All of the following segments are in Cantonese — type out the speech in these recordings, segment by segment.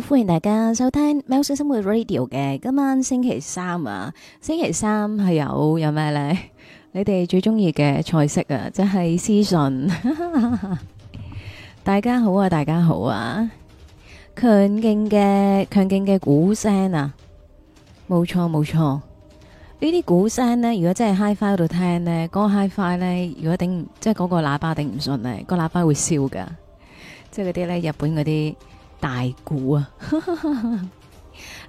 歡迎大家收聽《喵式生活 Radio》嘅。今晚星期三啊，星期三係有有咩咧？你哋最中意嘅菜式啊，即係私信。 大家好啊，大家好啊！強勁嘅強勁嘅鼓聲啊，冇錯冇錯。呢啲鼓聲呢，如果真係 HiFi 喺度聽呢，嗰個 HiFi 呢，如果頂即係嗰個喇叭頂唔順呢，個喇叭會燒噶。即係嗰啲呢，日本嗰啲。大鼓啊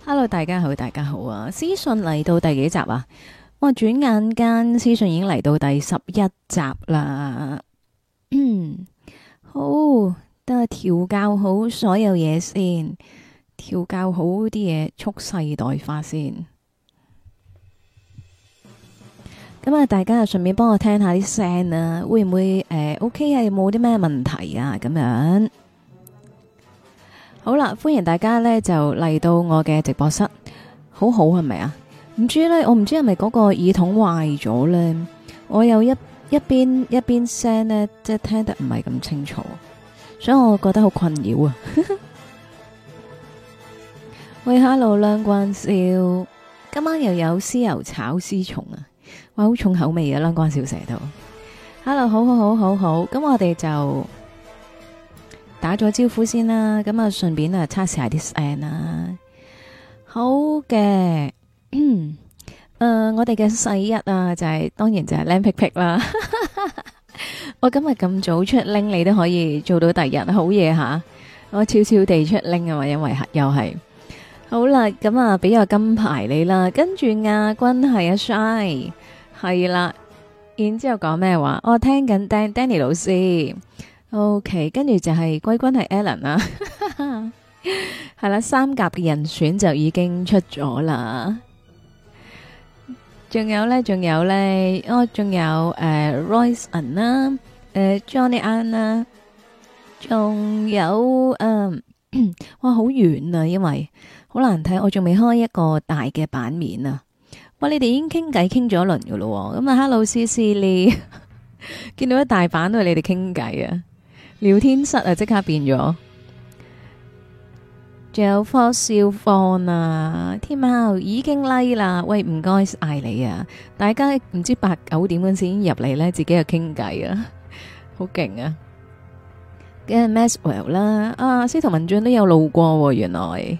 ！Hello，大家好，大家好啊！屍訊嚟到第幾集啊？我轉眼間屍訊已經嚟到第十一集啦。嗯， 好，得調教好所有嘢先，調教好啲嘢蓄勢待發先。咁啊，大家啊，順便幫我聽下啲聲啊，會唔會誒、呃、？OK，有冇啲咩問題啊？咁樣。好啦，歡迎大家咧就嚟到我嘅直播室，好好係咪啊？唔知咧，我唔知係咪嗰個耳筒壞咗咧，我有一一邊一邊聲咧，即係聽得唔係咁清楚，所以我覺得好困擾啊。 喂，Hello，梁冠少，今晚又有豉油炒絲蟲啊，哇，好重口味啊，梁冠少成道。Hello，好好好好，好好，咁我哋就。打咗招呼先啦，咁啊順便啊測試下啲聲啦。好嘅，誒、 呃、我哋嘅細一啊就係、是、當然就係靚皮皮啦。 我今日咁早出拎你都可以做到第二日好嘢吓、啊，我悄悄地出拎啊嘛，因為、啊、又係好啦。咁啊俾個金牌你啦，跟住亞軍係阿、啊、Shy 係啦，然之後講咩話？我聽緊 Danny 老師。O、okay, K，跟住就係、是、季軍係 Allen 啦、啊，係啦，三甲嘅人選就已經出咗啦。仲有咧，仲有咧，哦，仲有誒 Royceon 啦，誒、呃啊呃、Johnny Ann 啦、啊，仲有誒、呃，哇，好遠啊，因為好難睇，我仲未開一個大嘅版面啊。喂，你哋已經傾偈傾咗一輪噶咯，咁、嗯、啊，Hello Cecilia、 見到一大版都係你哋傾偈啊。聊天室啊，即刻變咗，仲有霍少芳啊，天貓已經 like 啦，喂唔該晒你啊，大家唔知道八九點嗰陣先入嚟呢？自己又傾偈啊，好勁啊，跟住 Maxwell 啦，啊司徒文進都有路過、啊，原來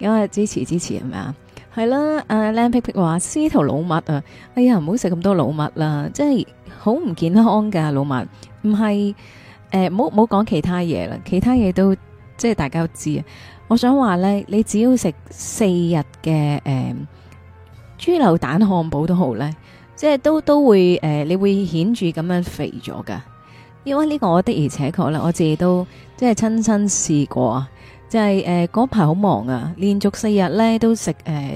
咁啊支持支持係咪啊？係啦，誒，靚皮皮話司徒老麥啊，哎呀唔好食咁多老麥啦，即係好唔健康噶老麥，唔係。誒、呃，唔好唔好講其他嘢啦，其他嘢都即係大家都知啊。我想話咧，你只要食四日嘅誒豬柳蛋漢堡都好咧，即係都都會誒、呃，你會顯著咁樣肥咗噶因為呢個我的而且確啦，我自己都即係親身試過啊。即係誒嗰排好忙啊，連續四日咧都食誒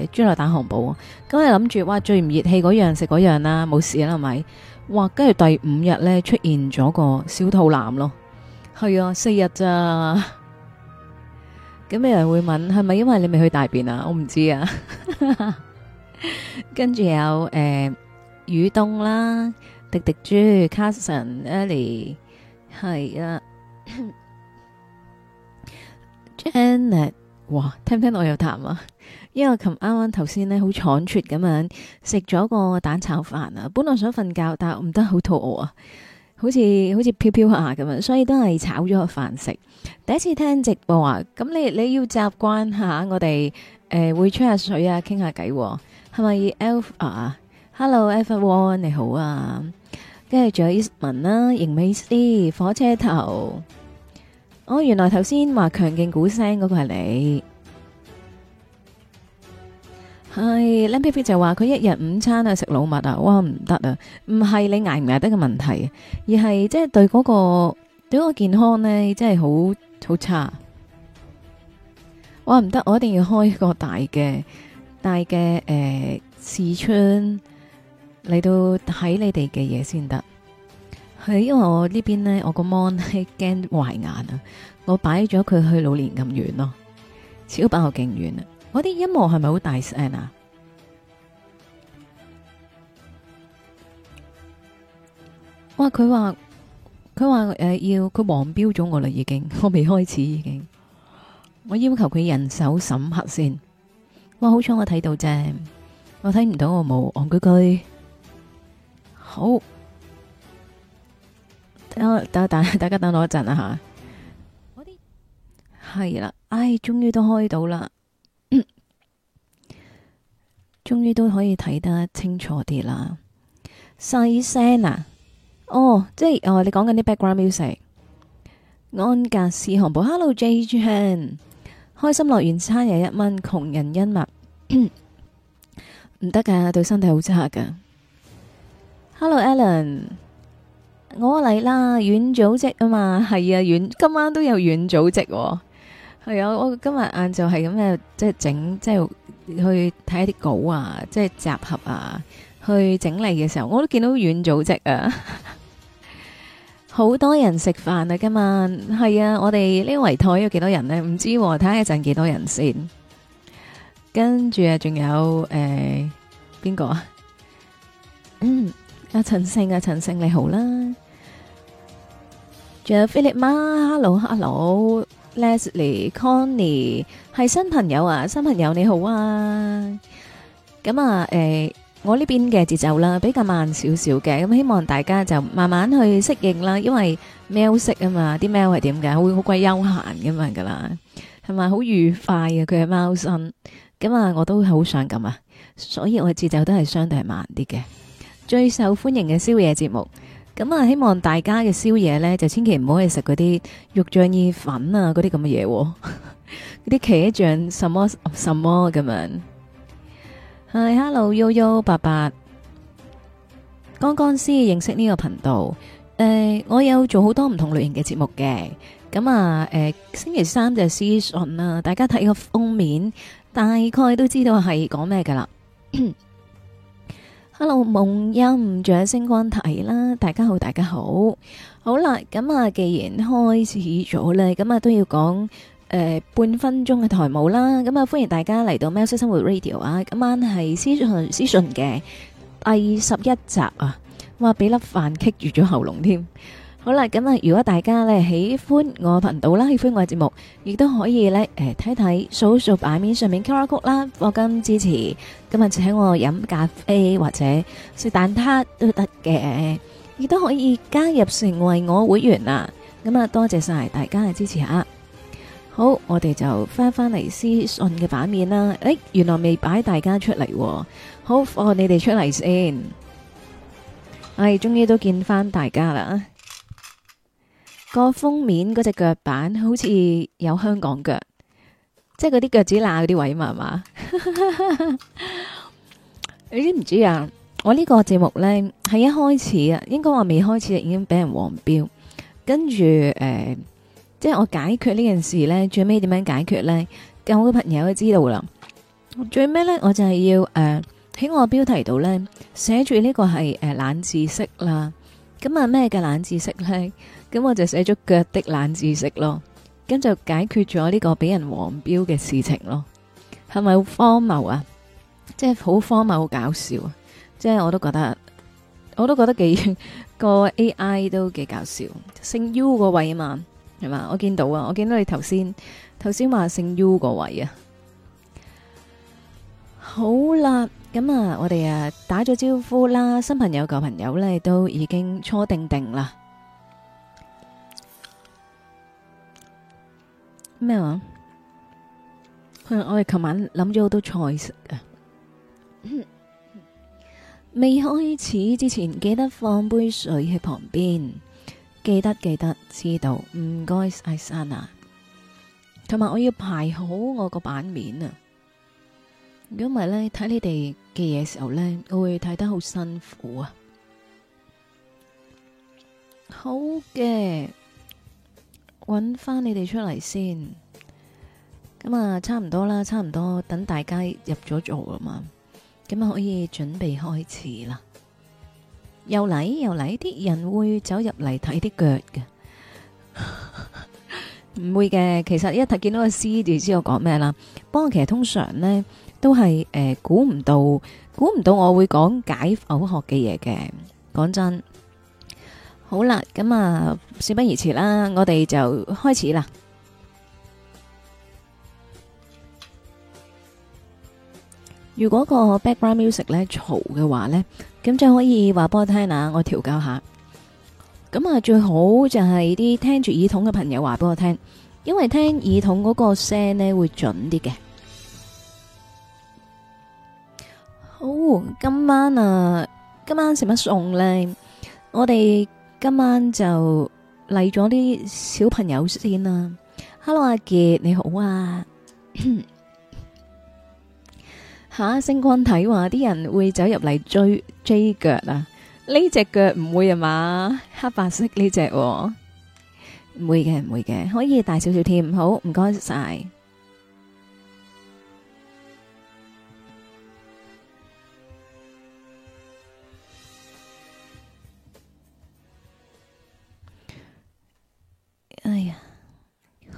豬柳蛋漢堡，咁你諗住哇最唔熱氣嗰樣食嗰樣啦，冇事啦係咪？哇！跟住第五日咧，出現咗個小肚腩咯，係啊，四日咋？咁有人會問係咪因為你未去大便啊？我唔知啊。 跟住有誒、呃、雨冬啦、迪迪豬、Carson、Ellie，係啊 ，Janet，哇！聽唔聽到我有痰啊？因為琴啱啱頭先咧好倉卒咁樣食咗個蛋炒飯啊！本來想瞓覺，但係唔得好肚餓啊，好似好似飄飄下咁樣，所以都係炒咗個飯食。第一次聽直播啊，咁你你要習慣一下我哋誒、呃、會吹下水啊，傾下偈係咪？Alpha，Hello Alpha One，你好啊！跟住仲有 Isman 啦、啊，迎美斯火車頭，哦，原來頭先話強勁鼓聲嗰、那個係你。係 l a m p f i t 就話佢一日午餐啊食老麥啊，哇唔得啊，唔係你挨唔挨得嘅問題，而係即係對嗰個對個健康咧，真係好好差。哇唔得，我一定要開一個大嘅、大嘅誒視窗嚟到睇你哋嘅嘢先得。係因為我這邊呢邊咧，我個 mon 係驚壞眼啊，我擺咗佢去老年金院咯，超我勁遠啊！我啲音樂係咪好大聲啊？哇！佢話佢話誒，要佢黃標咗我啦，已經我未開始已經，我要求佢人手審核先。哇！好彩我睇到啫，我睇唔到我冇戇居居。好，等我等大大家等我一陣啊吓。啲係啦，唉，終於都開到啦。終於都可以睇得清楚啲啦，細聲啊！哦，即係哦，你講緊啲 background music，安格斯漢堡，Hello JJ，開心樂園餐又一蚊，窮人恩物，唔得噶，對身體好差噶。Hello Alan，我嚟啦，軟組織啊嘛，係啊，軟今晚都有軟組織，哦，係啊，我今日晏晝係咁樣，即係整即係。就是去睇一啲稿啊，即係集合啊，去整理嘅時候，我都見到軟組織啊， 好多人食飯啊，今晚係啊，我哋呢個圍台有幾多人呢？唔知道啊，睇一陣幾多人先。跟住，欸，啊，仲有誒邊個啊？阿陳勝，啊陳勝，陳勝你好啦。仲有 Philip Ma，hello hello。Leslie、Connie 係新朋友啊，新朋友你好啊！咁、嗯、啊，誒、欸，我呢邊嘅節奏啦，比較慢少少嘅，咁希望大家就慢慢去適應啦，因為喵式啊嘛，啲喵係點嘅，會好鬼悠閒噶嘛，噶啦，係咪好愉快嘅、啊？佢係貓身，咁、嗯、啊，我都好想咁啊，所以我嘅節奏都係相對係慢啲嘅。最受歡迎嘅宵夜節目。咁啊，希望大家嘅宵夜呢，就千祈唔好去食嗰啲肉醬意粉啊，嗰啲咁嘅嘢，嗰 啲茄醬什麼什麼咁樣。係，Hello，YoYo，八八，剛剛先認識呢個頻道。誒、呃，我有做好多唔同類型嘅節目嘅。咁啊，誒，星期三就係屍訊啦，大家睇個封面，大概都知道係講咩噶啦。 hello 夢音，仲有星光體啦，大家好，大家好，好啦，咁啊，既然開始咗咧，咁啊都要講誒半分鐘嘅台舞啦，咁啊歡迎大家嚟到喵式生活 radio 啊，今晚係屍訊屍訊嘅第十一集啊，哇，俾粒飯棘住咗喉嚨添。好啦，咁啊，如果大家咧喜歡我頻道啦，喜歡我嘅節目，亦都可以咧誒睇睇掃一掃版面上面 QR code 啦，課金支持，咁啊請我飲咖啡或者食蛋撻都得嘅，亦都可以加入成為我會員啦，咁啊多謝晒大家嘅支持吓。好，我哋就翻翻嚟私信嘅版面啦。誒、欸，原來未擺大家出嚟，哦，好，放你哋出嚟先。係，哎，終於都見翻大家啦。個封面嗰隻腳板好似有香港腳，即係嗰啲腳趾罅嗰啲位嘛，係嘛？ 你知唔知啊？我呢個節目呢，喺一開始啊，應該話未開始已經俾人黃標，跟住誒，即係我解決呢件事呢，最尾點樣解決呢？有好多朋友都知道啦。最尾呢，我就係要誒喺、呃、我標題度呢寫住呢個係誒冷知識啦。咁啊咩叫「冷知識」呢？咁我就寫咗腳的冷知識咯，咁就解決咗呢個俾人黃標嘅事情咯，係咪好荒謬啊？即係好荒謬，好搞笑啊！即係我都覺得，我都覺得幾個 AI 都幾搞笑。姓 U 嗰位啊嘛，係嘛？我見到啊，我見到你頭先頭先話姓 U 嗰位啊。好啦，咁啊，我哋啊打咗招呼啦，新朋友舊朋友咧，都已經初定定啦。咩話？我哋琴晚諗咗好多菜食啊！未 開始之前，記得放杯水喺旁邊。記得記得知道唔該晒。Sana 同埋我要排好我個版面啊！如果唔係咧，睇你哋嘅嘢時候咧，我會睇得好辛苦啊！好嘅。揾翻你哋出嚟先，咁啊，差唔多啦，差唔多，等大家入咗座啊嘛，咁啊可以準備開始啦。又嚟又嚟，啲人會走入嚟睇啲腳嘅，唔 會嘅。其實一睇見到個屍，就知我講咩啦。不過其實通常呢，都係誒，估、呃、唔到，估唔到我會講解剖學嘅嘢嘅。講真。好啦，咁啊，事不宜遲啦，我哋就開始啦。如果個 background music 咧嘈嘅話咧，咁就可以話俾我聽啊，我調教下。咁啊，最好就係啲聽住耳筒嘅朋友話俾我聽，因為聽耳筒嗰個聲咧會準啲嘅。好，今晚啊，今晚食乜餸咧？我哋。今晚就嚟咗啲小朋友先啦。Hello，阿杰，你好啊。吓， 星光睇話啲人會走入嚟追追腳啊。呢隻腳唔會啊嘛，黑白色呢隻唔會嘅，唔會嘅，可以大少少添。好，唔該晒。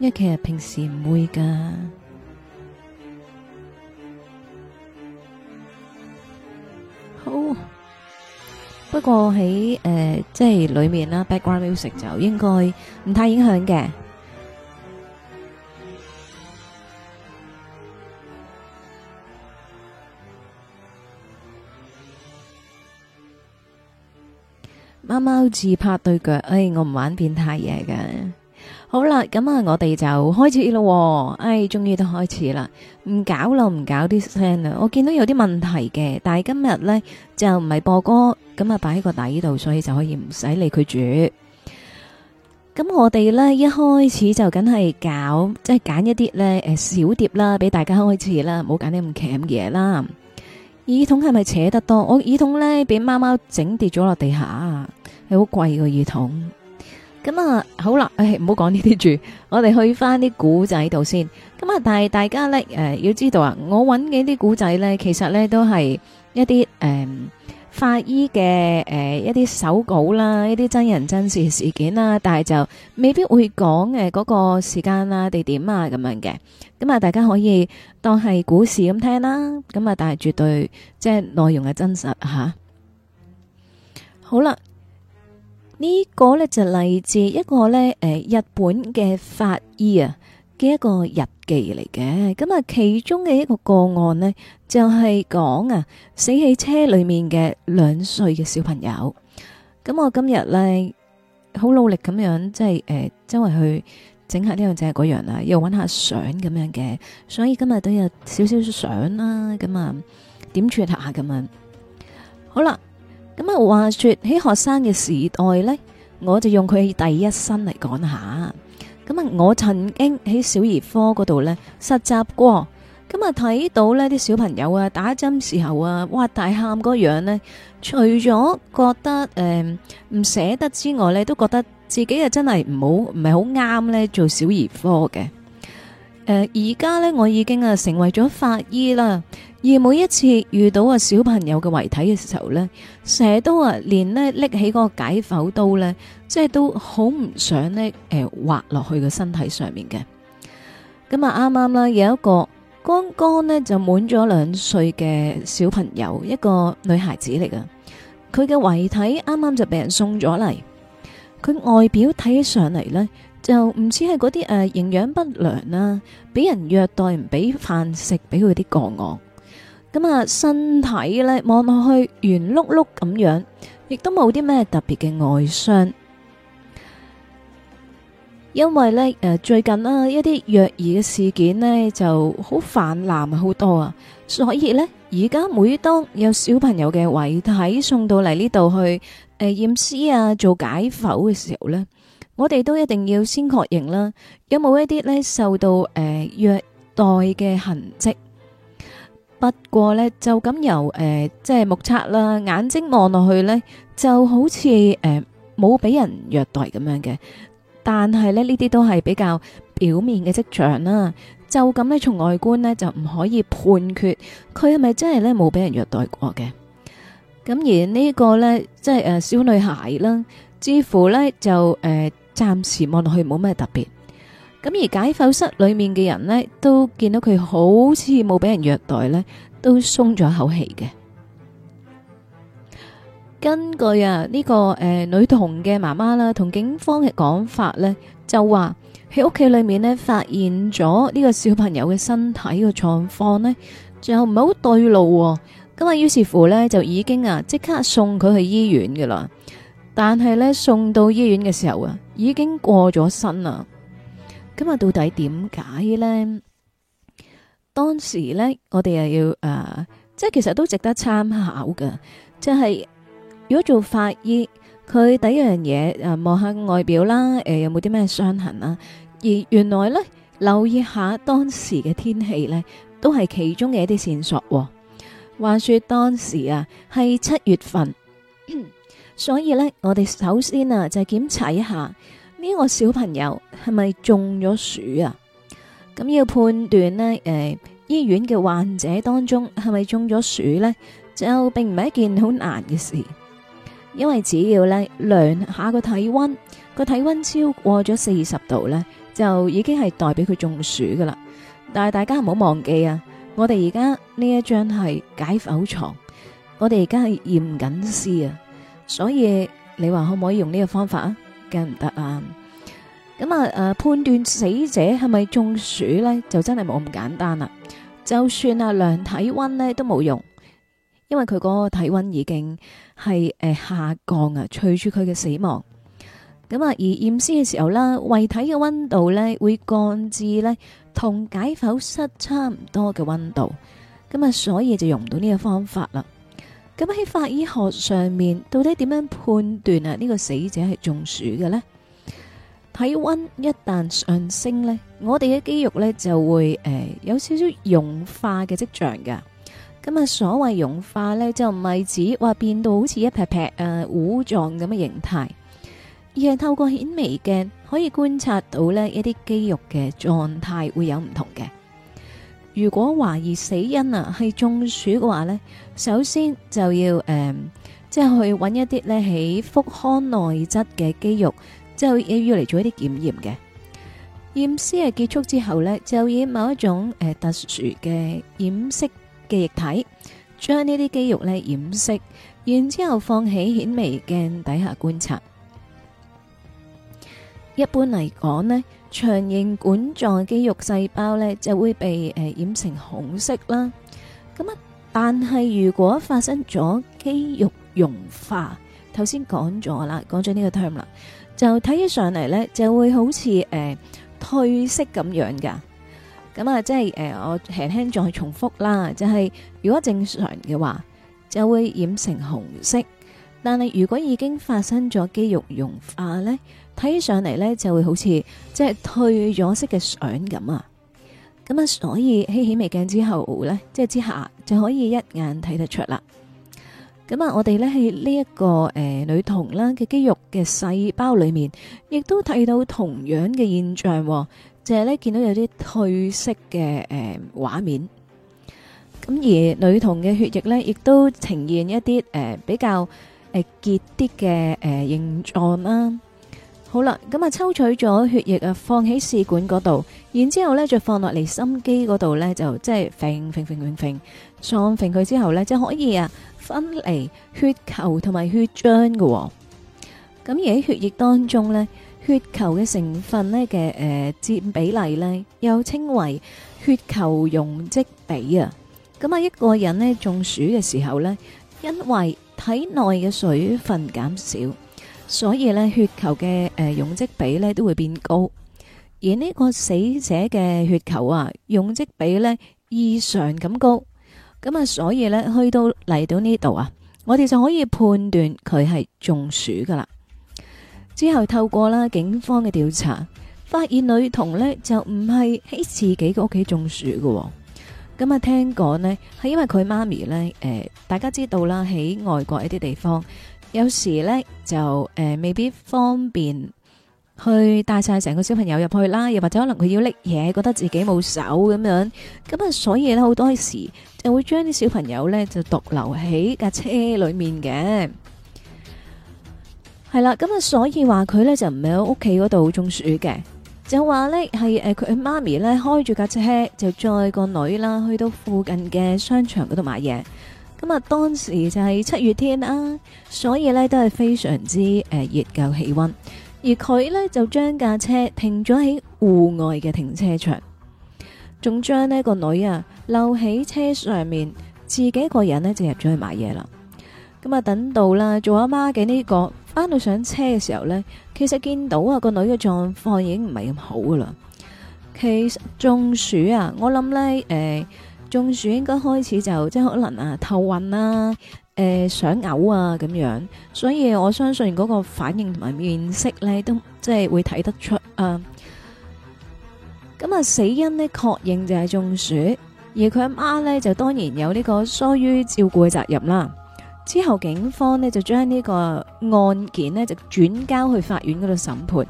因為其實平時唔會㗎，好。不過喺誒即係裏面啦，background music 就應該唔太影響嘅。貓貓自拍對腳，誒，我唔玩變態嘢嘅。好啦，咁啊，我哋就開始咯。啊，哎，終於都開始啦，唔搞喇，唔搞啲聲啊！我見到有啲問題嘅，但係今日咧就唔係播歌，咁啊擺喺個底度，所以就可以唔使理佢住。咁我哋咧一開始就梗係搞，即係揀一啲咧誒小碟啦，俾大家開始啦，唔好揀啲咁鉗嘢啦。耳筒係咪扯得多？我耳筒咧俾貓貓整跌咗落地下，係好貴個耳筒。咁啊，好啦，誒，唔好講呢啲住，我哋去翻啲古仔度先。咁啊，但係大家咧，誒、呃，要知道啊，我揾嘅啲古仔咧，其實咧都係一啲誒、呃、法醫嘅誒、呃、一啲手稿啦，一啲真人真事事件啦，但係就未必會講誒嗰個時間啊、地點啊咁樣嘅。咁啊，大家可以當係故事咁聽啦。咁啊，但係絕對即係內容係真實吓。好啦。呢、個咧就嚟自一個咧誒日本嘅法醫啊嘅一個日記嚟嘅，咁啊，其中嘅一個個案呢，就係講啊死喺車裏面嘅兩歲嘅小朋友，咁我今日咧好努力咁樣即係誒周圍去整下呢、樣整下嗰樣啊，又搵下相咁樣嘅，所以今日都有少少相啦，咁啊點撮下咁樣，好啦。咁啊，話說喺學生嘅時代呢，我就用佢第一身嚟講下。咁啊，我曾經喺小兒科嗰度呢實習過，咁啊睇到呢啲小朋友啊打針時候啊，哇大喊嗰樣呢，除咗覺得誒唔捨得之外呢，都覺得自己啊真係唔好唔係好啱呢做小兒科嘅。誒、呃，而家呢，我已經啊成為咗法醫啦。而每一次遇到啊小朋友嘅遺體嘅時候呢，成日都啊連咧，拎起嗰個解剖刀呢，即係都好唔想呢，誒劃落去個身體上面嘅。咁啊啱啱啦，有一個剛剛呢就滿咗兩歲嘅小朋友，一個女孩子嚟噶，佢嘅遺體啱啱就俾人送咗嚟，佢外表睇起上嚟呢，就唔似係嗰啲誒營養不良啦，俾人虐待唔俾飯食俾佢啲個案。咁啊，身體呢望落去圓碌碌咁樣，亦都冇啲咩特別嘅外傷。因為呢，誒，最近啊，一啲虐兒嘅事件呢就好泛濫，好多啊，所以呢，而家每當有小朋友嘅遺體送到嚟呢度去誒驗屍啊，做解剖嘅時候呢，我哋都一定要先確認啦，有冇一啲呢受到誒虐待嘅痕跡。不過呢，就咁由誒、呃，即係目測啦，眼睛望落去呢，就好似誒冇俾人虐待咁樣嘅。但係呢，呢啲都係比較表面嘅跡象啦。就咁呢，從外觀呢，就唔可以判決佢係咪真係冇俾人虐待過嘅。咁而呢個呢，即係誒、呃、小女孩啦，似乎呢，就誒暫、呃、時望落去冇咩特別。咁而解剖室裏面嘅人呢，都見到佢好似冇俾人虐待鬆，這個呃，呢，都鬆咗一口氣嘅。根據啊呢個誒女童嘅媽媽啦，同警方嘅講法呢，就話喺屋企裏面呢，發現咗呢個小朋友嘅身體嘅狀況呢，就唔係好對路。咁啊，於是乎呢，就已經啊即刻送佢去醫院噶啦。但係呢，送到醫院嘅時候啊，已經過咗身啦。咁啊，到底點解呢？當時呢，我哋又要誒、呃，即係其實都值得參考嘅。即係如果做法醫，佢第一樣嘢誒，望下外表啦，誒、呃，有冇啲咩傷痕啦。而原來呢，留意下當時嘅天氣呢，都係其中嘅一啲線索啊。話說當時啊，係七月份， 所以呢，我哋首先啊，就檢查一下。呢個小朋友係咪中咗暑啊？咁要判斷呢誒、呃，醫院嘅患者當中係咪中咗暑呢？就並唔係一件好難嘅事，因為只要呢，量下個體溫，個體溫超過咗四十度呢，就已經係代表佢中暑噶啦。但係大家唔好忘記啊，我哋而家呢一張係解剖床，我哋而家係驗緊屍啊，所以你話可唔可以用呢個方法啊？梗唔得啦，咁啊誒，判斷死者係咪中暑呢，就真係冇咁簡單啦。就算啊量體溫呢，都冇用，因為佢個體溫已經係誒、呃、下降啊，隨住佢嘅死亡。咁啊，而驗屍嘅時候呢，遺體嘅溫度呢，會降至呢同解剖室差唔多嘅溫度。咁啊，所以就用唔到呢個方法啦。咁喺法醫學上面，到底點樣判斷啊？呢個死者係中暑嘅呢？體溫一旦上升呢，我哋嘅肌肉呢就會誒、呃、有少少融化嘅跡象嘅。咁啊，所謂融化呢，就唔係指話變到好似一撇撇誒糊狀咁嘅形態，而係透過顯微鏡可以觀察到呢一啲肌肉嘅狀態會有唔同嘅。如果懷疑死因啊係中暑嘅話呢，首先就要誒，即、嗯、係、就是、去揾一啲呢喺腹腔內側嘅肌肉，即就要嚟做一啲檢驗嘅。驗屍係結束之後呢，就以某一種誒特殊嘅染色嘅液體，將呢啲肌肉呢染色，然之後放喺顯微鏡底下觀察。一般嚟講呢，長形管狀肌肉細胞咧就會被誒、呃、染成紅色啦，咁啊，但係如果發生咗肌肉溶化，頭先講咗啦，講咗呢個 term 啦，就睇起上嚟咧就會好似誒褪色咁樣噶，咁啊、呃，即係誒、呃、我輕輕再重複啦，就係、是、如果正常嘅話就會染成紅色，但係如果已經發生咗肌肉溶化咧。睇上嚟呢，就會好似即係褪咗色嘅相咁啊。咁啊，所以喺顯微鏡之後呢，即係之下就可以一眼睇得出啦。咁啊，我哋呢喺呢一個誒、呃、女童啦嘅肌肉嘅細胞裏面，亦都睇到同樣嘅現象，哦、就係、是、呢見到有啲褪色嘅誒、呃、畫面。咁而女童嘅血液呢，亦都呈現一啲誒、呃、比較誒結啲嘅誒形狀啦、啊。好啦，咁啊抽取咗血液啊，放喺試管嗰度，然之後咧就放落嚟心機嗰度咧，就即係揈揈揈揈揈撞揈佢之後咧，就可以啊分離血球同埋血漿噶、哦。咁而喺血液當中咧，血球嘅成分咧嘅誒佔比例咧，又稱為血球容積比啊。咁啊，一個人呢，中暑嘅時候咧，因為體內嘅水分減少。所以咧，血球嘅誒容積比咧都會變高，而呢個死者嘅血球啊，容積比呢異常咁高，咁啊，所以呢，去到嚟到呢度啊，我哋就可以判斷佢係中暑噶啦。之後透過啦警方嘅調查，發現女童呢就唔係喺自己嘅屋企中暑噶、哦，咁啊聽講呢，係因為佢媽咪呢，誒、呃，大家知道啦喺外國一啲地方。有時咧就誒、呃、未必方便去帶晒成個小朋友入去啦，又或者可能佢要拎嘢，覺得自己冇手咁樣，咁啊，所以咧好多時就會將啲小朋友咧就獨留喺架車裏面嘅，係啦，咁、嗯、啊，所以話佢咧就唔係喺屋企嗰度中暑嘅，就話咧係誒佢媽咪咧開住架車就載個女啦去到附近嘅商場嗰度買嘢。咁啊，當時就係七月天啦，所以呢都係非常之誒熱夠氣温。而佢呢就將架車停咗喺戶外嘅停車場，仲將呢個女啊留喺車上面，自己一個人呢就入咗去買嘢啦。咁啊，等到啦做阿媽嘅呢個翻到上車嘅時候呢，其實見到啊個女嘅狀況已經唔係咁好噶啦，其實中暑啊，我諗呢。呃中暑應該開始就即係可能啊，頭暈啊誒、呃，想嘔啊咁樣，所以我相信嗰個反應同埋面色咧都即係會睇得出啊。咁啊，死因呢確認就係中暑，而佢阿媽咧就當然有呢個疏於照顧嘅責任啦。之後警方呢，就將呢個案件呢，就轉交去法院嗰度審判。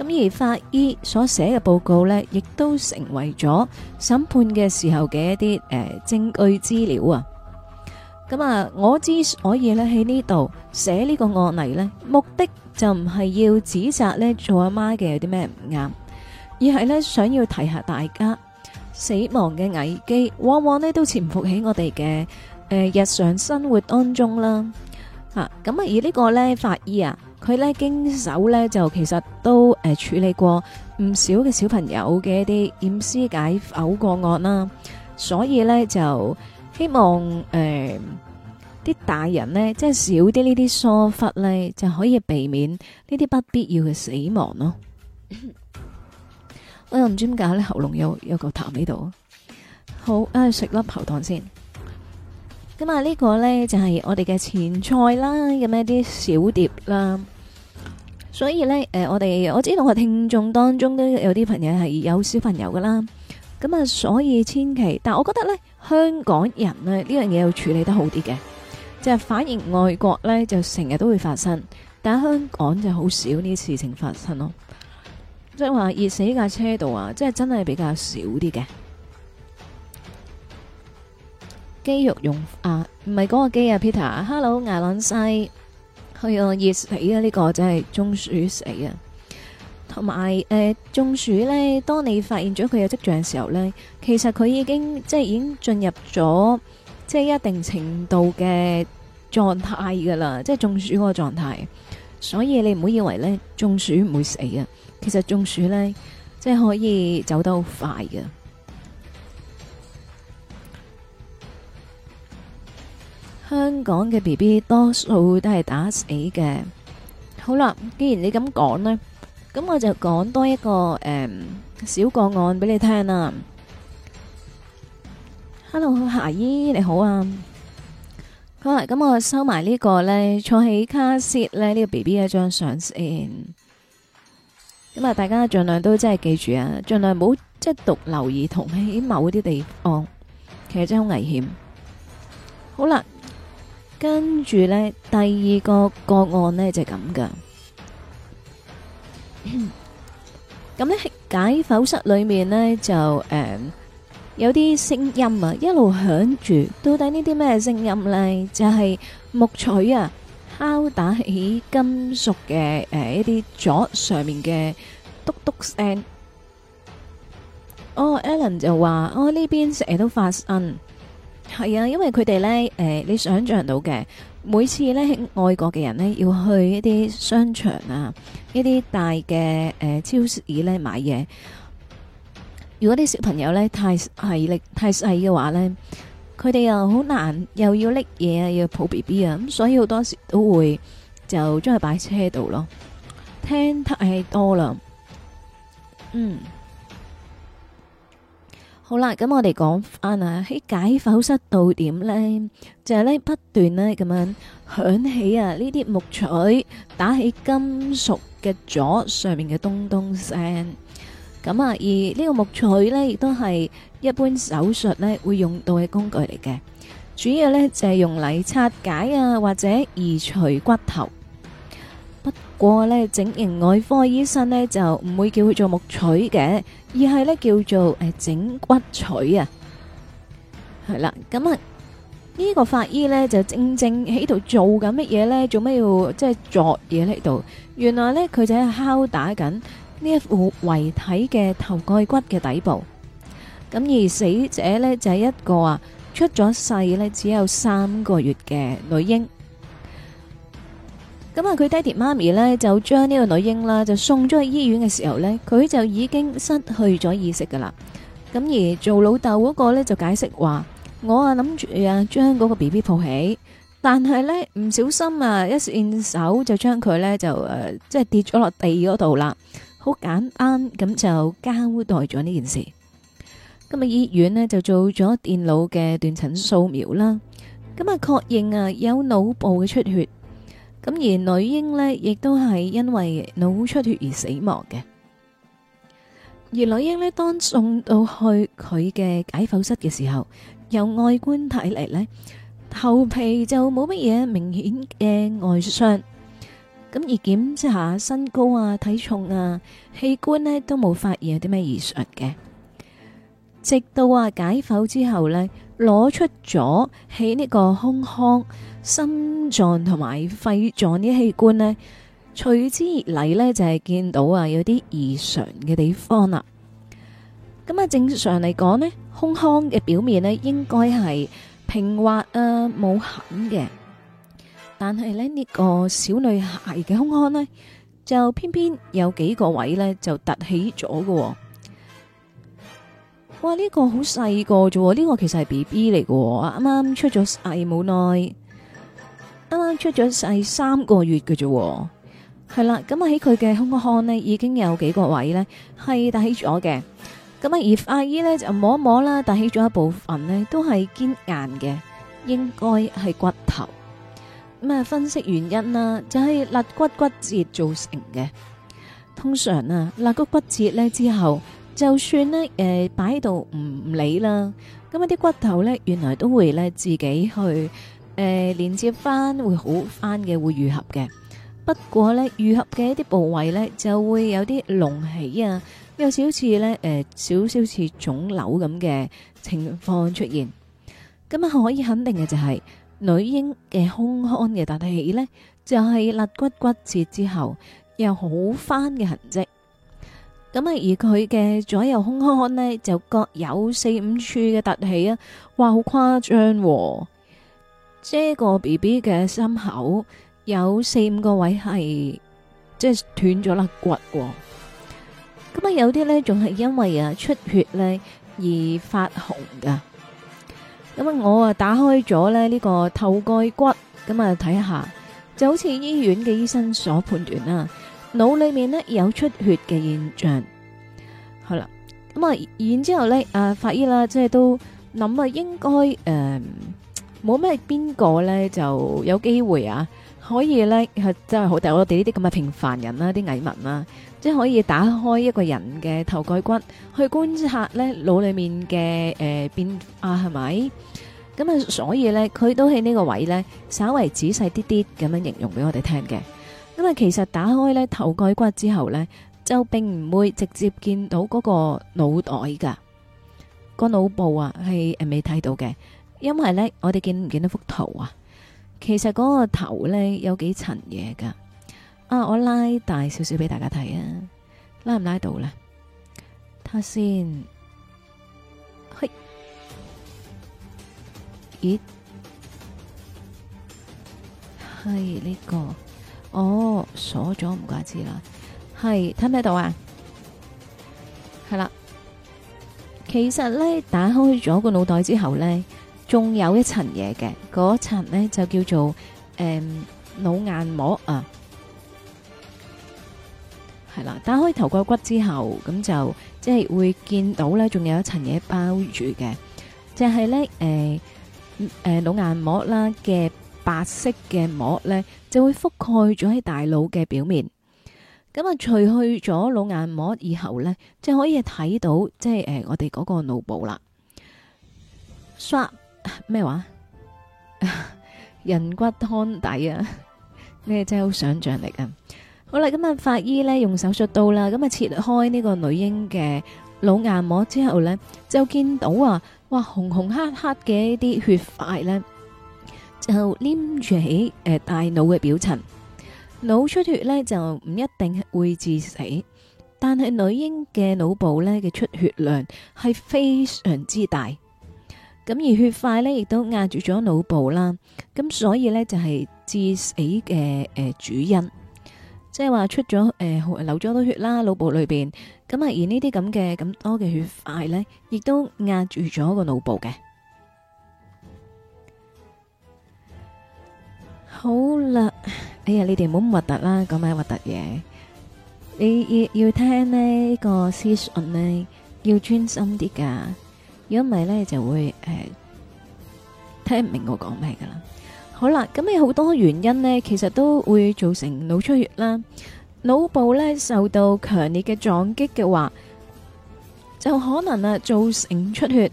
咁而法醫所寫嘅報告呢，亦都成為咗審判嘅時候嘅一啲誒證據資料啊！咁啊，我之所以呢喺呢度寫呢個案例呢，目的就唔係要指責呢做阿媽嘅有啲咩唔啱，而係呢想要提下大家，死亡嘅危機往往呢都潛伏喺我哋嘅誒日常生活當中啦。吓，咁啊，而呢個呢法醫啊。佢咧經手咧就其實都誒、呃、處理過唔少嘅小朋友嘅一啲驗屍解剖個案啦，所以咧就希望誒啲、呃、大人咧即係少啲呢啲疏忽咧就可以避免呢啲不必要嘅死亡咯。 我又唔知點解咧喉嚨有有個痰喺度，好，我、呃、食粒喉糖先。咁啊，呢個呢就係我哋嘅前菜啦，咁啊啲小碟啦。所以呢，誒，我哋我知道我聽眾當中都有啲朋友係有小朋友噶啦。咁啊，所以千祈，但我覺得呢，香港人呢呢樣嘢要處理得好啲嘅，就係反而外國呢，就成日都會發生，但係香港就好少呢啲事情發生咯。即係話熱死架車度啊，即係真係比較少啲嘅。肌肉溶，啊，唔係講個肌啊，Peter，Hello，牙蘭西，係哦，yes，死啊，呢個真係中暑死啊，同埋誒，中暑呢，當你發現咗佢有跡象嘅時候呢，其實佢已經即係已經進入咗即係一定程度嘅狀態噶啦，即係中暑嗰個狀態，所以你唔好以為呢，中暑唔會死啊，其實中暑呢，即係可以走得好快噶。香港嘅 B B 多數都係打死嘅。好啦，既然你咁講咧，咁我就講多一個誒小個案俾你聽啦。Hello，霞姨你好啊。好啦，咁我收埋呢個咧，坐喺 car seat 咧呢個 B B 一張相先。咁啊，大家盡量都真係記住啊，盡量唔好即係獨留兒童喺某啲地方，其實真係好危險。好啦。跟住咧，第二個個案咧就咁噶。咁咧解剖室裏面咧就誒有啲聲音啊，一路響住。到底呢啲咩聲音咧？就係木槌啊敲打起金屬嘅誒一啲座上面嘅篤篤聲。哦，Alan 就話：我呢邊成日都發生。係啊，因為佢哋咧，誒、呃，你想象到嘅，每次咧外國嘅人咧要去一啲商場啊，一啲大嘅誒、呃、超市咧買嘢，如果啲小朋友咧太係力、哎、太細嘅話咧，佢哋又好難，又要拎嘢啊，要抱 B B 啊，咁所以好多時都會就將佢擺喺車度咯。聽太多啦，嗯。好啦，咁我哋講翻啊嗱，喺解剖室度點呢，就係呢不斷呢咁樣響起啊呢啲木錘打起金屬嘅鎖上面嘅咚咚聲。咁啊，而呢個木錘呢，亦都係一般手術呢會用到嘅工具嚟嘅，主要呢就係用嚟拆解啊或者移除骨頭。過咧，整形外科醫生咧就唔會叫佢做木錘，嘅，而係咧叫做誒整骨錘啊。係啦，咁啊呢個法醫咧就正正喺度做緊乜嘢咧？做咩要即係作嘢喺度？原來咧佢就喺敲打緊呢一副遺體嘅頭蓋骨嘅底部。咁而死者咧就係一個啊出咗世咧只有三個月嘅女嬰。咁啊，佢爹哋媽咪咧就將呢個女嬰啦就送咗去醫院嘅時候呢，佢就已經失去咗意識噶啦。咁而做老豆嗰個呢，就解釋話：我啊諗住啊將嗰個 B B 抱起，但係呢，唔小心啊一伸手就將佢呢，就誒、呃、即係跌咗落地嗰度啦。好簡單咁就交代咗呢件事。咁啊，醫院呢，就做咗電腦嘅斷層掃描啦。咁啊，確認啊有腦部嘅出血。咁而女嬰咧，亦都係因為腦出血而死亡嘅。而女嬰咧，當送到去佢嘅解剖室嘅時候，由外觀睇嚟咧，頭皮就冇乜嘢明顯嘅外傷。咁而檢查之下，身高啊、體重啊、器官咧，都冇發現有啲咩異常嘅。直到啊，解剖之後呢，攞出咗喺呢個胸腔、心臟同埋肺臟啲器官呢，隨之而嚟呢，就係見到啊，有啲異常嘅地方啦。咁啊，正常嚟講呢，胸腔嘅表面呢應該係平滑啊，冇痕嘅，但係呢呢個小女孩嘅胸腔呢，就偏偏有幾個位呢就凸起咗嘅。哇！呢、這個好細個啫，呢、這個其實係 B B 嚟嘅，啱啱出咗世冇耐，啱啱出咗世三個月嘅啫，係啦。咁啊喺佢嘅胸腔呢，已經有幾個位咧係凸起咗嘅，咁啊而阿姨咧就摸一摸啦，凸起咗一部分呢，都係堅硬嘅，應該係骨頭。咁啊分析原因啦，就係、是、肋骨骨折造成嘅。通常啊，肋骨骨折咧之後。就算呢，誒擺喺度唔理啦，咁一啲骨頭呢，原來都會呢自己去誒連接翻，會好翻嘅，會愈合嘅。不過呢，愈合嘅一啲部位呢，就會有啲隆起啊，有少少似呢，誒少少似腫瘤咁嘅情況出現。咁啊可以肯定嘅就係女嬰嘅胸腔嘅大氣呢，就係肋骨骨折之後有好翻嘅痕跡。咁啊，而佢嘅左右胸腔呢，就各有四五處嘅凸起啊，哇，好誇張！遮個 B B 嘅心口有四五個位係即係斷咗肋骨，咁啊有啲呢，仲係因為啊出血呢而發紅噶。咁啊，我啊打開咗呢個頭蓋骨，咁啊睇下，就好似醫院嘅醫生所判斷啦。腦裏面咧有出血嘅現象，係啦，咁啊然之後咧，啊法醫啦、啊，即係都諗啊，應該誒冇咩邊個咧就有機會啊，可以咧真係好，啊就是、大我哋呢啲咁嘅平凡人啦、啊，啲蟻民啦、啊，即係可以打開一個人嘅頭蓋骨去觀察咧腦裏面嘅誒、呃、變化係咪？咁啊，所以咧佢都喺呢個位咧稍為仔細啲啲咁樣形容俾我哋聽嘅。因為其實打開呢頭蓋骨之後呢，就並唔會直接見到嗰個腦袋噶，個腦部啊係未睇到嘅，因為呢，我哋見唔見到幅圖啊？其實嗰個頭呢，有幾層嘢噶，啊我拉大少少俾大家睇啊，拉唔拉到呢？睇下先，嘿，咦，係呢個。哦，鎖咗唔怪之啦，係睇唔睇到啊？係啦，其實咧打開咗個腦袋之後咧，仲有一層嘢嘅，嗰層咧就叫做誒腦、嗯、硬膜啊，係啦，打開頭蓋骨之後咁就即係、就是、會見到咧，仲有一層嘢包住嘅，就係咧誒誒腦硬膜啦嘅。的白色嘅膜咧，就會覆蓋咗喺大腦嘅表面。咁啊，除去咗腦硬膜以後咧，就可以睇到即係誒，我哋嗰個腦部啦。刷咩話？人骨湯底啊？你 真係好想象力啊！好啦，咁啊，法醫咧用手術刀啦，咁啊切開呢個女嬰嘅腦硬膜之後咧，就見到啊，哇，紅紅黑黑嘅一啲血塊咧。就黏住起誒、呃、大腦嘅表層，腦出血咧就唔一定會致死，但係女嬰嘅腦部咧嘅出血量係非常之大，咁而血塊咧亦都壓住咗腦部啦，咁所以咧就係致死嘅誒主因，即係話出咗誒流咗好多血啦，腦部裏邊，咁啊而呢啲咁嘅咁多嘅血塊咧，亦都壓住咗個腦部嘅。好啦，哎呀，你哋唔好咁核突啦，講咩核突嘢。你要要聽呢個屍訊咧，要專心啲噶，如果唔係咧就會誒聽唔明我講咩噶啦。好啦，咁啊好多原因咧，其實都會造成腦出血啦。腦部咧受到強烈嘅撞擊嘅話，就可能啊造成出血。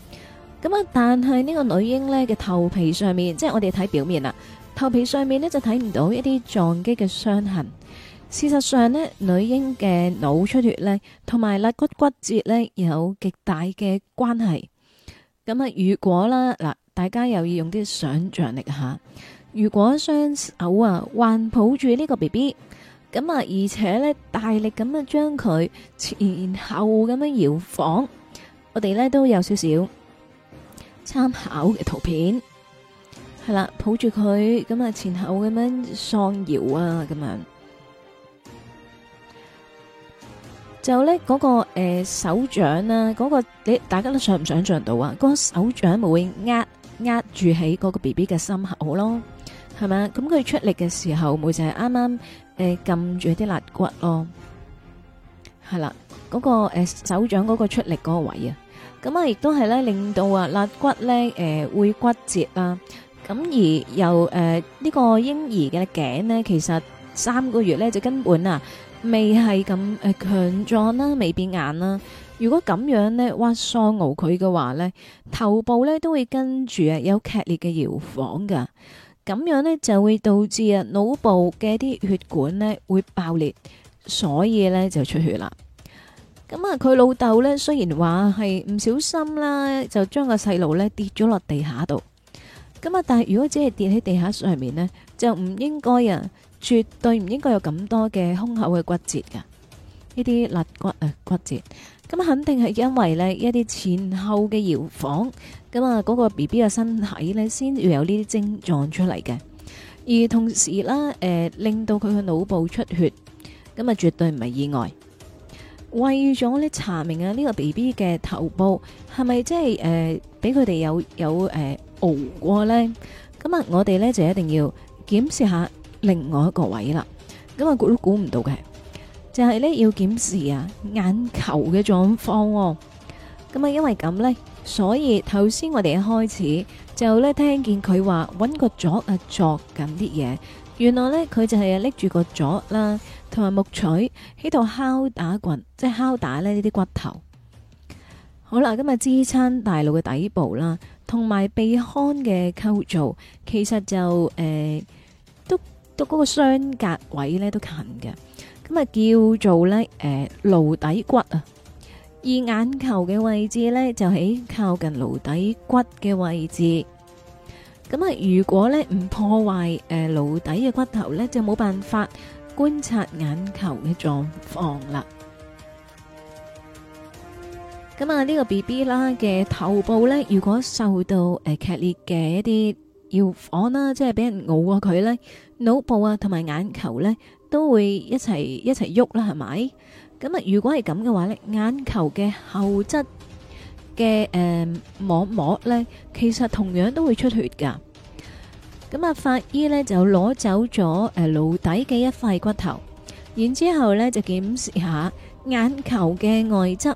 咁啊，但係呢個女嬰咧嘅頭皮上面，即係我哋睇表面啦。頭皮上面呢，就睇唔到一啲撞擊嘅傷痕。事實上呢，女嬰嘅腦出血呢，同埋肋骨骨折呢，有極大嘅關係。咁啊，如果啦嗱，大家又要用啲想象力吓，如果雙手啊，還抱住呢個 BB，咁啊，而且呢，大力咁樣將佢前後咁樣搖晃，我哋呢，都有少少參考嘅圖片。係啦，抱住佢咁啊，前後咁樣喪搖啊，咁樣就咧嗰個誒手掌啦，嗰個你大家都想唔想象到啊？嗰個手掌咪會壓壓住喺嗰個 B B 嘅心口咯，係咪啊？咁佢出力嘅時候，咪就係啱啱誒撳住啲肋骨咯，係啦，嗰個誒手掌嗰個出力嗰個位啊，咁啊，亦都係咧令到啊肋骨咧誒會骨折啦。咁而又誒，呢、呃呢個嬰兒嘅頸呢，其實三個月呢就根本啊，未係咁誒強壯啦，未變硬啦。如果咁樣呢，挖塑熬佢嘅話呢，頭部呢都會跟住啊有劇烈嘅搖晃噶。咁樣呢就會導致啊腦部嘅啲血管呢會爆裂，所以呢就出血啦。咁啊，佢老豆呢雖然話係唔小心啦，就將個細路呢跌咗落地下度。咁啊！但係如果只係跌喺地下上面呢，就唔應該啊，絕對唔應該有咁多嘅胸口嘅骨折噶，呢啲肋骨啊骨折。咁、呃、肯定係因為呢一啲前後嘅搖晃，咁啊嗰個 B B 嘅身體呢，先要有呢啲症狀出嚟嘅。而同時啦，誒、呃、令到佢嘅腦部出血，咁啊絕對唔係意外。為咗呢查明啊呢、呢個 B B 嘅頭部係咪即係誒俾佢哋有有誒。呃熬過呢，咁啊，我哋呢就一定要檢視下另外一個位啦。咁啊，估都估唔到嘅，就係、是，呢要檢視啊眼球嘅狀況。咁啊，因為咁呢，所以頭先我哋一開始就呢聽見佢話搵個鑿啊鑿緊啲嘢，原來呢，佢就係拎住個鑿啦，同埋木槌喺度敲打棍，即係敲打呢啲骨頭。好啦，咁啊支撐大腦嘅底部啦。同埋鼻腔嘅構造，其實就誒、呃、都都嗰個雙隔位咧都近嘅。咁啊叫做咧誒顱底骨啊，而眼球嘅位置咧就喺靠近顱底骨嘅位置。咁啊，如果咧唔破壞誒顱底嘅骨頭咧，就冇辦法觀察眼球嘅狀況啦。咁啊，呢個 BB 啦嘅頭部咧，如果受到誒劇烈嘅一啲搖晃啦，即係俾人毆過佢咧，腦部啊同埋眼球咧都會一齊一齊喐啦，係咪？咁啊，如果係咁嘅話咧，眼球嘅後側嘅誒膜膜咧，其實同樣都會出血噶咁啊，法醫咧就攞走咗誒顱底嘅一塊骨頭，然之後咧就檢視下眼球嘅外側。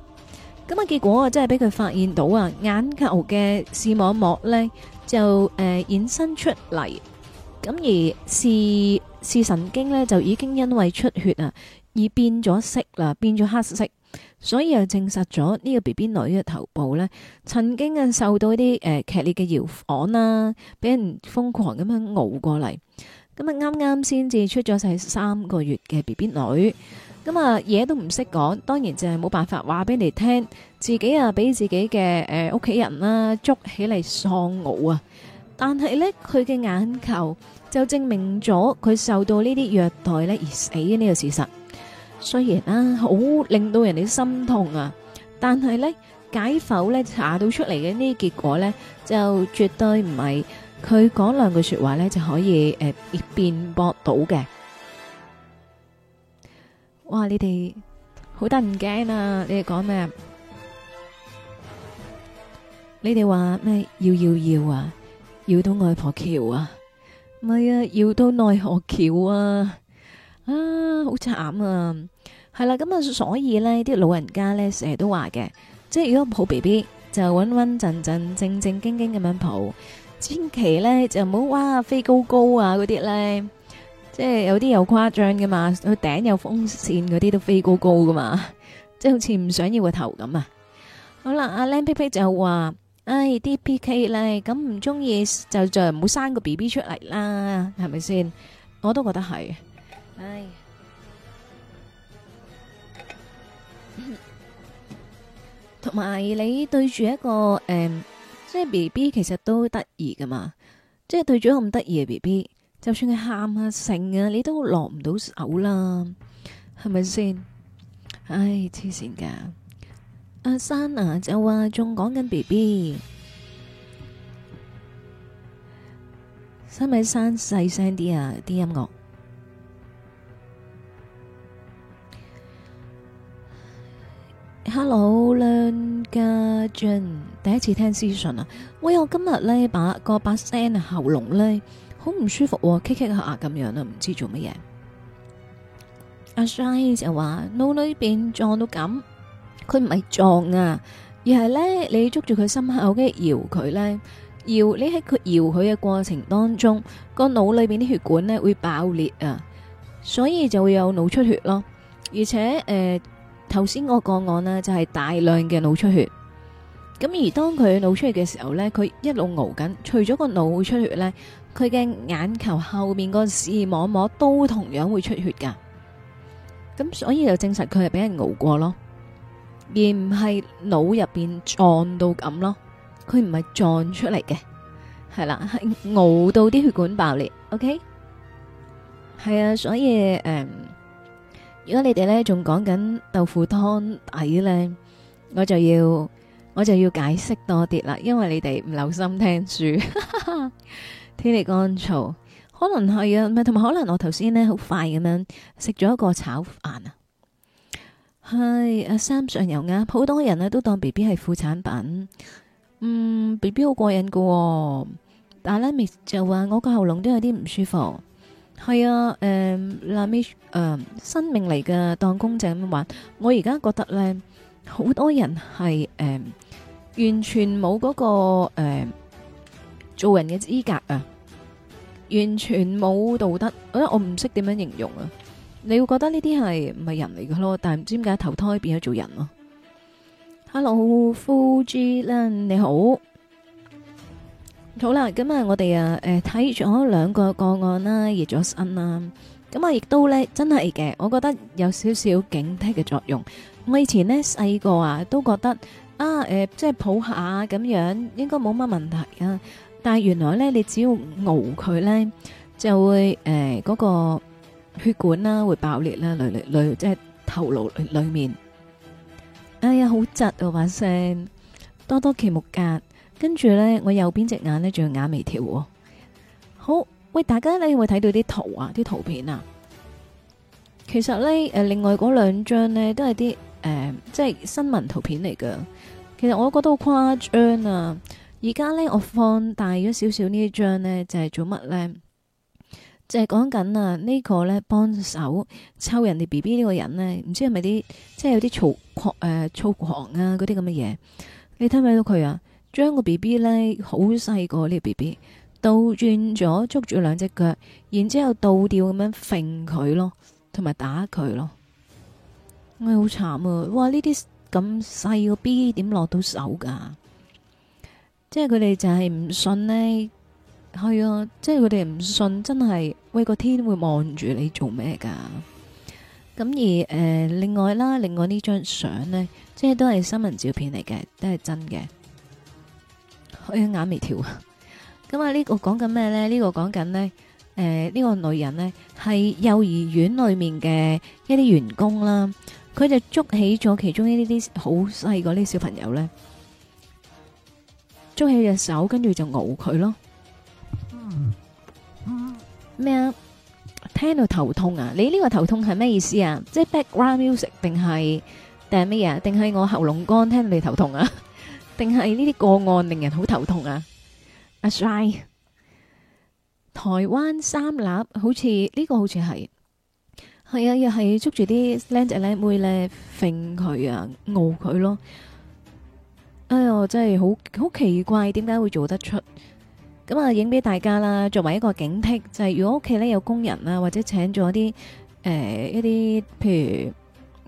咁啊！結果啊，真係俾佢發現到啊，眼球嘅視網膜呢就誒延伸出嚟，咁而視視神經呢，就已經因為出血啊而變咗色啦，變咗黑色，所以又證實咗呢，這個 B B 女嘅頭部呢，曾經啊受到一啲誒劇烈嘅搖晃啦，俾人瘋狂咁樣熬過嚟，咁啊啱啱先至出咗世三個月嘅 B B 女。咁啊，嘢都唔識講，當然就係冇辦法話俾你聽，自己啊俾自己嘅誒屋企人啦捉起嚟喪偶啊！但係呢，佢嘅眼球就證明咗佢受到呢啲虐待呢而死嘅呢個事實。雖然啊，好令到人哋心痛啊，但係呢，解剖呢，查到出嚟嘅呢啲結果呢，就絕對唔係佢講兩句說話呢就可以誒辯駁到嘅。哇！你哋好得唔驚啊？你哋講咩？你哋話咩？搖搖搖啊！搖到外婆橋啊！唔係啊，搖到奈何橋啊！啊，好慘啊！係啦，咁啊，所以咧，啲老人家咧成日都話嘅，即係如果抱 B B 就穩穩陣陣、正正經經咁樣抱，千祈咧就唔好話飛高高啊嗰啲咧。即係有啲有誇張噶嘛，佢頂有風扇嗰啲都飛高高噶嘛，即係好似唔想要個頭咁啊！好啦，阿靚屁屁就話，唉，啲 P K 啦，咁唔中意就就唔好生個 B B 出嚟啦，係咪先？我都覺得係，唉。同埋你對住一個誒、嗯，即係 B B 其實都得意噶嘛，即係對住一個咁得意嘅 B B。就算佢喊啊、成啊，你都落唔到手啦，係咪先？唉，黐線㗎！阿珊啊，就話仲講緊 B B。使咪山細聲啲啊？啲音樂。 Hello，梁家俊，第一次聽屍訊啊。喂，我今日呢，把個把聲喉嚨呢，好唔舒服，K K 下咁樣啦，唔知做乜嘢。阿 Sir 就話腦裏邊撞到咁，佢唔係撞啊，而係呢，你捉住佢心口嘅搖佢呢，搖你喺佢搖佢嘅過程當中，個腦裏邊啲血管呢會爆裂啊，所以就會有腦出血咯。而且誒，頭先個個案呢，就係大量嘅腦出血。咁而當佢腦出血嘅時候呢，佢一路熬緊，除咗個腦出血呢。佢嘅眼球後面個視網膜都同樣會出血噶，咁所以就證實佢係俾人熬過咯，而唔係腦入邊撞到咁咯。佢唔係撞出嚟嘅，係啦，係熬到啲血管爆裂。OK，係啊，所以誒、呃，如果你哋咧仲講緊豆腐湯底咧，我就要我就要解釋多啲啦，因為你哋唔留心聽書。 天氣乾燥，可能係啊，唔係同埋可能我頭先咧好快咁樣食咗一個炒飯啊。係阿三上有眼，好多人咧都當 B B 係副產品。嗯，B B 好過癮噶、啊，但係咧 Miss 就話我個喉嚨都有啲唔舒服。係啊，誒，last 誒，生命嚟嘅當公仔咁話，我而家覺得咧，好多人係誒、嗯、完全冇嗰、那個誒、嗯、做人嘅資格啊。完全冇道德，我我唔識點樣形容啊！你會覺得呢啲係唔係人嚟嘅咯？但係唔知點解投胎變咗做人咯？Hello，Fuji Len，你好，好啦，咁啊，我哋啊誒睇咗兩個個案啦，熱咗身啦，咁啊亦都咧真係嘅，我覺得有少少警惕嘅作用。我以前呢，細個啊都覺得啊誒，即、呃、係抱下咁樣應該冇乜問題啊。但係原來咧，你只要熬佢咧，就會誒嗰，呃那個血管啦會爆裂啦，內內內即係頭顱裏面。哎呀，好窒啊！把聲多多奇木格，跟住咧我右邊隻眼咧仲要眼眉跳喎。好，喂，大家你會睇到啲圖啊，啲圖片啊。其實咧，誒、呃，另外嗰兩張咧都係啲誒，即係新聞圖片嚟噶。其實我覺得好誇張啊。而家呢，我放大咗少少呢一張呢就係做乜呢？就係講緊啊，呢、就是、個呢，幫手抽人哋 B B 呢個人呢，唔知係咪啲即係有啲粗狂、誒粗狂啊嗰啲咁嘅嘢，你睇唔睇到佢啊？將個 B B 呢，好細個呢 B B 倒轉咗，捉住兩隻腳，然之後倒吊咁樣揈佢咯，同埋打佢咯。我、哎、好慘啊！哇，呢啲咁細個 B B 點落到手噶？即係佢哋就係唔信呢，係啊！即係佢哋唔信真，真係，喂個天會望住你做咩噶？咁而誒、呃，另外啦，另外呢張相呢，即係都係新聞照片嚟嘅，都係真嘅。開、哎、眼眉跳。咁啊，呢 個講緊咩呢？呢、這個講緊呢，誒、呃，呢、這個女人呢，係幼兒園裏面嘅一啲員工啦，佢就捉起咗其中呢啲好細個啲小朋友呢。捉起隻手，跟住就敖佢咯。咩啊？聽到頭痛啊？你呢個頭痛係咩意思啊？即係 background music 定係定係咩嘢？定係我喉嚨乾聽到你頭痛啊？定係呢啲個案令人好頭痛啊？阿 Shy，台灣三立好似呢個好似係係啊，又係捉住啲靚仔靚妹咧，揈佢啊，敖佢咯。哎喲，真係好好奇怪，點解會做得出？咁啊，影俾大家啦。作為一個警惕，就係、是、如果屋企咧有工人啦、啊，或者請咗啲誒一啲、呃，譬如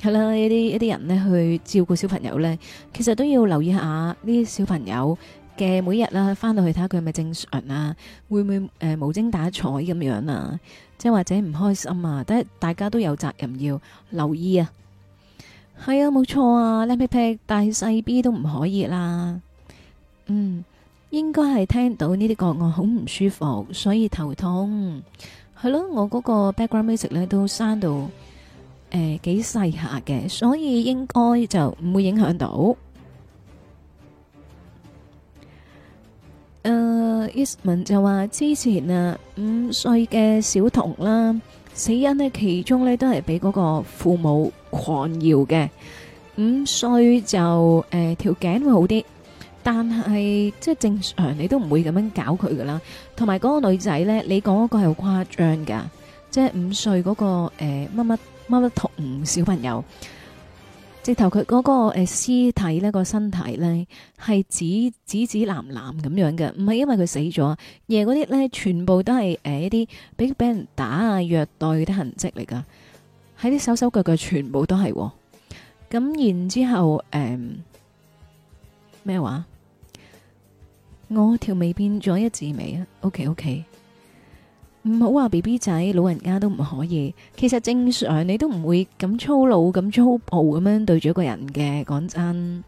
係啦一啲一啲人呢去照顧小朋友呢，其實都要留意下呢啲小朋友嘅每日啦、啊，返到去睇下佢係咪正常啊，會唔會誒、呃、無精打采咁樣啊？即係或者唔開心啊？係大家都有責任要留意啊！係啊，冇錯啊，靚皮皮大細 B 都唔可以啦。嗯，應該係聽到呢啲個案好唔舒服，所以頭痛係咯、啊。我嗰個 background music 呢都刪到誒幾細下嘅，所以應該就唔會影響到。誒、呃、Isman 就話之前啊五歲嘅小童啦，死因呢其中呢都係俾嗰個父母狂搖嘅五歲就誒條頸會好啲，但係即係正常你都唔會咁樣搞佢噶啦。同埋嗰個女仔呢，你講嗰個係好誇張噶，即係五歲嗰、嗰個誒乜乜乜乜同小朋友，直頭佢嗰個誒屍、呃、體呢、嗰個身體呢係紫紫紫藍藍咁樣嘅，唔係因為佢死咗，而嗰啲呢，全部都係誒、呃、一啲俾俾人打啊虐待嘅痕迹嚟噶。喺啲手手腳腳全部都係、哦，咁然之後誒咩、嗯、話？我條眉變咗一字眉啊！OK OK，唔好話 B B 仔，老人家都唔可以。其實正常你都唔會咁粗魯、咁粗暴咁樣對住一個人嘅，講真。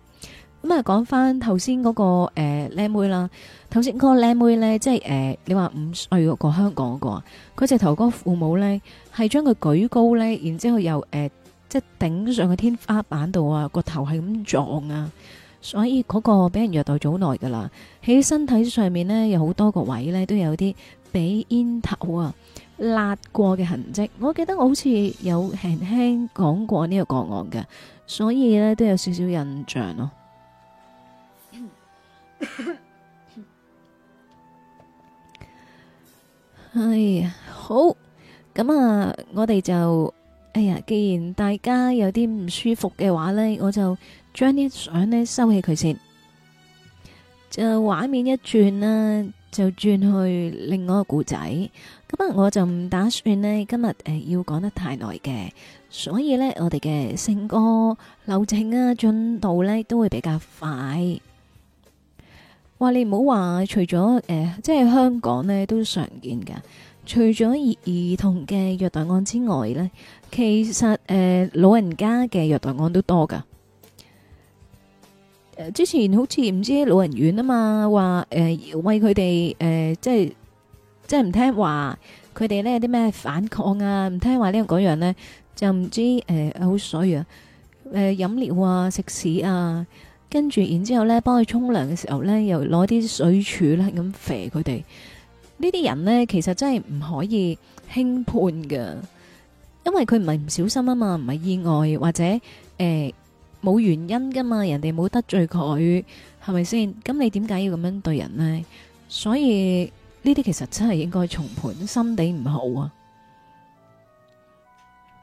咁啊、那個，講翻頭先嗰個誒靚妹啦。頭先嗰個靚妹呢，即係誒、呃，你話五歲嗰個香港嗰個佢隻頭哥父母呢，係將佢舉高呢。然之後又誒、呃、即係頂上個天花板度啊，個頭係咁撞啊，所以嗰個俾人虐待咗好耐噶啦。喺身體上面呢，有好多個位呢，都有啲俾煙頭啊焫過嘅痕跡。我記得我好似有輕輕講過呢個個案嘅，所以呢，都有少少印象咯。哎 呀，好咁啊！我哋就哎呀，既然大家有啲唔舒服嘅話呢，我就將啲相咧收起佢先。就畫面一轉啦，就轉去另外一個故仔。咁我就唔打算呢今日要講得太耐嘅，所以呢，我哋嘅成個、流程啊進度呢，都會比較快。話你唔好話，除咗誒，即係香港呢都常見噶。除咗兒兒童嘅虐待案之外呢，其實誒、呃、老人家嘅虐待案都多噶。誒、呃，之前好似唔知老人院啊嘛，話誒、呃、喂佢哋誒即係即係唔聽話，佢哋有啲咩反抗啊，唔聽話呢、這個、樣嗰樣呢，就唔知誒好衰啊。誒、呃、飲料啊，食屎啊。跟住，然之後咧，幫佢沖涼嘅時候咧，又攞啲水柱咧咁肥佢哋。呢啲人咧，其實真係唔可以輕判噶因為佢唔係唔小心啊嘛，唔係意外或者誒冇原因噶嘛，人哋冇得罪佢，係咪先？咁你點解要咁樣對人咧？所以呢啲其實真係應該重判，心地唔好啊。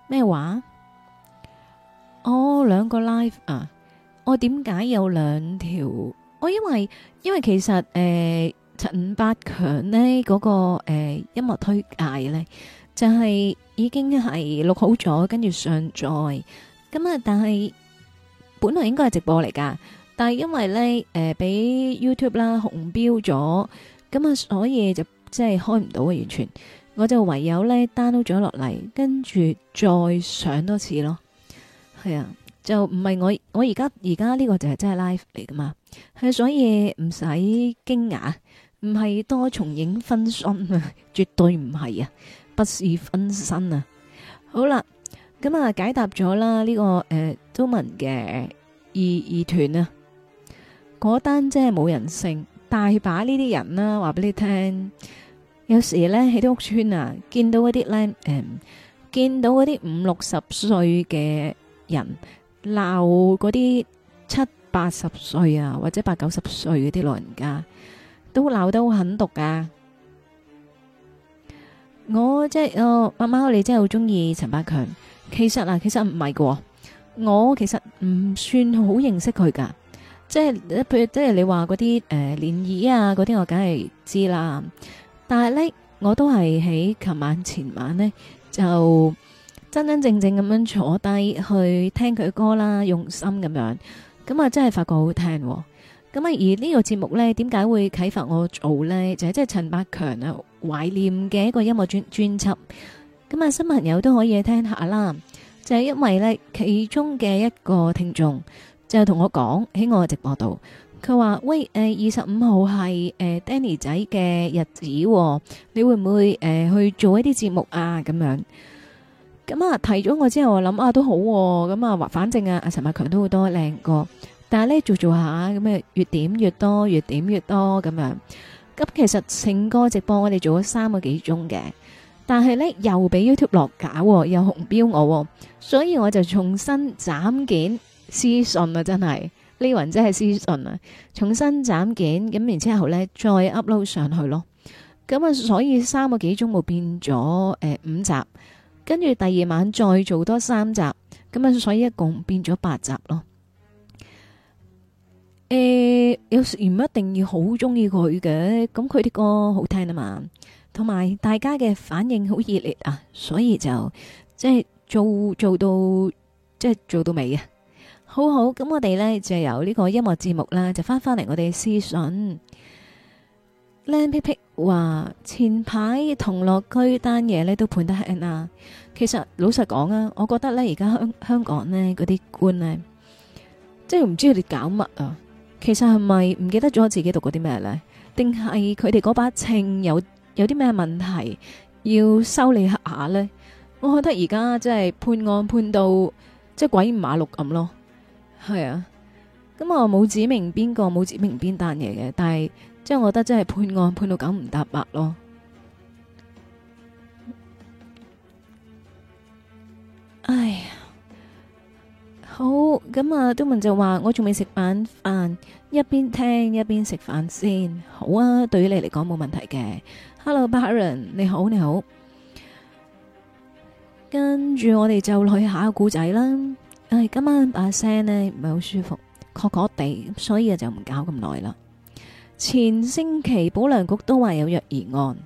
咩話？哦，兩個 live 啊。我點解有兩條？我、哦、因為因為其實誒，陳五、呃、八強呢嗰、那個誒、呃、音樂推介咧，就係、是、已經係錄好咗，跟住上載。咁啊，但係本來應該係直播嚟噶，但係因為咧誒俾 YouTube 啦紅標咗，咁啊所以就即係開唔到啊，完全。我就唯有咧 download 咗落嚟，跟住再上多次咯。係啊。就唔係我我而家而家呢個就係真係 live 嚟噶嘛，係，所以唔使驚訝，唔係多重影分身啊，絕對唔係啊，不是分身啊。好啦，咁啊解答咗啦呢、這個誒，周、呃、文嘅二二段啊，嗰單真係冇人性，大把呢啲人啦、啊，話俾你聽，有時咧喺啲屋村啊，見到嗰啲咧誒，見到嗰啲五六十歲嘅人。鬧嗰啲七八十歲啊，或者八九十歲嗰啲老人家，都鬧得好狠毒噶。我即係哦，媽媽你真係好中意陳百強，其實啊，其實唔係喎。我其實唔算好認識佢噶，即係譬如即係你話嗰啲誒蓮姨啊嗰啲，我梗係知啦。但係呢，我都係喺琴晚前晚呢，就。真真正正咁樣坐低去聽佢歌啦，用心咁樣，咁啊真係發覺好聽。咁啊而呢個節目呢，點解會啟發我做呢？就係即係陳百強啊懷念嘅一個音樂專專輯。咁啊新朋友都可以聽下啦。就係因為呢，其中嘅一個聽眾就同我講喺我嘅直播度，佢話喂，誒，二十五號係誒 Danny 仔嘅日子，呃、你會唔會誒、呃、去做一啲節目啊？咁樣。咁啊，提咗我之後，我諗啊都好，咁啊，話反正啊，阿陳百強都好多靚歌，但係咧做一做一下咁啊，越點越多，越點越多咁樣。咁其實成個直播我哋做咗三個幾鐘嘅，但係咧又俾 YouTube 落架，又紅標我，啊，所以我就重新斬件私信啊，真係呢云真係私信啊，重新斬件咁，然後之後咧再 upload 上去咯。咁啊，所以三個幾鐘就變咗誒、呃、五集。跟住第二晚再做多三集，咁啊，所以一共變咗八集咯。誒，有時唔一定要好中意佢嘅，咁佢啲歌好聽啊嘛，同埋大家嘅反應好熱烈啊，所以就即係做做到即係做到尾啊！好好，咁我哋呢就由呢個音樂節目啦，就翻翻嚟我哋嘅私信，靚皮皮話前排同樂區單嘢呢都判得輕啊。其實老實講啊，我覺得咧而家香香港呢，嗰啲官呢，即係唔知佢哋搞乜啊！其實係咪唔記得咗自己讀過啲咩呢？定係佢哋嗰把秤有有啲咩問題要修理一下呢？我覺得而家真係判案判到即係鬼五馬六咁咯，係啊！咁我冇指明邊個，冇指明邊單嘢嘅，但係即係我覺得真係判案判到九唔搭八咯。哎呀，好咁啊！都文就話我仲未食晚飯，一邊聽一邊食飯先好啊。對於你嚟講冇問題嘅。Hello，Baron，你好你好。跟住我哋就去下個故仔啦。哎，今晚把聲呢唔係好舒服，確確地，所以啊就唔搞咁耐啦。前星期保良局都話有虐兒案，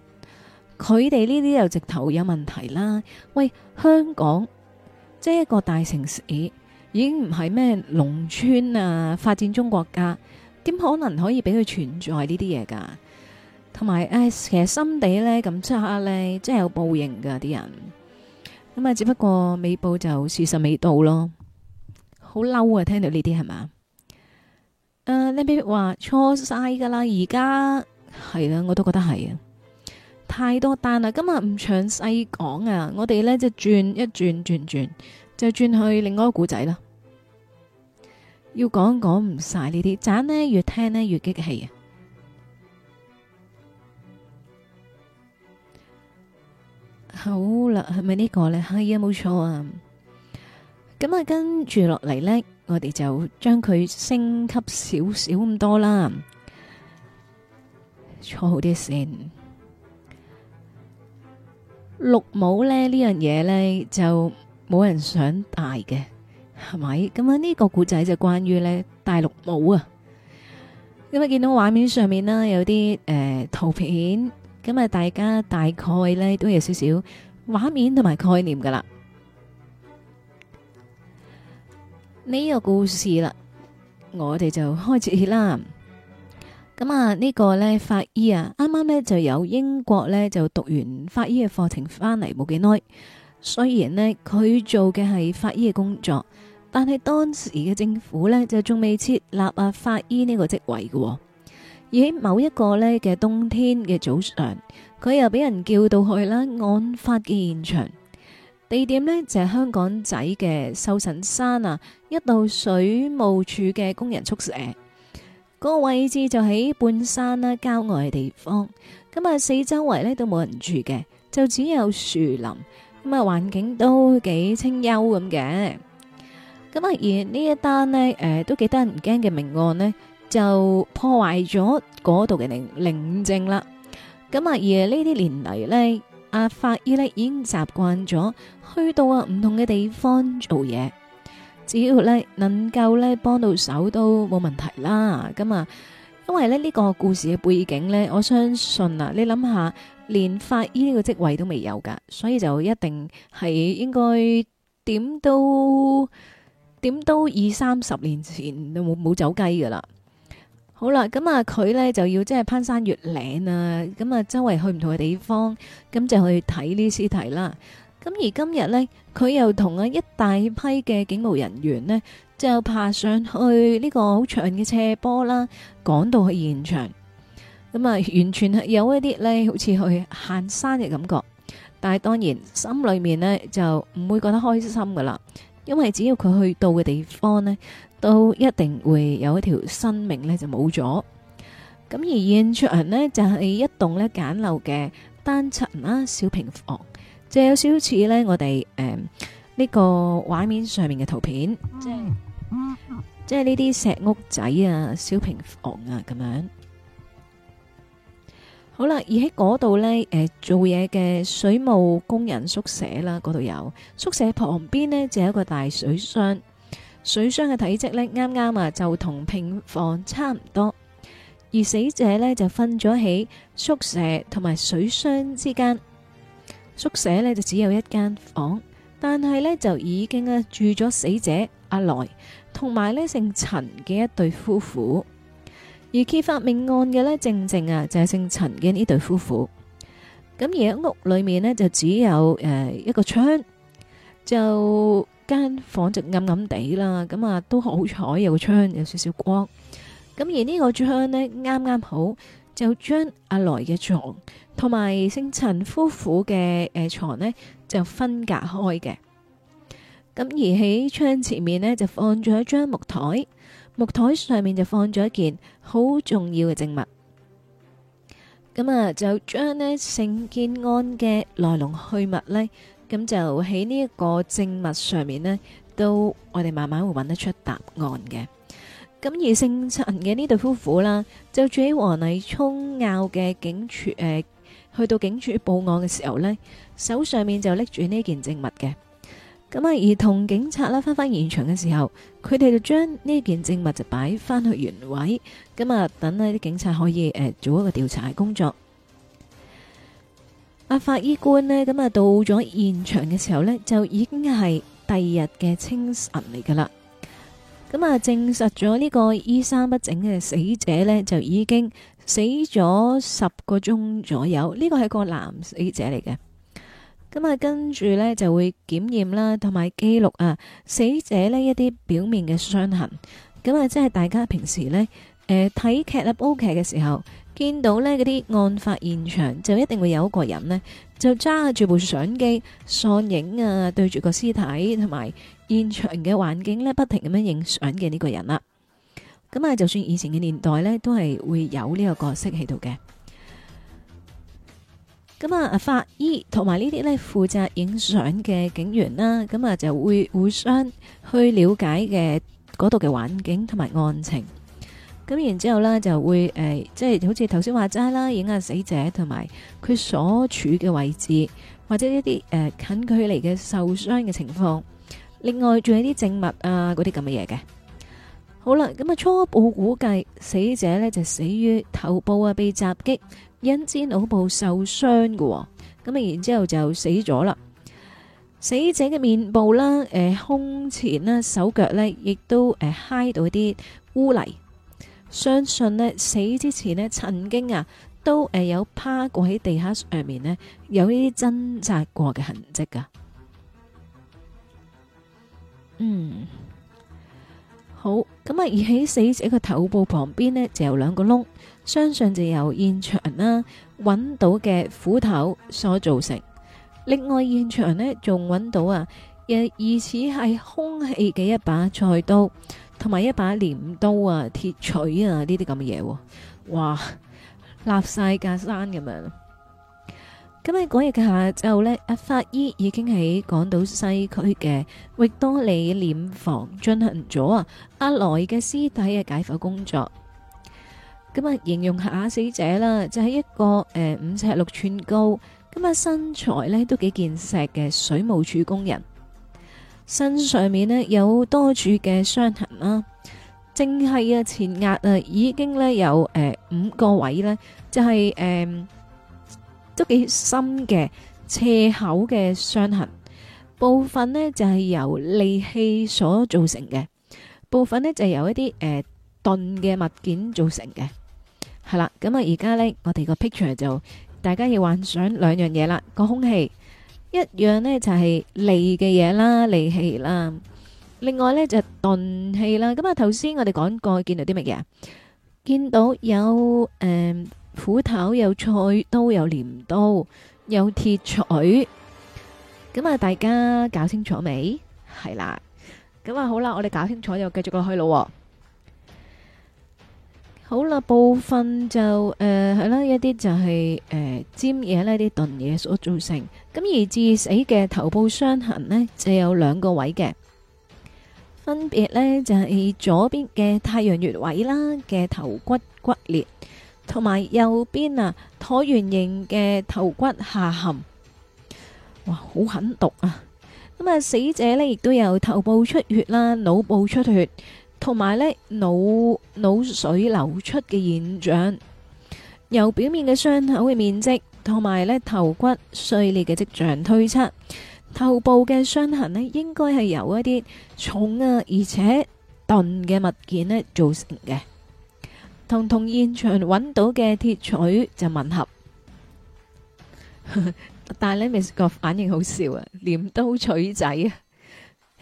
佢哋呢啲又直頭有問題啦。喂，香港。即係一個大城市，已經唔係咩農村啊，發展中國家，點可能可以俾佢存在呢啲嘢噶？同埋誒，其實心地咧咁出壓力，即係有報應噶啲人，咁啊，只不過未報就事實未到咯。好嬲啊！聽到呢啲係嘛？誒，靚 B B 話錯晒噶啦，而家係啦，我都覺得係。太多單啦，今日唔詳細講啊，我哋呢就轉一轉轉轉，就轉去另外一個故仔啦。要講講唔晒呢啲，盞呢，越聽呢越激氣啊！好啦，係咪呢個呢？係啊，冇錯啊。咁啊，跟住落嚟呢，我哋就將佢升級少少咁多啦。坐好啲先。綠帽咧，呢樣嘢咧就冇人想戴嘅，係咪？咁啊呢個故仔就關於咧戴綠帽啊，咁啊見到畫面上面啦有啲誒、呃、圖片，咁啊大家大概咧都有少少畫面同埋概念噶啦，呢、這個故事啦，我哋就開始啦。咁啊，呢個呢法醫啊，啱啱呢就由英國呢，就讀完法醫嘅課程翻嚟冇幾耐。雖然呢，佢做嘅係法醫嘅工作，但係當時嘅政府呢，就仲未設立啊法醫呢個職位嘅、哦。而喺某一個呢嘅冬天嘅早上，佢又俾人叫到去啦案發嘅現場，地點呢，就係、是、香港仔嘅壽臣山啊，一道水務處嘅工人宿舍。個位置就喺半山啦，郊外嘅地方，咁啊四周圍咧都冇人住嘅，就只有樹林，咁啊環境都幾清幽咁嘅。咁啊而呢一單咧，誒都幾得人驚嘅命案咧，就破壞咗嗰度嘅寧寧靜啦。咁啊而呢啲年嚟咧，阿法醫咧已經習慣咗去到啊唔同嘅地方做嘢。只要咧能夠咧幫到手都冇問題啦。咁啊，因為咧呢個故事嘅背景呢，我相信啊，你諗下，連法醫呢個職位都未有噶，所以就一定係應該點都點都二三十年前都冇冇走雞噶啦。好啦，咁啊，佢呢就要即係、就是、攀山越嶺啊，咁啊周圍去唔同嘅地方，咁就去睇呢啲屍體啦。咁而今日呢，佢又同啊一大批嘅警務人員呢，就爬上去呢個好長嘅斜坡啦，趕到去現場。咁啊，完全係有一啲呢，好似去行山嘅感覺。但係當然心裏面呢就唔會覺得開心噶啦，因為只要佢去到嘅地方呢，都一定會有一條生命呢就冇咗。咁而現場呢就係一棟呢簡陋嘅單層啦小平房。就有少似呢，我哋誒呢個畫面上面嘅圖片，即係即係呢啲石屋仔啊、小平房啊咁樣。好啦，而喺嗰度呢，誒、呃、做嘢嘅水務工人宿舍啦，嗰度有宿舍旁邊呢就有一個大水箱。水箱嘅體積呢啱啱啊就同平房差唔多。而死者呢，就瞓咗喺宿舍同埋水箱之間。宿舍呢就只有一間房，但係呢就已經啊住咗死者阿來，同埋呢姓陳嘅一對夫婦。而揭發命案嘅呢，正正啊就係、是、姓陳嘅呢對夫婦。咁而屋裡面呢，就只有誒、呃、一個窗，就房間房就暗暗地啦。咁啊都好彩有個窗，有少少光。咁而呢個窗呢，啱啱好。就將阿來嘅床同埋姓陳夫婦嘅床呢，就分隔開嘅，咁而喺窗前面呢，就放咗一張木台，木台上面就放咗一件好重要嘅證物，咁啊就將呢姓陳案嘅來龍去脈呢，咁就喺呢一個證物上面呢，都我哋慢慢會揾得出答案嘅。咁而姓陳嘅呢對夫婦啦，就住喺黃泥涌坳嘅警署。誒，去到警署報案嘅時候呢，手上面就拎住呢件證物嘅。咁啊，而同警察啦翻返現場嘅時候，佢哋就將呢件證物就擺翻去原位，咁啊，等呢啲警察可以誒做一個調查嘅工作。阿法醫官呢，咁啊到咗現場嘅時候呢，就已經係第二日嘅清晨嚟噶啦。咁啊，證實咗呢個衣衫不整嘅死者呢，就已經死咗十個鐘左右。呢個係個男死者嚟嘅。咁啊，跟住呢就會檢驗啦，同埋記錄啊死者呢一啲表面嘅傷痕。咁啊，即係大家平時呢，誒、呃、睇劇啊、煲劇嘅時候，見到呢嗰啲案發現場就一定會有一個人呢。就揸住部相機，上影啊，對住個屍體同埋現場嘅環境呢，不停咁樣影相嘅呢個人啦。咁啊，就算以前嘅年代呢，都係會有呢個角色喺度嘅。咁啊，法醫同埋呢啲呢負責影相嘅警員啦，咁啊就會互相去了解嘅嗰度嘅環境同埋案情。咁然之後呢，就會誒，即係好似頭先話齋啦，影下死者同埋佢所處嘅位置，或者一啲誒近距離嘅受傷嘅情況。另外仲有啲證物啊，嗰啲咁嘅嘢嘅。好啦，咁啊，初步估計死者呢就死於頭部啊被襲擊，引致腦部受傷嘅。咁啊，然之後就死咗啦。死者嘅面部啦、胸前啦、手腳呢，亦都誒揩到一啲污泥。相信呢，死之前呢，曾經啊都誒有趴過喺地下上面呢，有呢啲掙扎過嘅痕跡噶，嗯，好。咁啊而喺死者嘅頭部旁邊呢，就有兩個窿，相信就由現場啦揾到嘅斧頭所造成。另外現場呢，仲揾到啊，亦疑似係凶器嘅一把菜刀。同埋一把鐮刀啊、鐵錘啊呢啲咁嘅嘢，哇，立晒架山咁樣。咁喺嗰日下晝呢，阿法醫已經喺港島西區嘅域多利殮房進行咗啊阿來嘅屍體嘅解剖工作。咁啊，形容下死者啦，就係、是、一個誒、呃、五尺六寸高，咁、那、啊、個、身材呢都幾健碩嘅水務署工人。身上面呢有多處嘅傷痕啦，淨係啊前額啊已經呢有誒、呃、五個位呢，就係、是、誒、呃、都幾深嘅斜口嘅傷痕，部分呢就係、是、由利器所造成嘅，部分呢就係、是、由一啲誒鈍嘅物件造成嘅，係啦，咁啊而家呢，我哋個 picture 就大家要幻想兩樣嘢啦，個空氣。一樣呢就係利嘅嘢啦，利器啦，另外呢就係鈍器啦。咁啊，頭先我哋講過見到啲乜嘢？見到有誒斧頭，有菜刀，有鐮刀，有鐵錘。咁啊，大家搞清楚未？係啦，咁啊好啦，我哋搞清楚又繼續落去咯。好啦，部分就誒係、呃、啦，一啲就係、是、誒、呃、尖嘢呢啲鈍嘢所造成。咁而致死嘅頭部傷痕呢，就有兩個位嘅，分別呢就係、是、左邊嘅太陽穴位啦嘅頭骨骨裂，同埋右邊啊橢圓形嘅頭骨下陷。哇，好狠毒啊！咁啊，死者呢亦都有頭部出血啦，腦部出血。同埋呢腦腦水流出嘅現象，由表面嘅傷口嘅面積同埋呢頭骨碎裂嘅跡象推測，頭部嘅傷痕呢應該係由一啲重啊而且鈍嘅物件呢造成嘅，同同現場揾到嘅鐵錘就吻合， 但係咧 Miss 個反應好笑啊，鐮刀錘仔啊！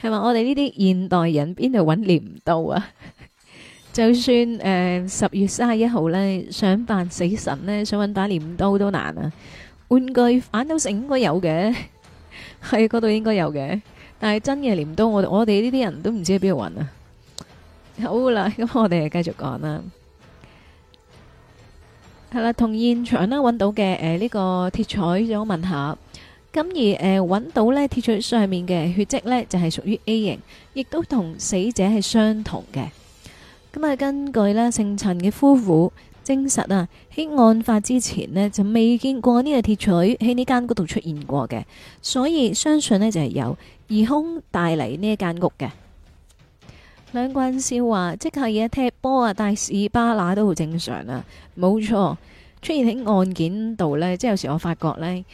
係咪我哋呢啲現代人邊度揾鐮刀啊？ 就算誒十月三十一號咧想扮死神咧想揾把鐮刀都難啊！玩具反斗城應該有嘅，喺嗰度應該有嘅，但係真嘅鐮刀我我哋呢啲人都唔知喺邊度揾啊！好啦，咁我哋繼續講啦。係啦，同現場啦揾到嘅誒呢個鐵彩咗問下。咁而誒，揾、呃、到呢鐵錘上面嘅血跡呢，就係、是、屬於 A 型，亦都同死者係相同嘅。咁、嗯、啊，根據呢姓陳嘅夫婦證實啊，喺案發之前呢，就未見過呢個鐵錘喺呢間嗰度出現過嘅，所以相信呢就係、是、有疑兇帶嚟呢一間屋嘅。兩個人笑話，即係嘢踢波啊，帶士巴拿都好正常啊，冇錯。出現喺案件度呢，即係有時我發覺呢。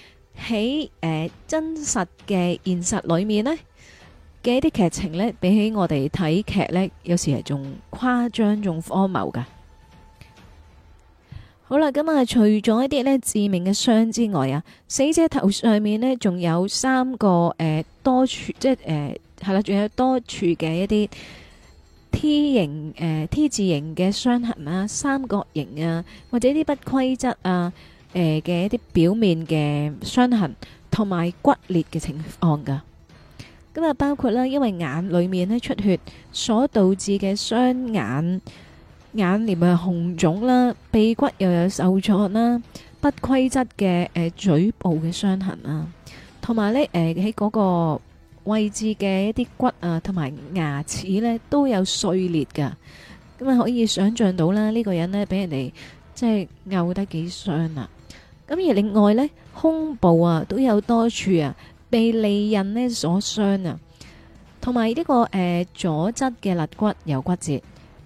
喺誒、呃、真實嘅現實裏面呢，嘅一啲劇情呢，比起我哋睇劇呢，有時係仲誇張、仲荒謬噶。好啦，咁、嗯、啊，除咗一啲呢致命嘅傷之外啊，死者頭上面呢，仲有三個誒、呃、多處，即係誒係啦，仲、呃、有多處嘅一啲 T 型誒、呃、T 字型嘅傷痕啊，三角形啊，或者啲不規則啊。誒、呃、嘅一啲表面嘅傷痕同埋骨裂嘅情況噶，咁啊包括啦，因為眼裏面呢出血所導致嘅雙眼眼瞼啊紅腫啦，鼻骨又有受挫啦，不規則嘅誒嘴部嘅傷痕啊，同埋呢誒喺嗰個位置嘅一啲骨啊同埋牙齒呢都有碎裂噶，咁啊可以想象到啦，呢、這個人呢俾人哋即係拗得幾傷啊！咁而另外呢，胸部啊都有多處啊被利刃呢所傷啊，同埋呢個誒、呃、左側嘅肋骨有骨折，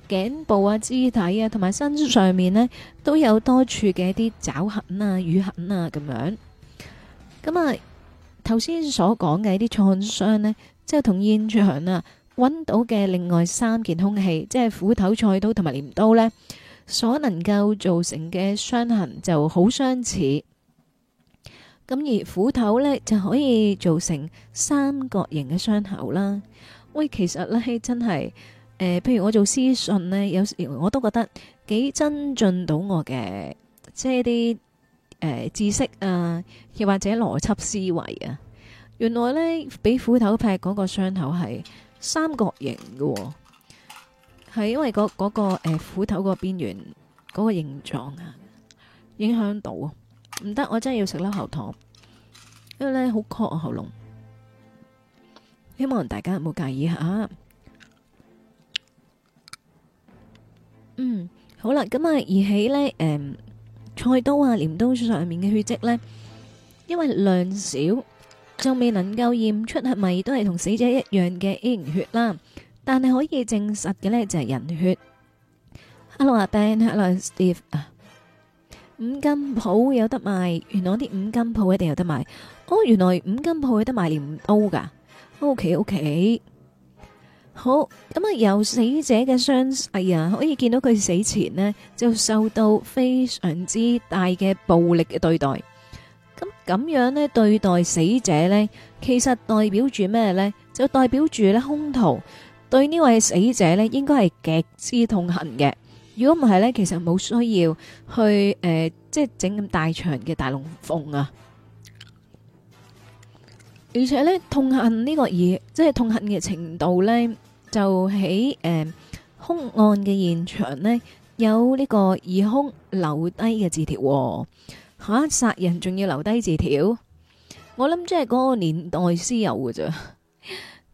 頸部啊、肢體啊同埋身上面呢都有多處嘅一啲爪痕啊、淤痕啊咁樣。咁啊，頭先所講嘅一啲創傷呢，即係同現場啊搵到嘅另外三件凶器，即係斧頭、菜刀同埋鐮刀呢。所能夠造成嘅傷痕就好相似，咁而斧頭呢，就可以造成三角形嘅傷口啦。喂，其實呢，真係，呃、譬如我做屍訊呢，有時我都覺得幾增進到我嘅即係啲知識啊，又或者邏輯思維啊。原來呢，俾斧頭劈嗰個傷口係三角形嘅喎、哦。係因為嗰、那、嗰個誒、那個呃、斧頭個邊緣嗰、那個形狀啊，影響到啊。唔得，我真係要食粒喉糖，因為咧好 c o 喉嚨。希望大家唔好介意吓。嗯，好啦，咁啊，而喺呢誒、嗯、菜刀啊、鐮刀上面嘅血跡呢，因為量少，就未能夠驗出係咪都係同死者一樣嘅 A 型血啦。但係可以證實嘅呢，就係人血。Hello，阿 Ben，Hello，Steve、uh,。五金鋪有得賣，原來啲五金鋪一定有得賣。哦，原來五金鋪有得賣連刀噶。O K，O K。好咁啊，由死者嘅傷哎呀，可以見到佢死前呢，就受到非常之大嘅暴力嘅對待。咁咁樣呢，對待死者呢，其實代表住咩呢？就代表住呢凶徒。對呢位死者呢，應該係極之痛恨嘅。如果唔係呢，其實冇需要去誒、呃，即係整咁大場嘅大龍鳳啊。而且呢，痛恨呢個以即係痛恨嘅程度呢，就喺誒、呃、凶案嘅現場呢，有呢個疑凶留低嘅字條、哦。吓、啊，殺人仲要留低字條？我諗即係嗰個年代先有㗎咋。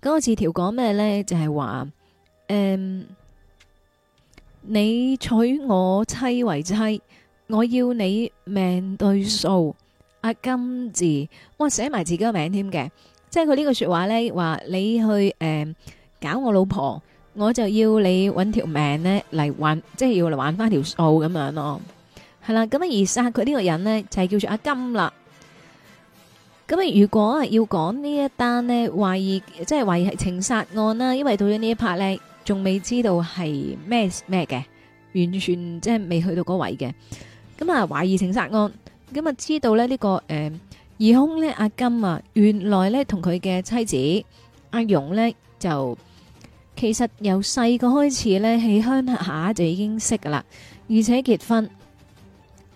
嗰個字條講咩咧？就係話，誒，你娶我妻為妻，我要你命對數。阿金字，我寫埋自己個名添嘅，即係佢呢個說話咧，話你去誒搞我老婆，我就要你揾條命咧嚟還，即係要嚟還翻條數咁樣咯。係啦，咁啊而殺佢呢個人咧，就係叫做阿金啦。咁啊！如果要講呢一單咧，懷疑即係懷疑係情殺案啦。因為到咗呢一 part 咧，仲未知道係咩咩嘅，完全即係未去到嗰位嘅。咁、嗯、啊，懷疑情殺案咁啊、嗯，知道咧、這個呃、呢個誒疑凶咧阿金啊，原來咧同佢嘅妻子阿容呢，就其實由細個開始咧喺鄉下就已經識㗎喇，而且結婚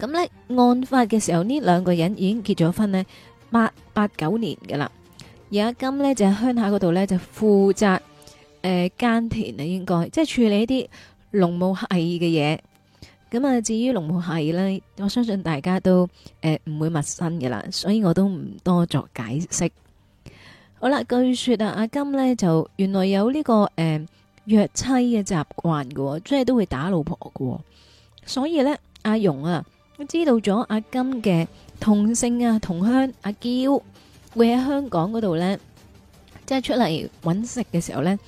咁咧、嗯嗯，案發嘅時候呢兩個人已經結咗婚呢。八八九年嘅啦，而阿金呢就喺鄉下嗰度呢，就負責誒、呃、耕田啊，應該即係處理啲農務係嘅嘢。咁啊，至於農務係呢，我相信大家都誒唔、呃、會陌生嘅啦，所以我都唔多作解釋。好啦，據說啊，阿金呢，就原來有呢、這個誒虐、呃、妻嘅習慣嘅，即係都會打老婆嘅、哦，所以呢，阿蓉啊，知道咗阿金嘅。同姓啊，同鄉阿嬌會喺香港嗰度呢，即係出嚟揾食嘅時候呢，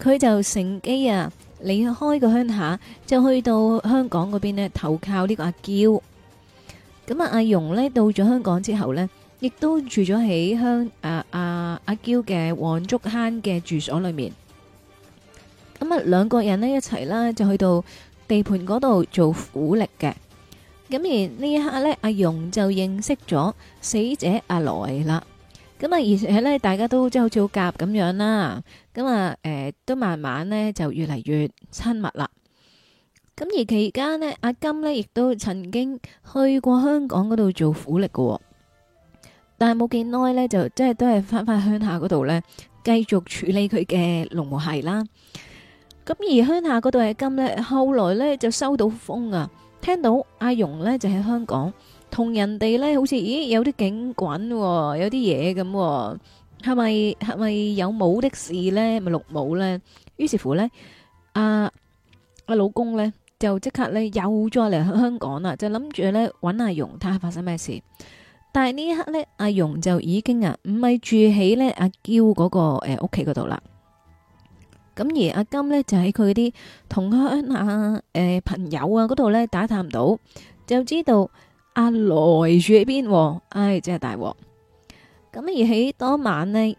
佢就乘機啊離開個鄉下，就去到香港嗰邊呢投靠呢個阿嬌。咁啊，阿蓉呢到咗香港之後呢，亦都住咗喺鄉啊阿阿嬌嘅黃竹坑嘅住所裏面。咁啊，兩個人呢一齊啦，就去到地盤嗰度做苦力嘅。咁而呢一刻咧，阿蓉就認識咗死者阿來啦。咁啊，而且咧，大家都即係好似好夾咁樣啦。咁啊，誒、呃，都慢慢咧就越嚟越親密啦。咁而期間呢，阿金呢亦都曾經去過香港嗰度做苦力嘅，哦，但係冇幾耐呢，就即係都係翻翻鄉下嗰度呢，繼續處理佢嘅農活係啦。咁而鄉下嗰度嘅金呢，後來呢就收到風啊。聽到阿蓉咧就喺香港，同人哋咧好似咦有啲景轟，有啲嘢咁，係咪係咪有帽的、哦、的事咧？咪綠帽咧？於是乎咧，阿、啊、阿、啊、老公咧就即刻咧又再嚟去香港啦，就諗住咧揾阿蓉睇下發生咩事。但係呢一刻咧，阿蓉就已經啊唔係住喺咧阿嬌嗰、那個誒屋企嗰度啦。呃咁而阿金咧就喺佢啲同鄉啊、誒朋友啊嗰度咧打探唔到，就知道阿來住喺邊，唉真係大鑊！咁而喺當晚咧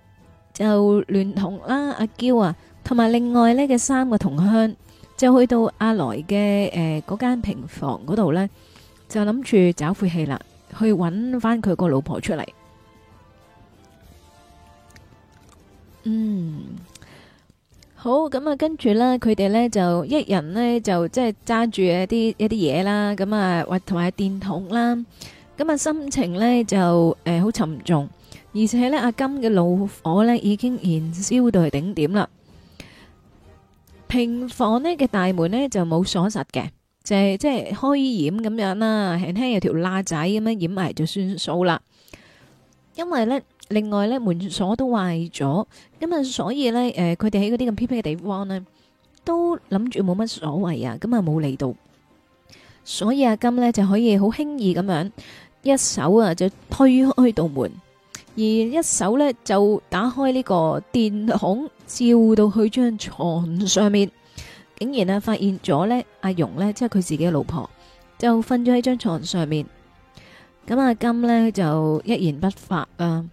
就聯同啦阿嬌啊，同埋另外咧嘅三個同鄉就去到阿來嘅誒嗰間平房嗰度咧，就諗住找晦氣啦，去揾翻佢個老婆出嚟。嗯。好咁啊，跟住咧，佢哋咧就一人咧就即係揸住一啲一啲嘢啦，咁啊或同埋電筒啦，咁啊心情咧就誒好沉重，而且咧阿金嘅怒火咧已經燃燒到係頂點啦。平房咧嘅大門咧就冇鎖實嘅，就係即係開掩咁樣啦，輕輕有條罅仔咁樣掩埋就算數啦，因為咧。另外咧，門鎖都壞咗，咁啊，所以咧，誒，佢哋喺嗰啲咁偏僻嘅地方咧，都諗住冇乜所謂啊，咁啊，冇嚟到，所以阿金咧就可以好輕易咁樣一手啊就推開道門，而一手咧就打開呢個電筒，照到去張床上面，竟然啊發現咗咧，阿蓉咧即係佢自己嘅老婆，就瞓咗喺張床上面，咁阿金咧就一言不發啊。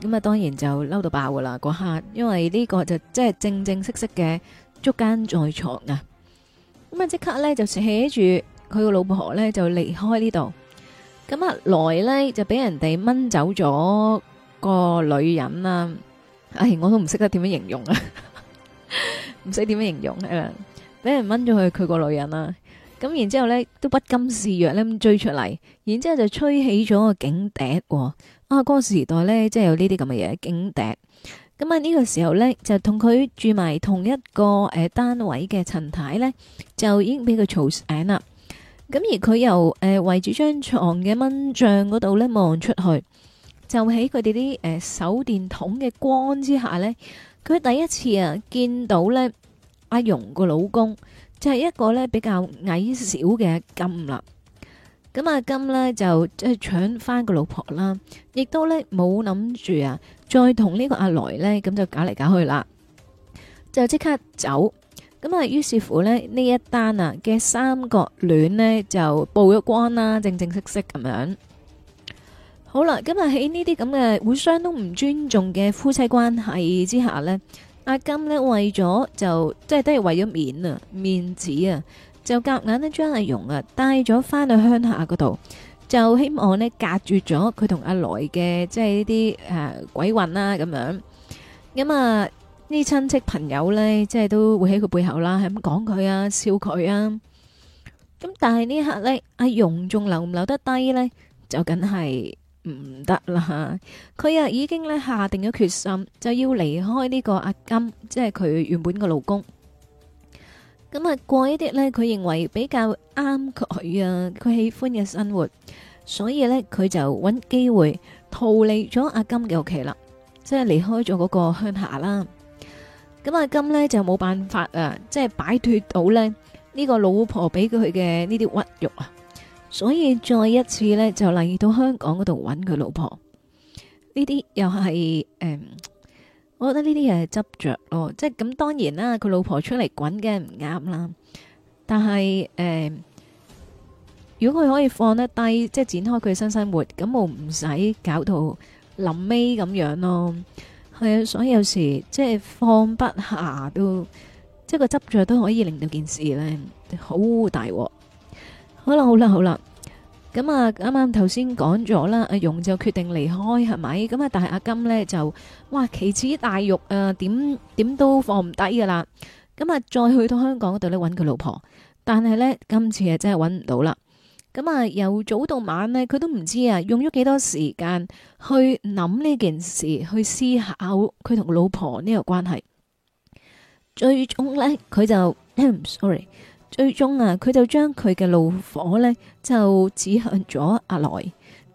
咁啊，當然就嬲到爆噶啦！嗰刻，因為呢個就真係正正式式嘅捉姦在床啊！咁啊，即刻咧就寫住佢個老婆咧就離開呢度。咁啊，來咧就俾人哋掹走咗個女人啊！唉，我都唔識得點樣形容啊，唔識點樣形容係咪？俾人掹咗佢佢個女人啦。咁然之後咧都不甘示弱咧，咁追出嚟，然之後就吹起咗個警笛。啊，嗰、那個時代咧，即係有呢啲咁嘅嘢，警笛。咁啊呢個時候咧，就同佢住埋同一個誒、呃、單位嘅陳太咧，就已經俾佢嘈醒啦。咁而佢又誒圍住張床嘅蚊帳嗰度咧望出去，就喺佢哋啲誒手電筒嘅光之下咧，佢第一次啊見到咧阿蓉個老公，就係、是、一個咧比較矮小嘅金啦。咁阿金呢，就即係搶翻個老婆啦，亦都呢冇諗住啊，再同呢個阿來呢，咁就搞嚟搞去啦，就即刻走。咁啊，於是乎呢，呢一單啊嘅三角戀呢，就曝咗光啦，正正式式咁樣。好啦，咁、嗯、啊，喺呢啲咁嘅互相都唔尊重嘅夫妻關係之下呢，阿金呢，為咗就即係都係為咗面啊，面子啊。就夾硬咧將阿蓉啊帶咗翻去鄉下嗰度，就希望呢隔住咗佢同阿來嘅即係呢啲誒鬼混啦，咁樣。咁啊呢親戚朋友呢，即係都會喺佢背後啦，係咁講佢啊，笑佢啊。咁、啊、但係呢刻呢，阿蓉仲留唔留得低呢？就梗係唔得啦。佢啊已經咧下定咗決心，就要離開呢個阿金，即係佢原本嘅老公。咁啊，過一啲咧，佢認為比較啱佢啊，佢喜歡嘅生活，所以咧佢就揾機會逃離咗阿金嘅屋企啦，即係離開咗嗰個鄉下啦。咁阿金咧就冇辦法啊，即係擺脫到咧呢個老婆俾佢嘅呢啲屈辱啊，所以再一次咧就嚟到香港嗰度揾佢老婆。呢啲又係誒。嗯我覺得呢啲嘢係執着咯，即係咁當然啦，佢老婆出嚟滾梗係唔啱啦。但係誒、呃，如果佢可以放得低，即係展開佢嘅新生活，咁我唔使搞到臨尾咁樣咯。係啊，所以有時即係放不下都，即係個執着都可以令到件事咧好大鑊。好啦，好啦，好啦。咁啊，啱啱頭先講咗啦，阿蓉就決定離開係咪？咁啊，但係阿金呢，就哇，其次大玉啊，點點都放唔低噶啦。咁啊，再去到香港嗰度呢，揾佢老婆，但係呢，今次係真係揾唔到啦。咁啊，由早到晚呢，佢都唔知啊，用咗幾多時間去諗呢件事，去思考佢同老婆呢個關係。最終呢，佢就 ，sorry。最終啊，佢就將佢嘅怒火呢，就指向咗阿來，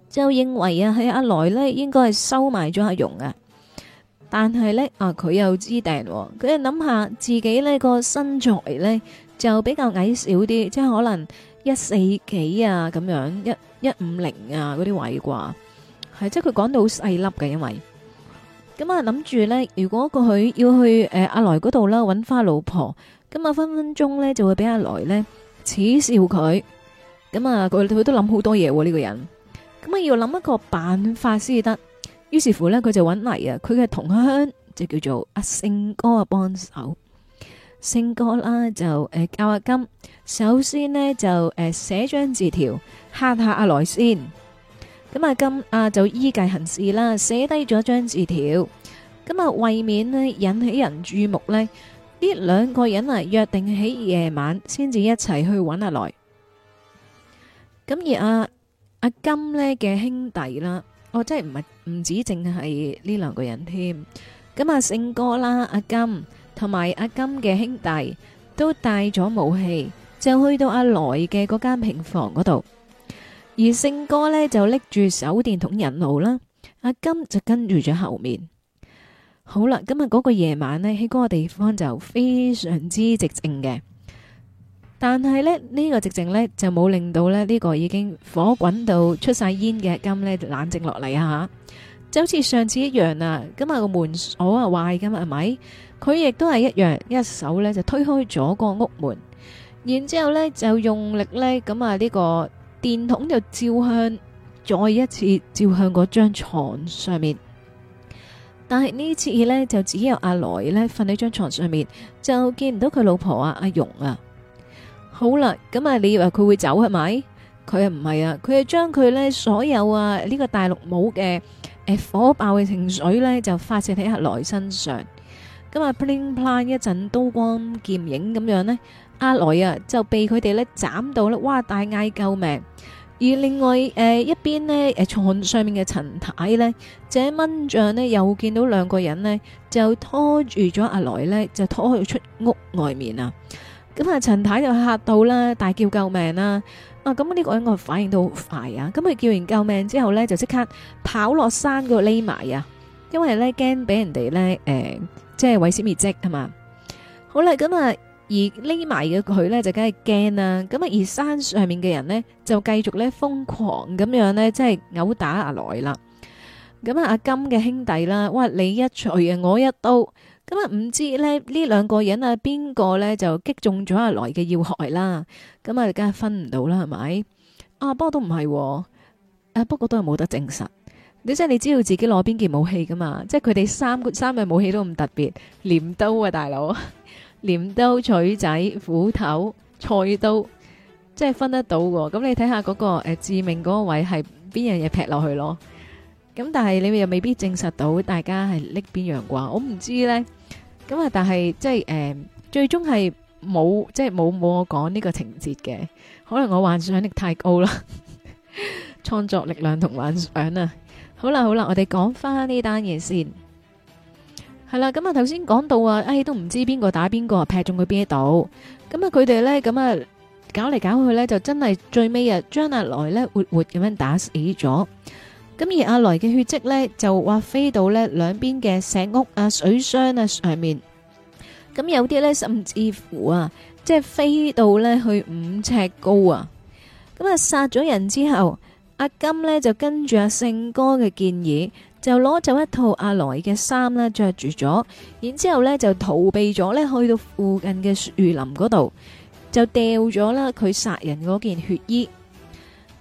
就認為啊，係阿來呢應該係收埋咗阿蓉啊。但係呢，啊，佢又知掟，佢諗下自己呢個身材呢，就比較矮小啲，即係可能一四幾啊咁樣，一一五零啊嗰啲位啩，係即係佢講到好細粒嘅，因為咁啊諗住呢，如果個佢要去誒、呃、阿來嗰度啦，搵返老婆。咁啊，分分鐘咧就會俾阿來咧恥笑佢。咁啊，佢佢都諗好多嘢喎，呢個人。咁啊，要諗一個辦法先得。於是乎咧，佢就揾嚟啊，佢嘅同鄉就叫做阿、啊、勝哥啊，幫手。勝哥啦就誒、呃、教阿金，首先呢就誒寫張字條吓下阿來先。咁阿金啊就依計行事啦，寫低咗張字條。咁啊為免呢引起人注目咧，呢兩個人啊約定喺夜晚先至一齊去揾阿來。咁而阿、啊、阿、啊、金呢嘅兄弟啦，哦，即係，唔係唔止淨係呢兩個人添。咁阿勝哥啦，阿、啊、金同埋阿金嘅兄弟都帶咗武器，就去到阿來嘅嗰間平房嗰度。而勝哥呢，就拎住手電筒引路啦，阿、啊、金就跟住咗後面。好啦，今日嗰個夜晚咧，喺嗰個地方就非常之寂靜嘅。但係咧，呢個寂靜咧就冇令到咧呢個已經火滾到出晒煙嘅金咧冷靜落嚟啊！就好似上次一樣啊，咁啊個門鎖啊壞，咁啊係咪？佢亦都係一樣，一手咧就推開咗個屋門，然之後咧就用力咧咁啊呢個電筒就照向，再一次照向嗰張床上面。但係呢次呢，就只有阿來呢瞓喺張床上面，就見唔到佢老婆啊阿蓉啊。好啦，咁、嗯、啊你以為佢會走係咪？佢又唔係啊，佢係將佢呢所有啊呢、這個大陸冇嘅誒火爆嘅情緒呢，就發洩喺阿來身上。咁啊 p l a n plan 一陣刀光劍影咁樣呢，阿來啊就被佢哋呢斬到呢「哇大嗌救命！而另外，誒一邊咧，誒牀上面嘅陳太咧，這蚊帳咧又見到兩個人咧，就拖住咗阿來咧，就拖佢出屋外面啊！咁啊，陳太就嚇到啦，大叫救命啦！啊，咁呢個人我反應到好快啊！咁佢叫完救命之後咧，就即刻跑落山嗰度匿埋啊，因為咧驚俾人哋咧誒，即係毀屍滅跡係嘛？好啦，今日咁啊。而匿埋嘅佢咧就梗係驚啦，咁啊而山上面嘅人呢，就繼續咧瘋狂咁樣、啊、呢，即係毆打阿萊啦。咁啊阿金嘅兄弟啦，哇你一錘啊我一刀，咁啊唔知呢兩個人啊邊個呢，就擊中咗阿萊嘅要害啦，咁啊梗係分唔到啦係咪？啊不過都唔係，誒、啊、不過都係冇得證實。你即係你知道自己攞邊件武器噶嘛？即係佢哋三個三個武器都唔特別，鐮刀啊大佬。鐮刀、錘仔、斧頭、菜刀，即係分得到喎。咁你睇下嗰個誒致命嗰個位係邊樣嘢劈落去咯。咁但係你又未必證實到大家係拎邊樣啩？我唔知咧。咁啊，但係即係誒，最終係冇即係冇冇我講呢個情節嘅。可能我幻想力太高啦，創作力量同幻想啊。好啦好啦，我哋講翻呢單嘢先。係啦，咁啊，頭先講到啊，都唔知邊個打邊個，劈中佢邊一度。咁啊，佢哋咧，咁啊，搞嚟搞去咧，就真係最尾啊，將阿來咧活活咁樣打死咗。咁而阿來嘅血跡咧，就話飛到咧兩邊嘅石屋啊、水箱啊上面。咁有啲咧，甚至乎啊，即係飛到咧去五尺高啊。咁啊，殺咗人之後，阿金咧就跟住阿勝哥嘅建議。就攞走一套阿來嘅衫啦，着住咗，然之後咧就逃避咗咧，去到附近嘅樹林嗰度，就掉咗啦佢殺人嗰件血衣。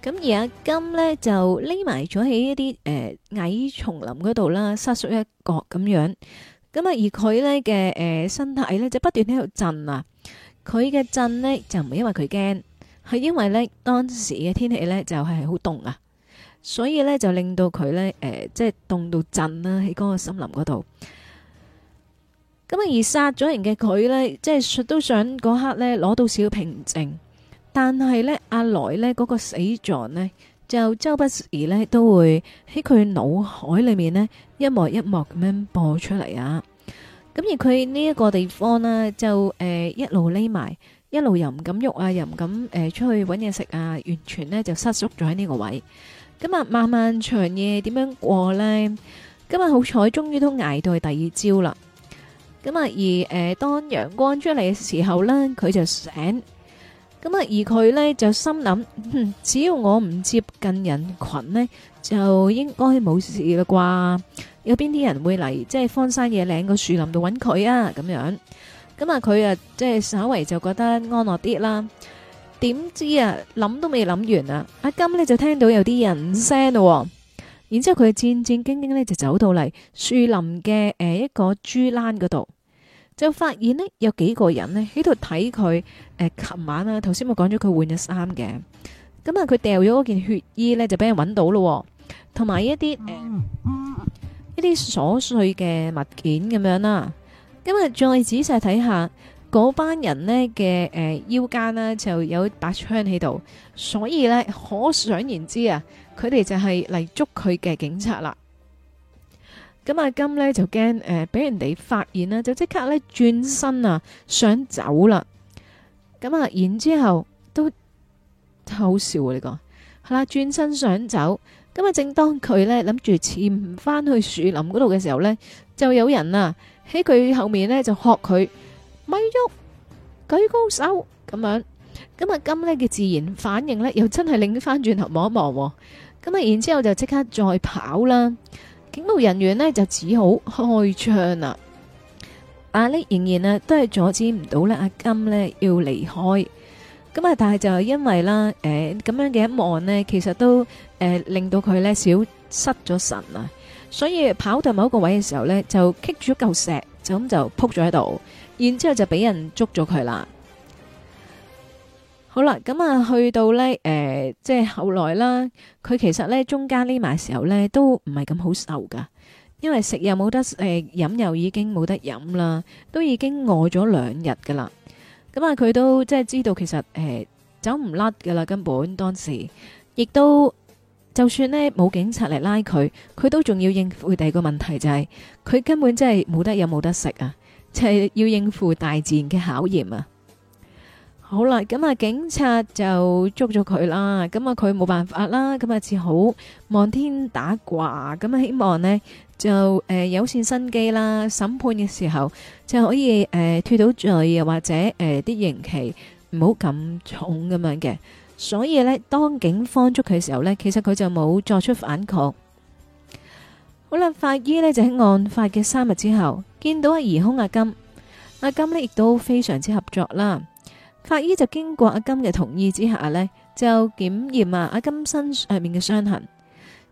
咁而阿金咧就匿埋咗喺一啲誒矮叢林嗰度啦，瑟縮一角咁樣。咁啊，而佢咧嘅誒身體咧就不斷喺度震啊。佢嘅震咧就唔係因為佢驚，係因為咧當時嘅天氣咧就係好凍啊。所以咧就令到佢咧，誒、呃，即係凍到震啦，喺嗰個森林嗰度。咁而殺咗人嘅佢呢，即係都想嗰刻呢攞到少少平靜，但係呢，阿萊呢嗰個死狀呢，就周不時呢都會喺佢腦海裏面呢一幕一幕咁樣播出嚟啊。咁而佢呢一個地方呢，就誒一路匿埋，一路又唔敢喐啊，又唔敢誒、呃、出去搵嘢食啊，完全呢就失足咗喺呢個位。今、嗯、日漫漫長夜點樣過呢？今、嗯、日好彩，終於都挨到第二朝啦。咁、嗯、啊，而誒、呃，當陽光出嚟嘅時候呢，佢就醒。咁、嗯、啊，而佢呢，就心諗，只要我唔接近人群呢，就應該冇事啦啩？有邊啲人會嚟即係荒山野嶺個樹林度揾佢啊？咁樣，咁、嗯、啊，佢、嗯、啊，即係稍微就覺得安樂啲啦。點知啊諗都未諗完啊！阿金呢就聽到有啲人聲咯，然之後佢戰戰兢兢呢就走到嚟樹林嘅、誒、呃、一個豬欄嗰度，就發現呢有幾個人呢喺度睇佢誒。琴晚啊，頭先咪講咗佢換咗衫嘅，咁啊佢掉咗嗰件血衣呢就俾人搵到咯，同埋一啲誒、呃、一啲瑣碎嘅物件咁樣啦。今日、呃、再仔細睇下。嗰班人呢嘅誒腰間呢就有把槍喺度，所以呢可想而知、呃、啊，佢哋就係嚟捉佢嘅警察啦。咁阿金呢就驚誒俾人哋發現啦，就即刻呢轉身啊想走啦。咁啊，然之後都好笑你呢個係啦，轉身想走，咁啊，正當佢呢諗住潛翻去樹林嗰度嘅時候呢，就有人啊喺佢後面呢就學佢。咪喐，舉高手咁樣，咁阿金咧嘅自然反應咧，又真係擰翻轉頭望一望，咁啊，然之後就即刻再跑啦。警務人員咧就只好開槍啦。但係呢仍然啊，都係阻止唔到咧，阿金咧要離開，咁啊，但係就係因為啦，誒咁樣嘅一望咧，其實都誒令到佢咧少失咗神啊，所以跑到某一個位嘅時候咧，就棘住咗嚿石，就咁就撲咗喺度。然之後就俾人捉咗佢啦。好啦，咁啊，去到呢，誒、呃，即係後來啦，佢其實呢，中間匿埋時候呢，都唔係咁好受噶，因為食又冇得，誒、呃、飲又已經冇得飲啦，都已經餓咗兩日噶啦。咁啊，佢都即係知道其實誒、呃、走唔甩噶啦，根本當時亦都就算呢冇警察嚟拉佢，佢都仲要應付佢第二個問題，就是，就係佢根本真係冇得飲冇得食啊。就係、是、要應付大自然嘅考驗啊！好啦，咁啊，警察就捉咗佢啦，咁啊，佢冇辦法啦，咁啊，只好望天打卦，咁啊，希望呢就誒、呃、有線生機啦。審判嘅時候，就可以誒、呃、脫到罪，又或者誒啲、呃、刑期唔好咁重咁樣嘅。所以呢，當警方捉佢嘅時候呢，其實佢就冇作出反抗。好啦，法醫呢就喺案發嘅三日之後，見到阿疑凶阿金，阿金呢亦都非常之合作啦。法醫就經過阿金嘅同意之下呢，就檢驗啊阿金身上面嘅傷痕，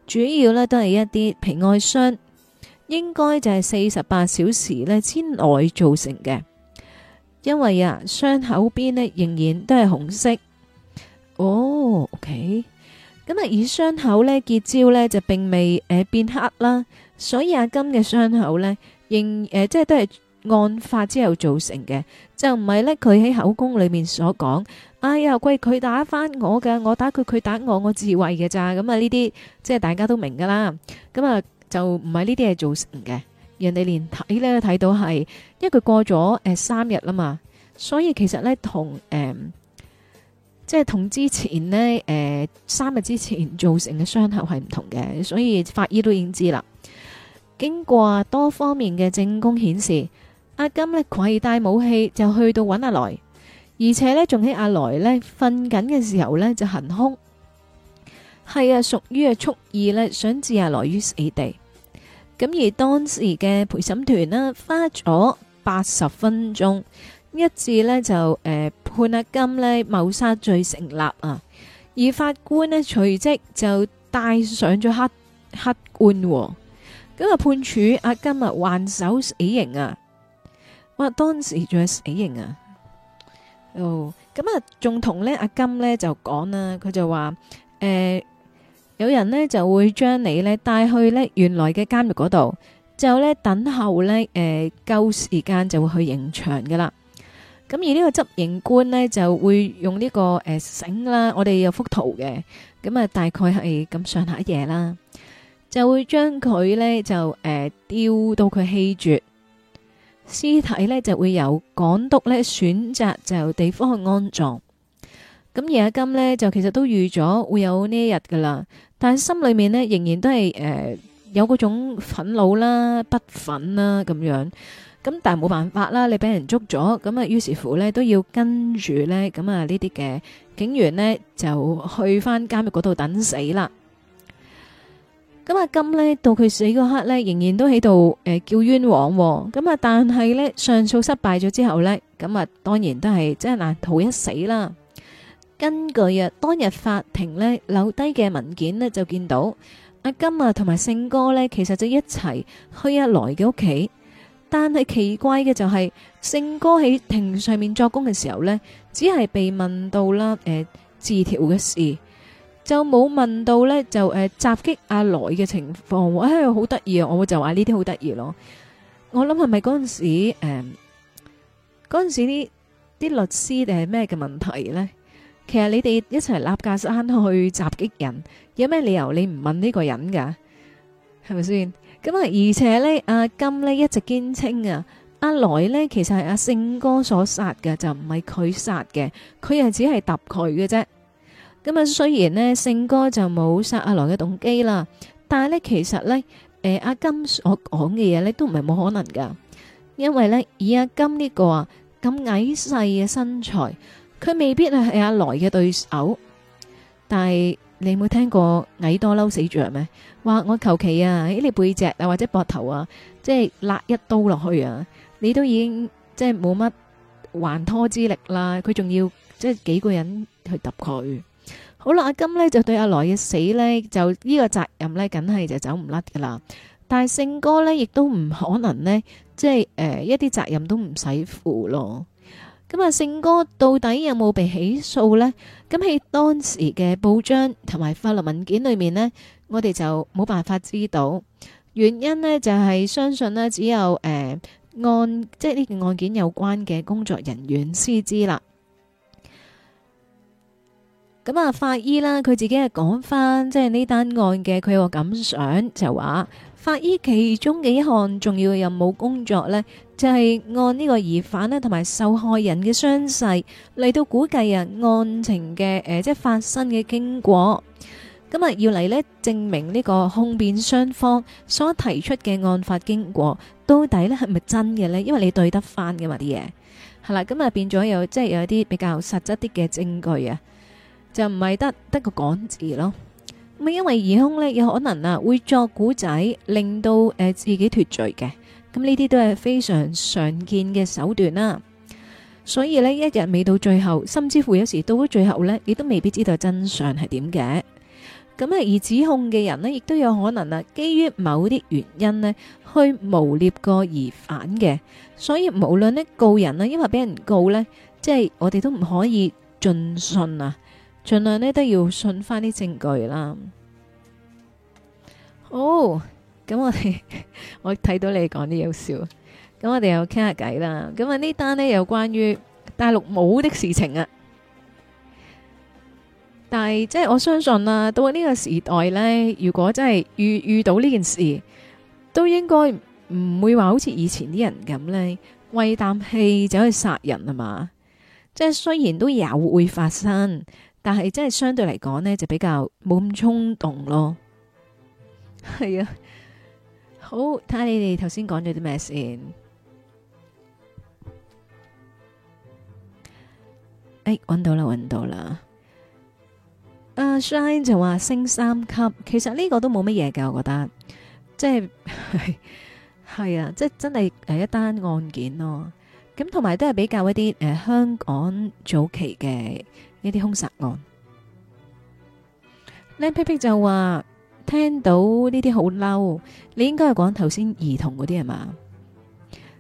主要呢都係一啲皮外傷，應該就係四十八小時呢之內造成嘅，因為啊傷口邊呢仍然都係紅色。哦、oh，OK。咁啊，以傷口咧結焦咧就並未誒、呃、變黑啦，所以阿金嘅傷口咧，應、呃、即係都係案發之後造成嘅，就唔係咧佢喺口供裏面所講，哎呀，怪佢打翻我㗎，我打佢，佢打我，我自衞嘅咋，咁啊呢啲即係大家都明㗎喇，咁、嗯、啊、呃、就唔係呢啲係造成嘅，人哋連睇咧睇到係，因為佢過咗、呃、三日啦嘛，所以其實咧同誒。即係同之前呢，誒、呃，三日之前造成嘅傷口係唔同嘅，所以法醫都已經知啦。經過多方面嘅證供顯示，阿金呢攜帶武器就去到揾阿來，而且呢，仲喺阿來呢瞓緊嘅時候呢就行凶，係啊，屬於啊蓄意呢想置阿來於死地。咁而當時嘅陪審團呢，花咗八十分鐘。一致呢就誒、呃、判阿金咧謀殺罪成立啊，而法官咧隨即就戴上咗黑黑冠、啊，咁、嗯、啊判處阿金啊，絞手死刑啊，哇！當時仲係死刑啊哦，咁啊仲同咧阿金咧就講啦，佢就話誒、呃、有人呢就會將你咧帶去呢原來嘅監獄嗰度，就呢等候咧誒夠時間就會去刑場噶啦。咁而呢個執行官咧就會用呢個誒繩啦，我哋有幅圖嘅，咁啊大概係咁上下嘢啦，就會將佢咧就誒吊到佢氣絕，屍體咧就會由港督咧選擇就地方去安葬。咁而阿金咧就其實都預咗會有呢一日噶啦，但係心裏面咧仍然都係誒有嗰種憤怒啦、不忿啦咁樣。咁但係冇辦法啦，你俾人捉咗，咁啊於是乎咧都要跟住咧咁啊呢啲嘅警員呢，就去翻監獄嗰度等死啦。咁啊阿金呢到佢死嗰刻呢，仍然都喺度誒叫冤枉。咁啊但係呢，上訴失敗咗之後呢，咁啊當然都係即係難逃一死啦。根據啊當日法庭呢，留低嘅文件呢，就見到阿金啊同埋勝哥呢，其實就一齊去阿來嘅屋企。但係奇怪嘅就係、是，聖哥喺庭上面作供嘅時候呢，只係被問到啦，誒、呃，字條嘅事，就冇問到呢就誒，襲、呃、擊阿來嘅情況，哎，好得意啊！我就話呢啲好得意咯。我諗係咪嗰陣時，誒、呃，嗰陣時啲啲律師定係咩嘅問題呢？其實你哋一齊立架生去襲擊人，有咩理由你唔問呢個人㗎？係咪先？咁、嗯、啊！而且呢，阿金呢一直堅稱啊，阿來呢其實係阿勝哥所殺嘅，就唔係佢殺嘅，佢又只係揼佢嘅啫。咁、嗯、啊，雖然呢勝哥就冇殺阿來嘅動機啦，但係呢，其實呢，誒、呃、阿金所講嘅嘢呢都唔係冇可能㗎，因為呢，以阿金呢、這個啊咁矮細嘅身材，佢未必係阿來嘅對手，但係。你冇聽過矮多嬲死着咩？話我求其啊，喺你背脊啊或者膊頭啊，即係揦一刀落去啊，你都已經即係冇乜還拖之力啦。佢仲要即係幾個人去揼佢。好啦，阿金呢就對阿來嘅死呢，就呢個責任呢，梗係就走唔甩噶啦。但係勝哥呢，亦都唔可能呢，即係誒、呃、一啲責任都唔使負咯。咁啊，勝哥到底有冇被起訴呢？咁喺當時嘅報章同埋法律文件裏面呢，我哋就冇辦法知道原因呢就係相信呢，只有誒、呃、案，即係呢件案件有關嘅工作人員先知啦。咁啊，法醫啦，佢自己係講返即係呢單案嘅佢個感想就說，就話。法醫其中嘅一項重要嘅任務工作呢，就係、是、按呢個疑犯咧同埋受害人嘅傷勢嚟到估計啊案情嘅誒、呃，即係發生嘅經過。咁、嗯、今日要嚟咧證明呢個控辯雙方所提出嘅案發經過到底咧係咪真嘅呢？因為你對得翻噶嘛啲嘢，係啦，咁、嗯、啊、嗯、變咗有即係、就是、有啲比較實質啲嘅證據啊，就唔係得得個講字咯。咁因為疑凶咧，有可能啊會作古仔，令到誒自己脱罪嘅。咁呢啲都係非常常見嘅手段啦。所以咧，一日未到最後，甚至乎有時到咗最後呢亦都未必知道真相係點嘅。咁咧，而指控嘅人呢，亦都有可能啊，基於某啲原因咧，去誣蔑過疑犯嘅。所以無論咧告人啦，因為俾人告呢，即係我哋都唔可以盡信啊。盡量呢都要信翻啲證據啦。好，oh，咁 我哋我睇到你講啲有笑，咁我哋又傾下偈啦。咁啊呢單呢，又關於大陸冇的事情啊，但係即係我相信啦，到呢個時代呢，如果真係遇遇到呢件事，都應該唔會話好似以前啲人咁呢，為啖氣走去殺人啊嘛。即係雖然都有會發生。但係真係相對嚟講呢，就比較冇咁衝動咯。係啊，好睇下你哋頭先講咗啲咩先。誒、哎，揾到啦，揾到啦。阿、uh, shine 就話升三級，其實呢個都冇乜嘢嘅。我覺得即係係啊，即係真係誒一單案件咯。咁同埋都係比較一啲誒、呃、香港早期嘅。呢啲兇殺案，靚皮皮就話聽到呢啲好嬲，你應該係講頭先兒童嗰啲係嘛？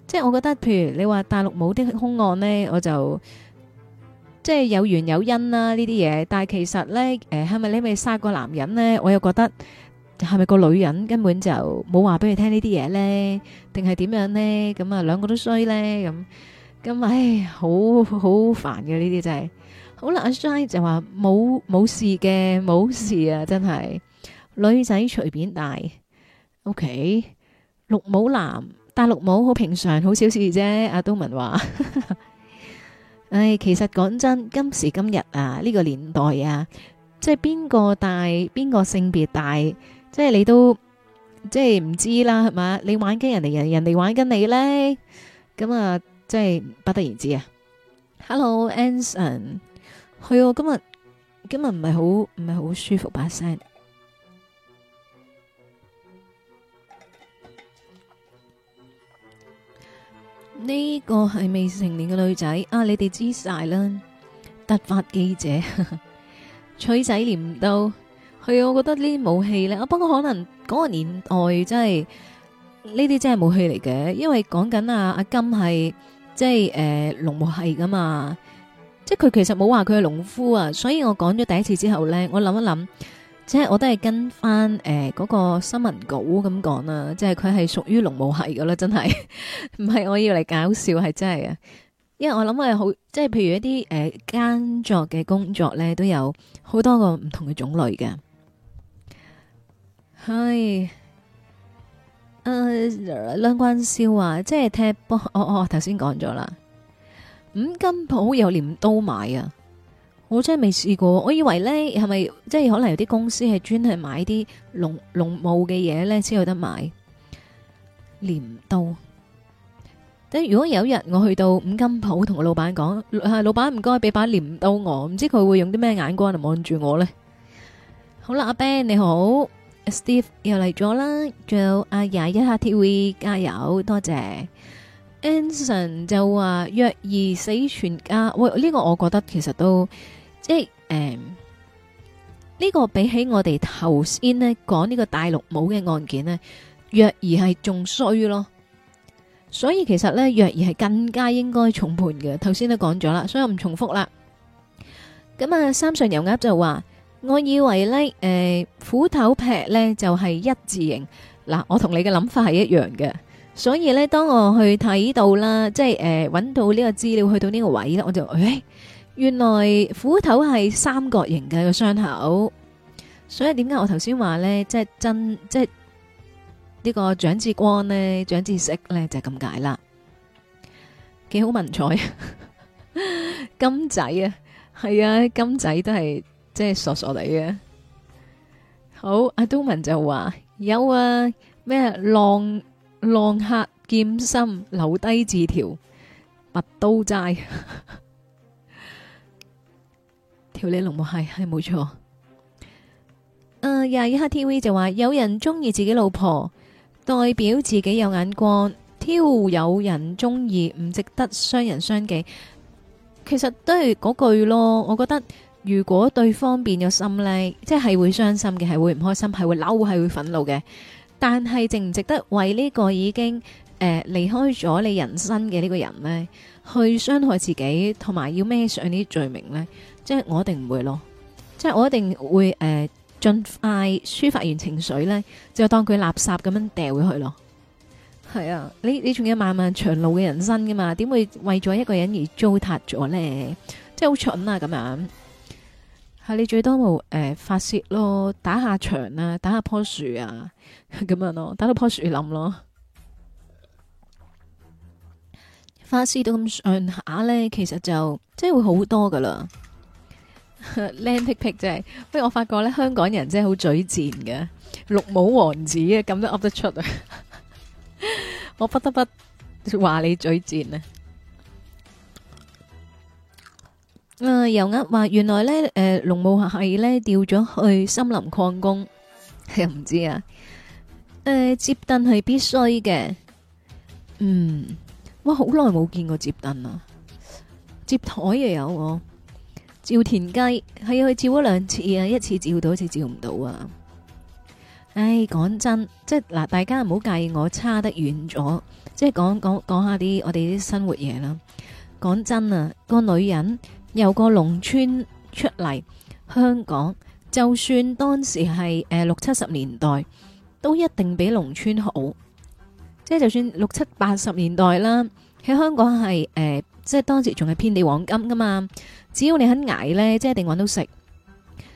即係我覺得譬如你話大陸冇啲凶案呢，我就即係有緣有因啦呢啲嘢。但係其實呢，誒係咪你咪殺個男人呢？我又覺得係咪個女人根本就冇話俾佢聽呢啲嘢呢？定係點樣呢？咁啊，兩個都衰呢？咁，咁唉，好好煩嘅呢啲真係。好啦，阿齋就話冇冇事嘅冇事啊，真係女仔隨便 OK 綠帽戴，OK 綠帽男戴綠帽好平常，好小事啫。阿東文話，唉、 哎，其實講真，今時今日啊，呢、這個年代啊，即係邊個戴邊個性別戴，即係你都即係唔知啦，係嘛？你玩緊人哋，人人哋玩緊你咧，咁啊，即係不得而知啊。Hello，Anson。係啊，今日今日唔係好唔係好舒服把聲。呢、這個係未成年嘅女仔啊，你哋知晒啦。突發記者，取仔念到，係、嗯、我覺得呢啲武器咧，啊不過可能嗰個年代真係呢啲真係武器嚟嘅，因為講緊啊阿金係即係誒龍武係㗎嘛。即係佢其實冇話佢係農夫啊，所以我講咗第一次之後咧，我諗一諗，即係我都係跟翻誒嗰個新聞稿咁講啦，即係佢係屬於農務係噶啦，真係唔係我要嚟搞笑，係真係啊！因為我諗係好，即係譬如一啲誒耕作嘅工作咧，都有好多個唔同嘅種類嘅。係誒，梁君肖啊，即係踢波，我我頭先講咗啦。哦哦五金鋪有鐮刀買啊！我真係未試過，我以為咧係咪即係可能有啲公司係專係買啲農農務嘅嘢，咧先有得買鐮刀。等如果有一日我去到五金鋪，同個老闆講，啊老闆唔該，俾把鐮刀我，唔知佢會用啲咩眼光嚟望住我咧？好啦，阿 Ben 你好，Steve 又嚟咗啦，仲有阿廿一刻 TV 加油，多謝。anson 就話若兒死全家，喂呢、這個我覺得其實都即係誒呢個比起我哋頭先咧講呢講這個大陸冇嘅案件咧，若兒係仲衰咯，所以其實呢，若兒係更加應該重判嘅。頭先都講咗啦，所以我唔重複啦。咁啊，三上油鴨就話，我以為呢，誒、呃、斧頭劈呢就係、是、一字形嗱，我同你嘅諗法係一樣嘅。所以咧，當我去睇到啦，即係誒，揾到呢個資料去到呢個位啦，我就誒，原來斧頭係三角形嘅個傷口。所以點解我頭先話咧，即係真即係呢個長知識咧，長知識咧就係咁解啦。幾好文采，金仔啊，係啊，金仔都係即係傻傻哋嘅。好，阿東文就話有啊咩浪。浪客劍心留低字條，拔刀齋，條你龍冇係係冇錯。誒廿二黑 T V 就話有人中意自己老婆，代表自己有眼光；挑有人中意，唔值得傷人傷己。其實都係嗰句咯。我覺得如果對方變咗心呢，即係會傷心嘅，係會唔開心，係會嬲，係會憤怒嘅。但係值唔值得為呢個已經誒、呃、離開咗你人生嘅呢個人呢，去傷害自己，同埋要孭上呢啲罪名呢？即係我一定唔會咯，即係我一定會誒、呃、盡快抒發完情緒呢，就當佢垃圾咁樣掉咗去咯。係啊，你你仲要漫漫長路嘅人生噶嘛？點會為咗一個人而糟蹋咗呢？即係好蠢啊！咁樣。係、啊、你最多冇誒、欸、發泄咯，打下牆啊，打下棵樹啊，咁樣咯，打到棵樹冧咯。發泄到咁上下咧，其實就即係會好多噶啦。靚皮皮即係，不過我發覺咧，香港人真係好嘴賤嘅，綠帽王子啊，咁都噏得出嚟， 我不得不話你嘴賤啊！誒、呃，尤額話原來呢誒，農務係呢調咗去森林礦工，又唔知啊。誒、呃，接凳係必須嘅，嗯，哇，好耐冇見過接凳啊。接台又有我照田雞係要去照咗兩次啊，一次照到，一次照唔到啊。唉、哎，講真，即係嗱，大家唔好介意我差得遠咗。即係講講講下啲我哋啲生活嘢啦。講真啊，那個女人。有個農村出嚟香港，就算當時係誒、呃、六七十年代，都一定比農村好。即係就算六七八十年代啦，喺香港係誒、呃，即係當時仲係遍地黃金噶嘛。只要你肯捱呢，即係一定搵到食。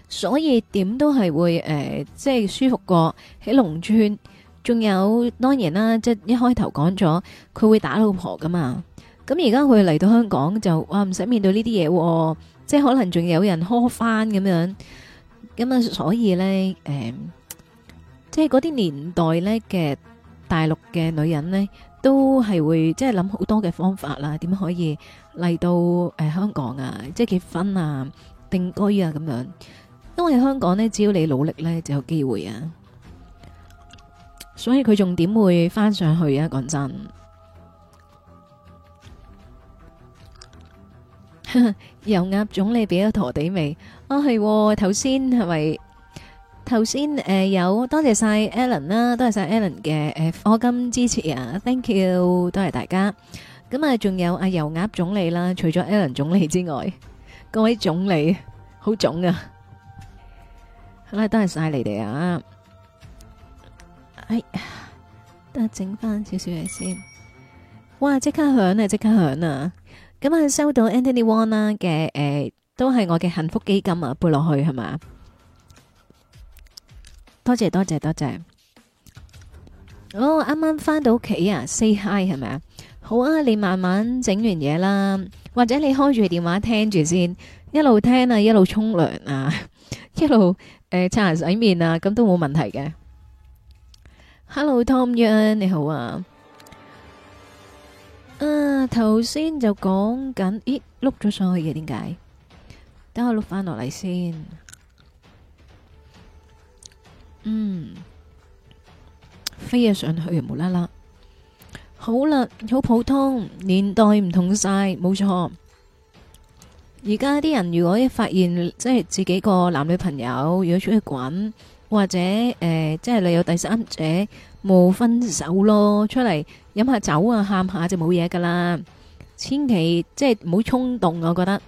所以點都係會誒、呃，即係舒服過喺農村。仲有當然啦，即係一開頭講咗，佢會打老婆噶嘛。咁而家佢嚟到香港就哇唔使面對呢啲嘢，即係可能仲有人呵翻咁樣，咁啊所以呢，誒、呃，即係嗰啲年代呢嘅大陸嘅女人呢，都係會即係諗好多嘅方法啦，點可以嚟到誒、呃、香港啊，即係結婚啊、定居啊咁樣，因為香港呢，只要你努力呢，就有機會啊，所以佢仲點會翻上去啊？講真。油鴨總理俾咗陀地味。哦係喎，頭先係咪頭先誒有多謝晒 Allen 啦，多謝晒 Allen 嘅誒課金支持啊，thank you，多謝大家。咁啊，仲有阿油鴨總理啦，除咗 Allen 總理之外，各位總理好總啊，好啦，多謝晒你哋啊，哎，等整翻少少嘢先，哇，即刻響啊，即刻響啊！今晚收到 Anthony Wong 啦嘅，誒、呃，都係我嘅幸福基金啊，撥落去係嘛，多謝多謝多謝。我啱啱翻到屋企啊，say hi 係咪啊？好啊，你慢慢整完嘢啦，或者你開住電話聽住先，一路聽啊，一路沖涼啊，一路誒、呃、擦洗面啊，咁都冇問題嘅。Hello Tom Young，你好啊。啊！頭先就講緊，咦？碌咗上去嘅，點解？等我碌翻落嚟先。嗯，飛咗上去，無啦啦。好啦，好普通，年代唔同晒，冇錯。而家啲人如果一發現，即係自己個男女朋友如果出去滾，或者誒、呃，即係你有第三者。冇分手咯，出嚟飲下酒啊，喊下就冇嘢噶啦。千祈即係唔好衝動，我覺得。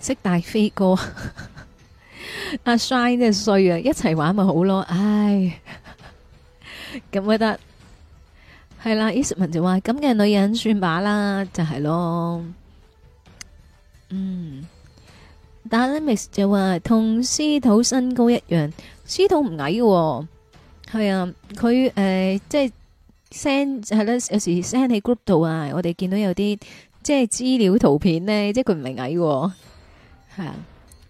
識大飛哥，阿 shine 真係衰啊，一齊玩咪好咯。唉，咁咪得，係啦。Isman 就話咁嘅女人算把啦，就係咯。嗯，打 limits 就話同司徒身高一樣。司徒唔矮嘅。哦，係啊，佢誒，呃，即係 send 係啦，有時 send 喺 group 度啊，我哋見到有啲即係資料圖片呢，即係佢唔係矮。哦，係啊，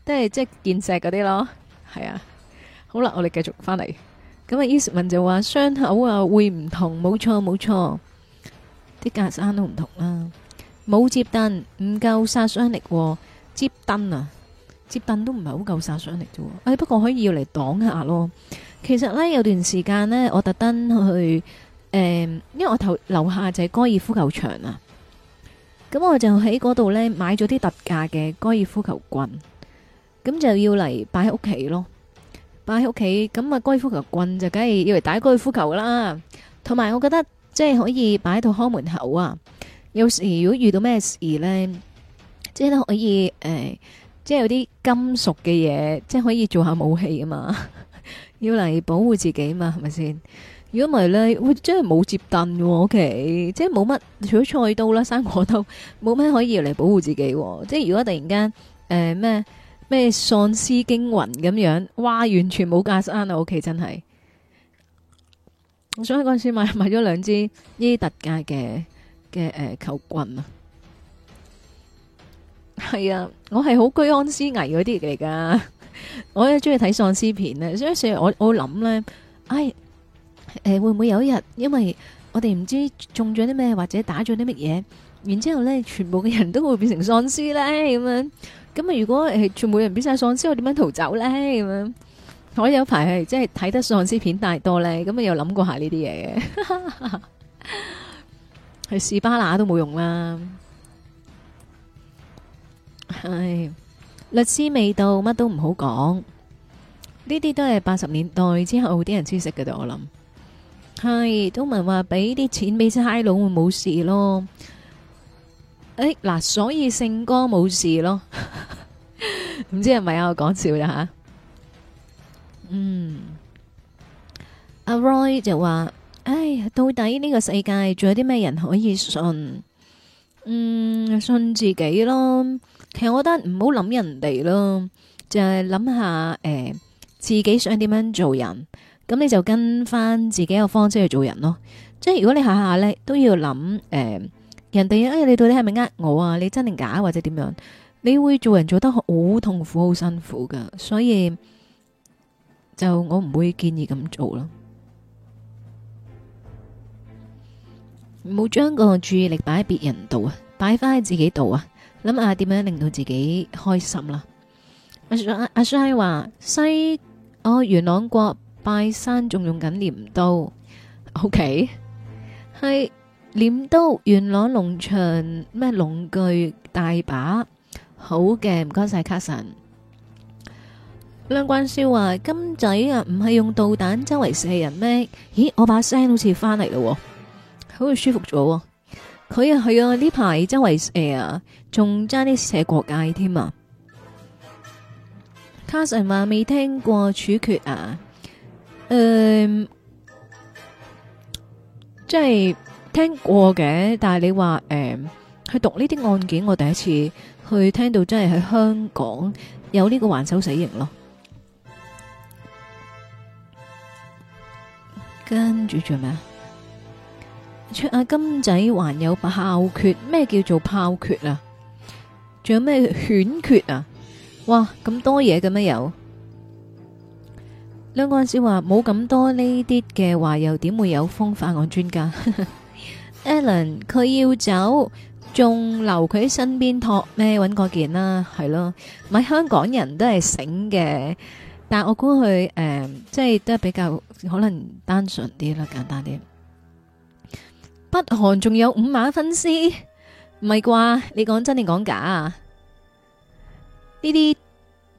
都係即係建石嗰啲咯，係啊。好啦，我哋繼續翻嚟。咁啊，Eason 就話傷口啊會唔同，冇錯冇錯，啲架生都唔同啦，啊。冇接燈唔夠殺傷力喎。哦，接燈啊！接凳都唔係好夠殺傷力啫，誒不過可以要嚟擋下咯。其實呢，有段時間呢，我特登去誒、呃，因為我頭樓下就係高爾夫球場啊，咁我就喺嗰度呢買咗啲特價嘅高爾夫球棍，咁就要嚟擺喺屋企咯。擺喺屋企咁啊，高爾夫球棍就梗係要嚟打高爾夫球啦。同埋我覺得即係可以擺喺度看門口啊。有時如果遇到咩事呢，即係都可以誒。呃即係有啲金屬嘅嘢，即係可以做下武器啊嘛，要嚟保護自己啊嘛，係咪先？如果唔係咧，會真係冇折凳喎，屋企、OK，即係冇乜，除咗菜刀啦、生果刀，冇咩可以嚟保護自己。即係如果突然間誒咩咩喪屍驚魂咁樣，哇，完全冇架生啊，屋企、OK，真係。我想喺嗰陣時買買咗兩支呢啲特價嘅嘅誒球棍啊。係啊，我係好居安思危嗰啲嚟噶， 我咧中意睇喪屍片啊，所以成日我我諗咧，唉、哎，誒、呃、會唔會有一日，因為我哋唔知中咗啲咩或者打咗啲乜嘢，然之後咧全部嘅人都會變成喪屍咧，咁樣咁啊如果誒、呃、全部人變晒喪屍，我點樣逃走咧？咁樣我有排係即係睇得喪屍片太多咧，咁啊又諗過下呢啲嘢嘅，去士巴拿都冇用啦。係律師未到乜都唔好講。呢啲都係八十年代之後啲人知識嘅，我諗係都唔係話俾啲錢俾先，差佬會冇事咯。誒、哎，嗱，所以勝哥冇事咯，唔 知係咪啊？我講笑啫吓。嗯，阿 Roy 就話：哎，到底呢個世界仲有啲咩人可以信？嗯，信自己咯。其實我覺得唔好諗人哋咯，就係、是、諗下誒、呃、自己想點樣做人，咁你就跟翻自己嘅方式去做人咯。即係如果你下下咧都要諗誒、呃、人哋啊、哎，你到底係咪呃我啊？你真定假或者點樣？你會做人做得好痛苦、好辛苦噶，所以就我唔會建議咁做咯。唔好將個注意力擺喺別人度啊，擺翻喺自己度啊！諗下點樣令到自己開心啦？阿阿阿 Sir 話西哦元朗國拜山仲用緊鐮刀，OK 係鐮刀，元朗農場咩農具大把，好嘅唔該晒 Carson。梁冠少話、啊、金仔啊，唔係用導彈周圍射人咩？咦，我把聲好似翻嚟咯，好似舒服咗、哦。佢啊係啊呢排周圍射啊～仲爭啲寫國界添啊！Carson 話未聽過處決啊？嗯，即係聽過嘅，但係你話誒、嗯，去讀呢啲案件，我第一次去聽到，真係喺香港有呢個還手死刑咯。跟住做咩啊？出阿金仔還有炮決，咩叫做炮決啊？仲有咩短缺啊？哇，咁多嘢嘅咩？有？兩個人話冇咁多呢啲嘅話，又點會有風化案專家 ？Alan 佢要走，仲留佢喺身邊托咩？揾個件啦，啊，係咯。咪香港人都係醒嘅，但我估佢誒，即係都係比較可能單純啲咯，簡單啲。北韓仲有五馬分屍。唔係啩？你講真定講假啊？呢啲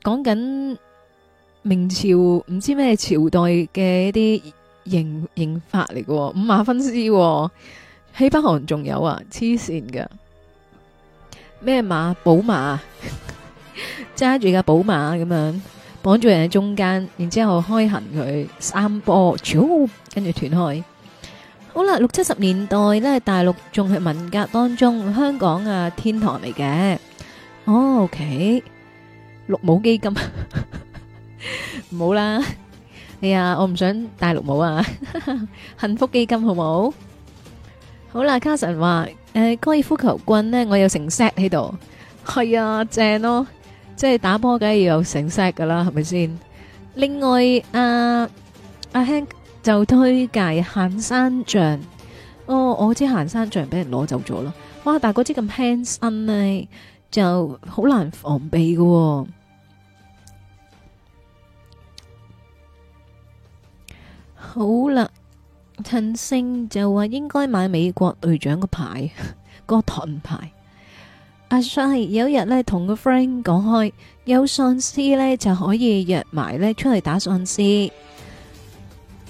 講緊明朝唔知咩朝代嘅一啲刑刑罰嚟喎，五馬分屍、哦，喎，喺北韓仲有啊？黐線噶咩馬？寶馬揸住 架寶馬咁樣綁住人喺中間，然之後開行佢三波，超跟住斷開。好啦，六七十年代咧，大陸仲係文革當中，香港啊天堂嚟嘅。哦，OK，綠帽基金，唔好啦。哎呀，我唔想大陸帽啊，幸福基金好冇？好啦，Carson 話，誒，高爾夫球棍咧，我有成 set 喺度。係啊，正咯，即係打波梗係要有成 set 噶啦，係咪先？另外，阿阿兄。就推介行山杖哦！我知行山杖俾人攞走咗咯，哇！但嗰支咁輕身咧，啊，就好難防備嘅，哦。好啦，陳勝就話應該買美國隊長嘅牌， 個盾牌。阿 Sir 有一日呢，同個 friend 講開，有喪屍呢就可以約埋呢出嚟打喪屍。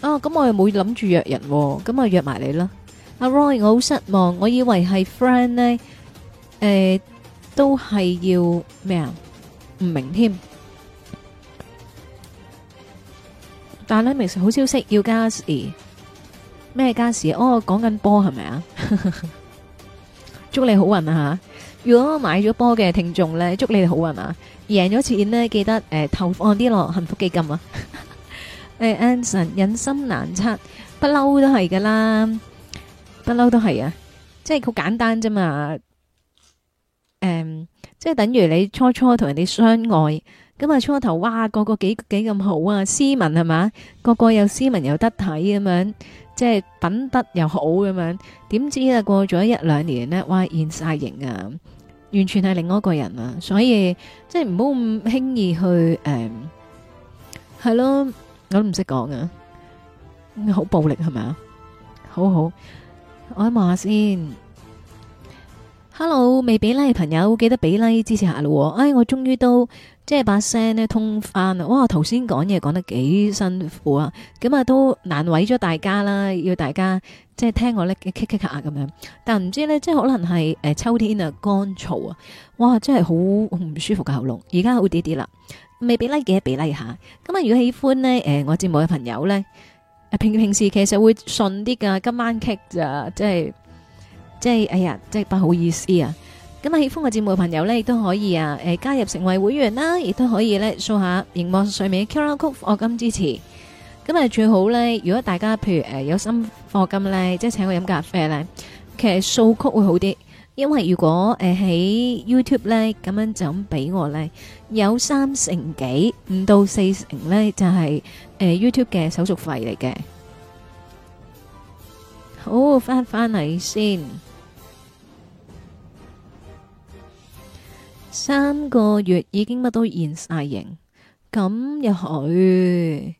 哦，咁我又冇諗住約人，咁啊約埋你啦，阿 Roy，我好失望，我以為係 friend 咧，誒，都係要咩啊？唔明添，但係咧，明時好消息，要加時咩？加時哦，講緊波係咪啊？祝你好運啊吓！如果買咗波嘅聽眾咧，祝你哋好運啊！贏咗錢咧，記得誒，投放啲落幸福基金啊！誒，Anson 人心難測，不嬲都係噶啦，不嬲都係啊，即係好簡單啫嘛。誒，即係等於你初初同人哋相愛，咁啊初頭哇個個幾幾咁好啊，斯文係嘛，個個又斯文又得體咁樣，即係品德又好咁樣。點知啊過咗一兩年呢，哇現晒形啊，完全係另外一個人啊。所以即係唔好咁輕易去誒，係咯。我都唔識講啊，好暴力係咪啊？好好，我睇望下先。Hello，未俾 like 朋友，記得俾 l、like、支持下咯。唉、哎，我終於都即係把聲呢通翻啦。哇，頭先講嘢講得幾辛苦啊，咁啊都難為咗大家啦。要大家即係聽我呢，傾傾下咁樣。但唔知呢，即係可能係誒秋天啊，乾燥啊，哇，真係好唔舒服嘅喉嚨。而家好啲啲啦。未俾 like 嘅俾 like 下，咁啊如果喜歡、呃、呢，誒我節目嘅朋友咧，平平時其實會順啲噶，今晚劇就即係即係哎呀，即係不好意思啊，咁啊喜歡我節目嘅朋友咧，亦都可以啊，誒、呃、加入成為會員啦，亦都可以咧掃下熒幕上面嘅 QR code 課金支持，咁啊最好咧，如果大家譬如誒、呃、有心課金咧，即係請我飲咖啡咧，其實掃曲會好啲。因為如果誒喺 YouTube 咧咁樣就咁俾我咧，有三成幾，五到四成咧就係誒 YouTube 嘅手續費嚟嘅。好翻翻嚟先，三個月已經乜都現晒形，咁又去？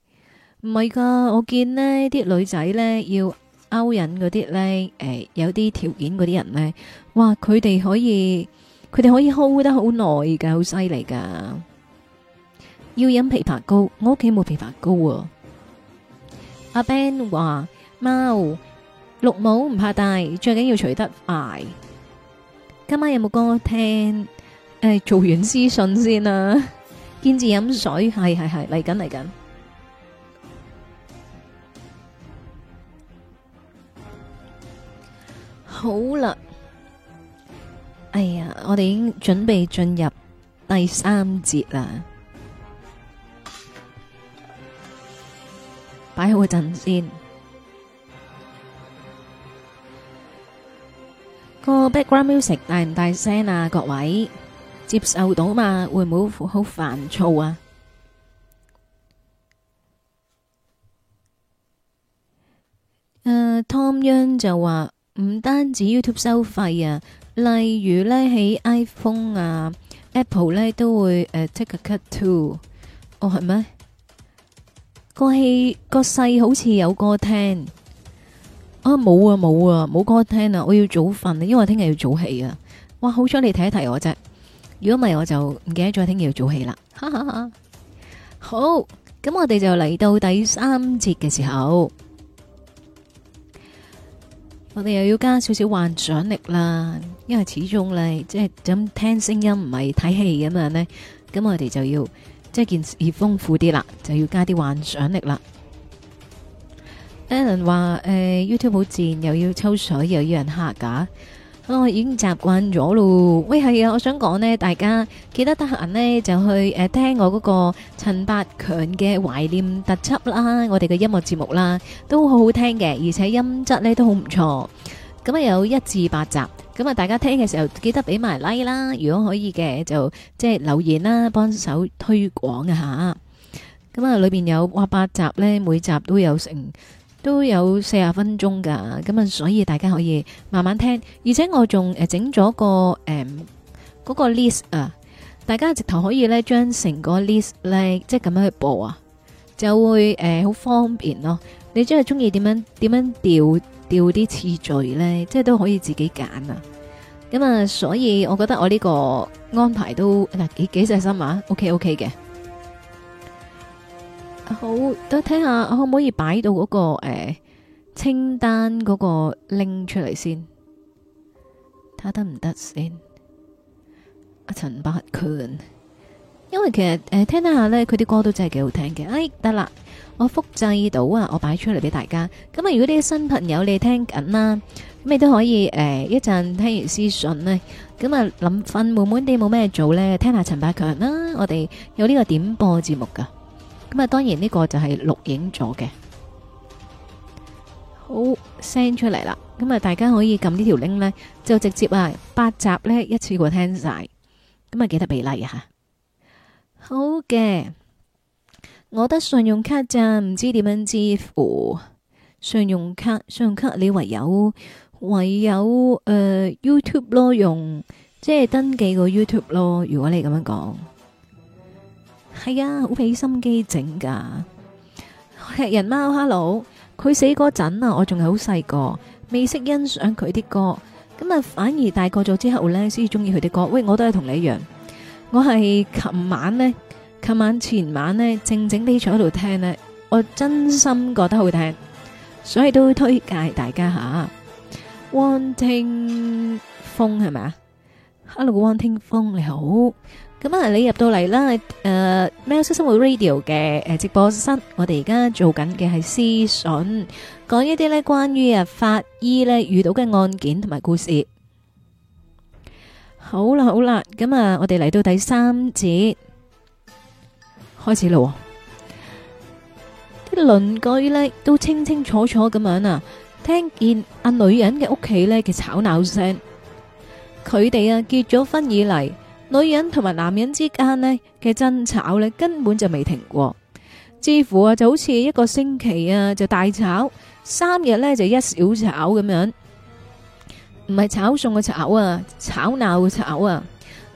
唔係噶，我見咧啲女仔咧要。勾引嗰啲咧，誒，有啲條件嗰啲人咧，哇，佢哋可以，佢哋可以 hold 得好耐噶，好犀利噶。要飲枇杷膏，我屋企冇枇杷膏。阿 Ben 話：貓綠帽唔怕戴，最緊要除得挨。今晚有冇歌聽？誒，做完屍訊先啦，堅持飲水。係係係，嚟緊嚟緊。好啦，哎呀，我哋已經準備進入第三節啦，擺好個陣先。個 background music 大唔大聲啊？各位接受到嘛？會唔會好煩躁啊？誒，Tom Young 就話。唔單止 YouTube 收費啊，例如呢，喺 iPhone 啊，Apple 呢，都會、uh, take a cut too，哦，係咩？個戲個世好似有歌聽啊，冇啊冇啊冇歌聽啊！我要早瞓啊，因為我聽日要早起啊。哇，好彩你提一提我啫，如果唔係我就唔記得咗聽日要早起啦。 好，咁我哋就嚟到第三節嘅時候。我哋又要加少少幻想力啦，因為始終呢，即係咁聽聲音唔係睇戲咁樣呢。咁我哋就要即係件事豐富啲啦，就要加啲幻想力啦。Alan 話誒、欸、YouTube 好賤，又要抽水，又要人吓噶。我、哦、已經習慣咗咯，喂係啊！我想講呢，大家記得得閒呢，就去誒、啊、聽我嗰個陳百強嘅懷念特輯啦，我哋嘅音樂節目啦都好好聽嘅，而且音質呢都好唔錯。咁啊有一至八集，咁啊大家聽嘅時候記得俾埋 like 啦，如果可以嘅就即係、就是、留言啦，幫手推廣一下。咁啊裏邊有哇八集呢，每集都有成。都有四十分鐘噶，咁啊，所以大家可以慢慢聽，而且我仲誒整咗個誒嗰、呃那個 list 啊，大家直頭可以咧將成個 list 咧、like，即係咁樣去播啊，就會誒好、呃、方便咯。你真係中意點樣點樣調調啲次序咧，即係都可以自己揀啊。咁啊，所以我覺得我呢個安排都嗱幾幾細心啊，OK OK 嘅。好，都睇下可唔可以擺到嗰、那個誒、呃、清單嗰個拎出嚟先，睇下得唔得先。阿陳百強，因為其實誒、呃、聽一下呢，佢啲歌都真係幾好聽嘅。哎，得啦，我複製到啊，我擺出嚟俾大家。咁啊，如果啲新朋友你聽緊啦，咁你都可以誒、呃，一陣聽完私信呢。咁啊諗瞓悶悶地冇咩做呢？聽下陳百強啦。我哋有呢個點播節目噶。咁啊，當然呢個就係錄影咗嘅，好 send 出嚟啦。咁啊，大家可以撳呢條 link 呢，就直接啊八集呢一次過聽晒。咁啊，記得俾 like 啊吓。好嘅，我得信用卡咋，唔知點樣支付？信用卡，信用卡你唯有唯有誒、呃、YouTube 咯，用即係、就是、登記個 YouTube 咯。如果你咁樣講。係啊，好俾心機整噶。黑人貓，hello，佢死嗰陣啊，我仲係好細個，未識欣賞佢啲歌，咁啊反而大個咗之後呢，先至中意佢啲歌。喂，我都係同你一樣，我係琴晚呢，琴晚前晚呢，靜靜地坐喺度聽呢，我真心覺得好聽，所以都推介大家吓。汪聽風係咪啊？hello，汪聽風你好。咁啊，你入到嚟啦，誒，喵式生活 radio 嘅，誒直播室，我哋而家做緊嘅係屍訊，講一啲呢關於啊法醫呢遇到嘅案件同埋故事。好啦，好啦，咁啊，我哋嚟到第三節開始咯，啲鄰居呢都清清楚楚咁樣啊，聽見阿女人嘅屋企呢嘅吵鬧聲，佢哋啊結咗婚以嚟。女人同埋男人之間呢嘅爭吵呢根本就未停過，至乎啊就好似一個星期啊就大吵，三日呢就一小吵咁樣，唔係炒餸嘅炒啊，炒鬧嘅炒啊，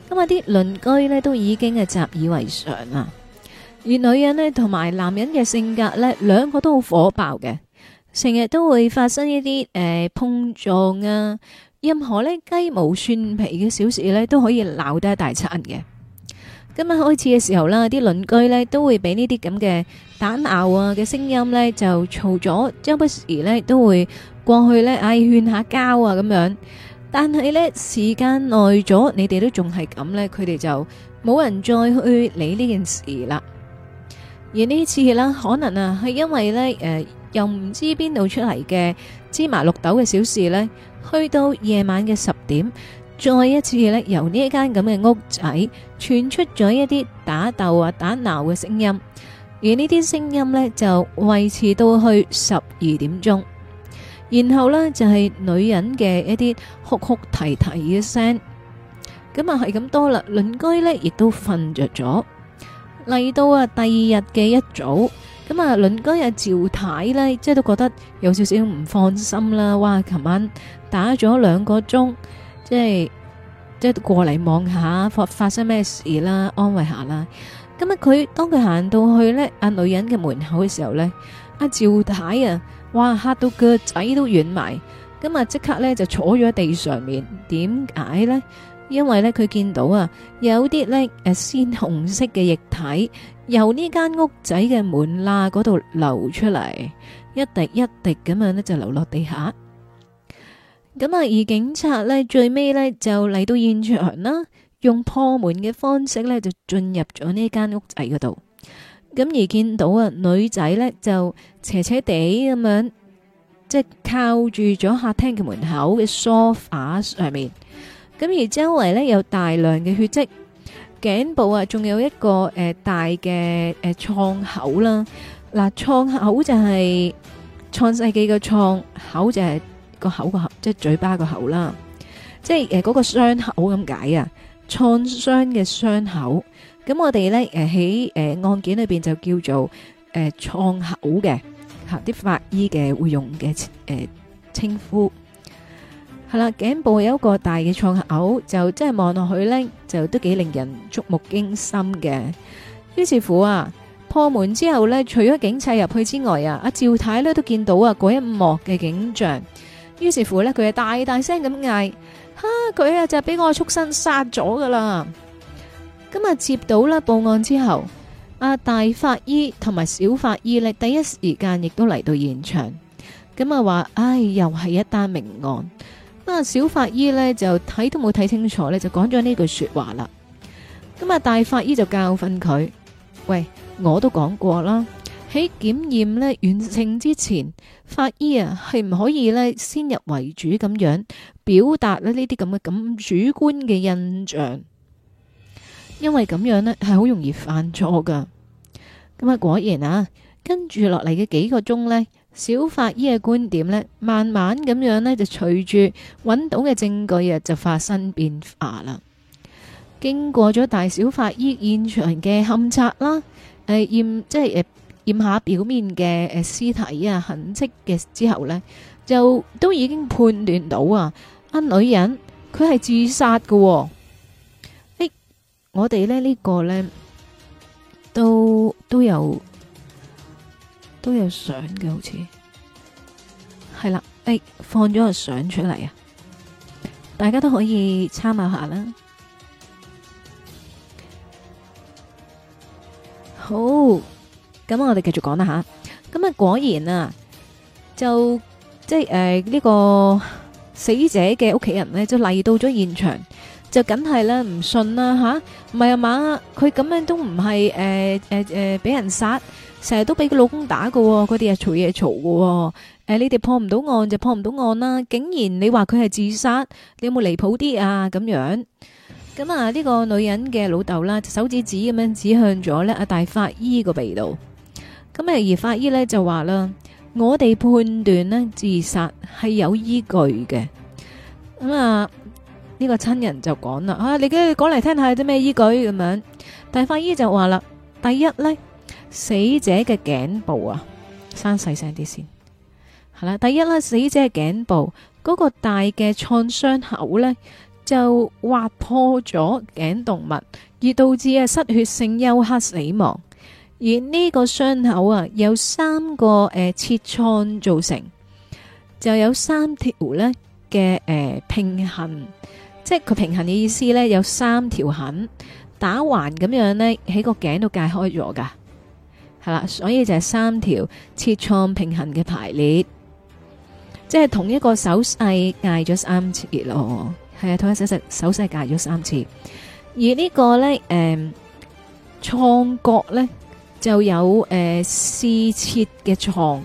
咁啊啲鄰居呢都已經係習以為常啦。而女人呢，同埋男人嘅性格呢，兩個都好火爆嘅，成日都會發生一啲誒、呃、碰撞啊。任何咧，雞毛蒜皮嘅小事咧，都可以鬧得一大餐嘅。今日開始嘅時候啦，啲鄰居咧，都會俾呢啲咁嘅打鬧啊嘅聲音咧，就嘈咗。周不時咧，都會過去咧，唉勸下交啊咁樣。但係咧，時間耐咗，你哋都仲係咁咧，佢哋就冇人再去理呢件事啦。而呢次啦，可能啊係因為咧，誒又唔知邊度出嚟嘅芝麻綠豆嘅小事咧。去到夜晚嘅十點，再一次呢由呢一間咁嘅屋仔傳出咗一啲打鬥啊、打鬧嘅聲音，而呢啲聲音呢就維持到去十二點鐘，然後呢，就係、是、女人嘅一啲哭哭啼啼嘅聲，咁啊係咁多啦。鄰居呢亦都瞓着咗，嚟到啊第二日嘅一早。咁啊，鄰居阿趙太咧，即係都覺得有少少唔放心啦。哇！琴晚打咗兩個鐘，即係即係過嚟望下發發生咩事啦，安慰下啦。咁啊，佢當佢行到去咧阿女人嘅門口嘅時候咧，阿趙太啊，哇，嚇到個仔都軟埋，咁啊即刻咧就坐咗喺地上面，點解咧？因為呢佢見到啊，有啲呢鮮紅色嘅液體由呢間屋仔嘅門罅嗰度流出嚟，一滴一滴咁樣呢就流落地下。咁啊，而警察呢最尾呢就嚟到現場啦，用破門嘅方式呢就進入咗呢間屋仔嗰度。咁而見到啊女仔呢就斜斜地咁樣，即係靠住咗客廳嘅門口嘅 sofa 上面。咁而周圍咧有大量嘅血跡，頸部啊，仲有一個誒、呃、大嘅誒創口啦。嗱、呃，創口就係創世紀嘅創口，就係個口個口，即係嘴巴個口啦。即係誒嗰個傷口咁解啊，創傷嘅傷口。咁我哋咧誒喺誒案件裏邊就叫做誒創、呃、口嘅吓，啲、呃、法醫嘅會用嘅誒稱呼。呃係啦，頸部有一個大嘅創口，就真係望落去呢，就都幾令人觸目驚心嘅。於是乎啊，破門之後呢，除咗警察入去之外啊，阿趙太呢都見到啊嗰一幕嘅景象。於是乎呢，佢係大大聲咁嗌：吓佢啊，就俾我畜生殺咗噶啦！咁啊，接到啦報案之後，阿大法醫同埋小法醫呢，第一時間亦都嚟到現場。咁啊，話、哎、唉，又係一單命案。啊、小法醫呢就睇都冇睇清楚呢就講咗呢句說話啦。咁啊，大法醫就教訓佢，喂，我都講過啦，喺檢驗呢完成之前，法醫啊係唔可以呢先入為主咁樣表達呢呢啲咁嘅咁主觀嘅印象，因為咁樣呢係好容易犯錯噶。咁啊，果然啊，跟住落嚟嘅幾個鐘呢。小法醫嘅觀點呢，慢慢咁樣呢，就隨住揾到嘅證據啊，就發生變化啦。經過咗大小法醫現場嘅勘查啦，誒、呃、驗即係誒驗下表面嘅誒屍體啊痕跡嘅之後呢，就都已經判斷到啊，啊女人佢係自殺㗎。哦。誒、欸，我哋呢，呢、呢個呢，都都有。都有相嘅，好似係啦，誒、哎，放咗個相出嚟，啊大家都可以參考下啦。好，咁我哋繼續講啦吓，咁啊果然啊，就即係誒呢個死者嘅屋企人咧，就嚟到咗現場，就梗係咧唔信啦、啊、吓，唔係啊嘛，佢咁樣都唔係誒誒誒俾人殺。成日都俾佢老公打噶、哦，佢哋又嘈嘢嘈噶。誒、哎，你哋破唔到案就破唔到案啦。竟然你話佢係自殺，你有冇離譜啲啊？咁樣咁、嗯、啊？呢、這個女人嘅老豆啦，手指指咁樣指向咗咧，阿大法醫個鼻度。咁、嗯、啊，而法醫咧就話啦，我哋判斷呢自殺係有依據嘅。咁、嗯、啊，呢、這個親人就講啦，吓、啊、你跟住講嚟聽下啲咩依據咁樣。大、嗯、法醫就話啦，第一咧。死者嘅頸部啊，生細聲啲先，係啦，第一啦，死者嘅頸部嗰、那個大嘅創傷口呢，就劃破咗頸動脈，而導致啊失血性休克死亡。而這個傷呢個傷口啊，有三個誒、呃、切創造成，就有三條呢嘅誒、呃、平行，即係佢平行嘅意思呢，有三條痕打橫咁樣呢，喺個頸度界開咗噶。係啦，所以就係三條切創平衡嘅排列，即係同一個手勢介咗三次咯。係、哦、啊，同一個手手勢界咗三次。而這個呢個咧，誒、嗯，創角咧就有誒試、呃、切嘅創。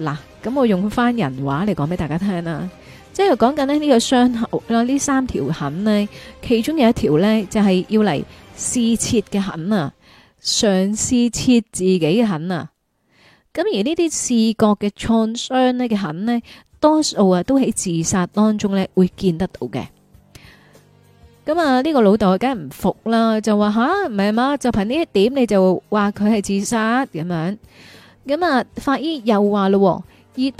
嗱，咁我用翻人話嚟講俾大家聽啦，即係講緊咧呢個傷口啦，呢、呃、三條痕呢，其中有一條咧就係、是、要嚟試切嘅痕啊。嘗試切自己嘅痕啊！咁而呢啲視覺嘅創傷咧嘅痕呢，多數啊都喺自殺當中咧會見得到嘅。咁啊，呢、這個老豆梗係唔服啦，就話吓唔係嘛，就憑呢一點你就話佢係自殺咁樣。咁啊，法醫又話咯、啊，而第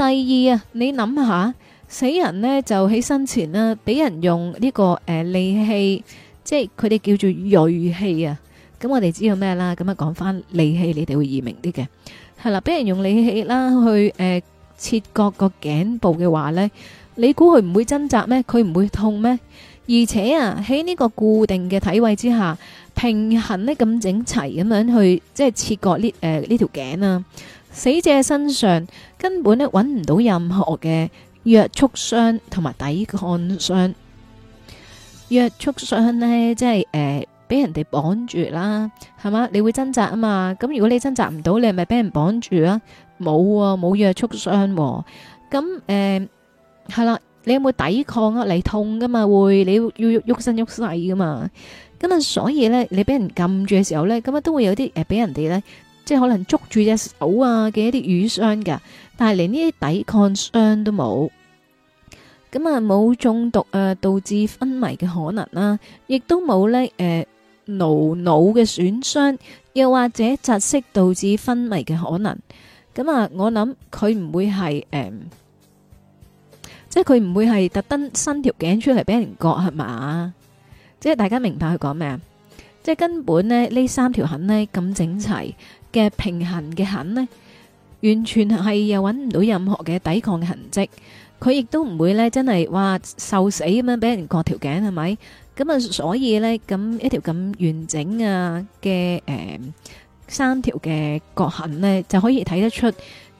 二啊，你諗下死人呢就喺生前啦，俾人用呢、這個誒、呃、利器，即係佢哋叫做銳器啊。咁我哋知道咩啦？咁啊，講翻利器，你哋會易明啲嘅，係啦，俾人用利器啦去誒、呃、切割個頸部嘅話呢，你估佢唔會掙扎咩？佢唔會痛咩？而且啊，喺呢個固定嘅體位之下，平衡呢咁整齊咁樣去即係切割呢誒呢條頸啊，死者身上根本呢，揾唔到任何嘅約束傷同埋抵抗傷，約束傷呢，即係誒。呃俾人哋綁住啦，係嘛？你會掙扎啊嘛？咁如果你掙扎唔到，你係咪俾人綁住啊？冇喎、啊，冇約束傷。咁、呃、誒，係啦，你有冇抵抗啊？嚟，痛噶嘛，會，你要喐身喐勢噶嘛。咁啊，所以咧，你俾人撳住嘅時候咧，咁啊，都會有啲誒，俾、呃、人哋咧，即係可能捉住隻手啊嘅一啲瘀傷噶，但係連呢啲抵抗傷都冇。咁啊，冇中毒啊、呃，導致昏迷嘅可能啦、啊，亦都冇咧誒。呃腦顱腦嘅損傷，又或者窒息導致昏迷嘅可能，咁啊，我諗佢唔會係誒、嗯，即係佢唔會係特登伸條頸出嚟俾人割係嘛，即係大家明白佢講咩啊？即係根本呢，呢三條痕呢，咁整齊嘅平行嘅痕呢，完全係又揾唔到任何嘅抵抗嘅痕跡，佢亦都唔會呢，真係話受死咁樣俾人割條頸係咪？咁啊，所以咧，咁一條咁完整啊嘅，誒三條嘅割痕咧，就可以睇得出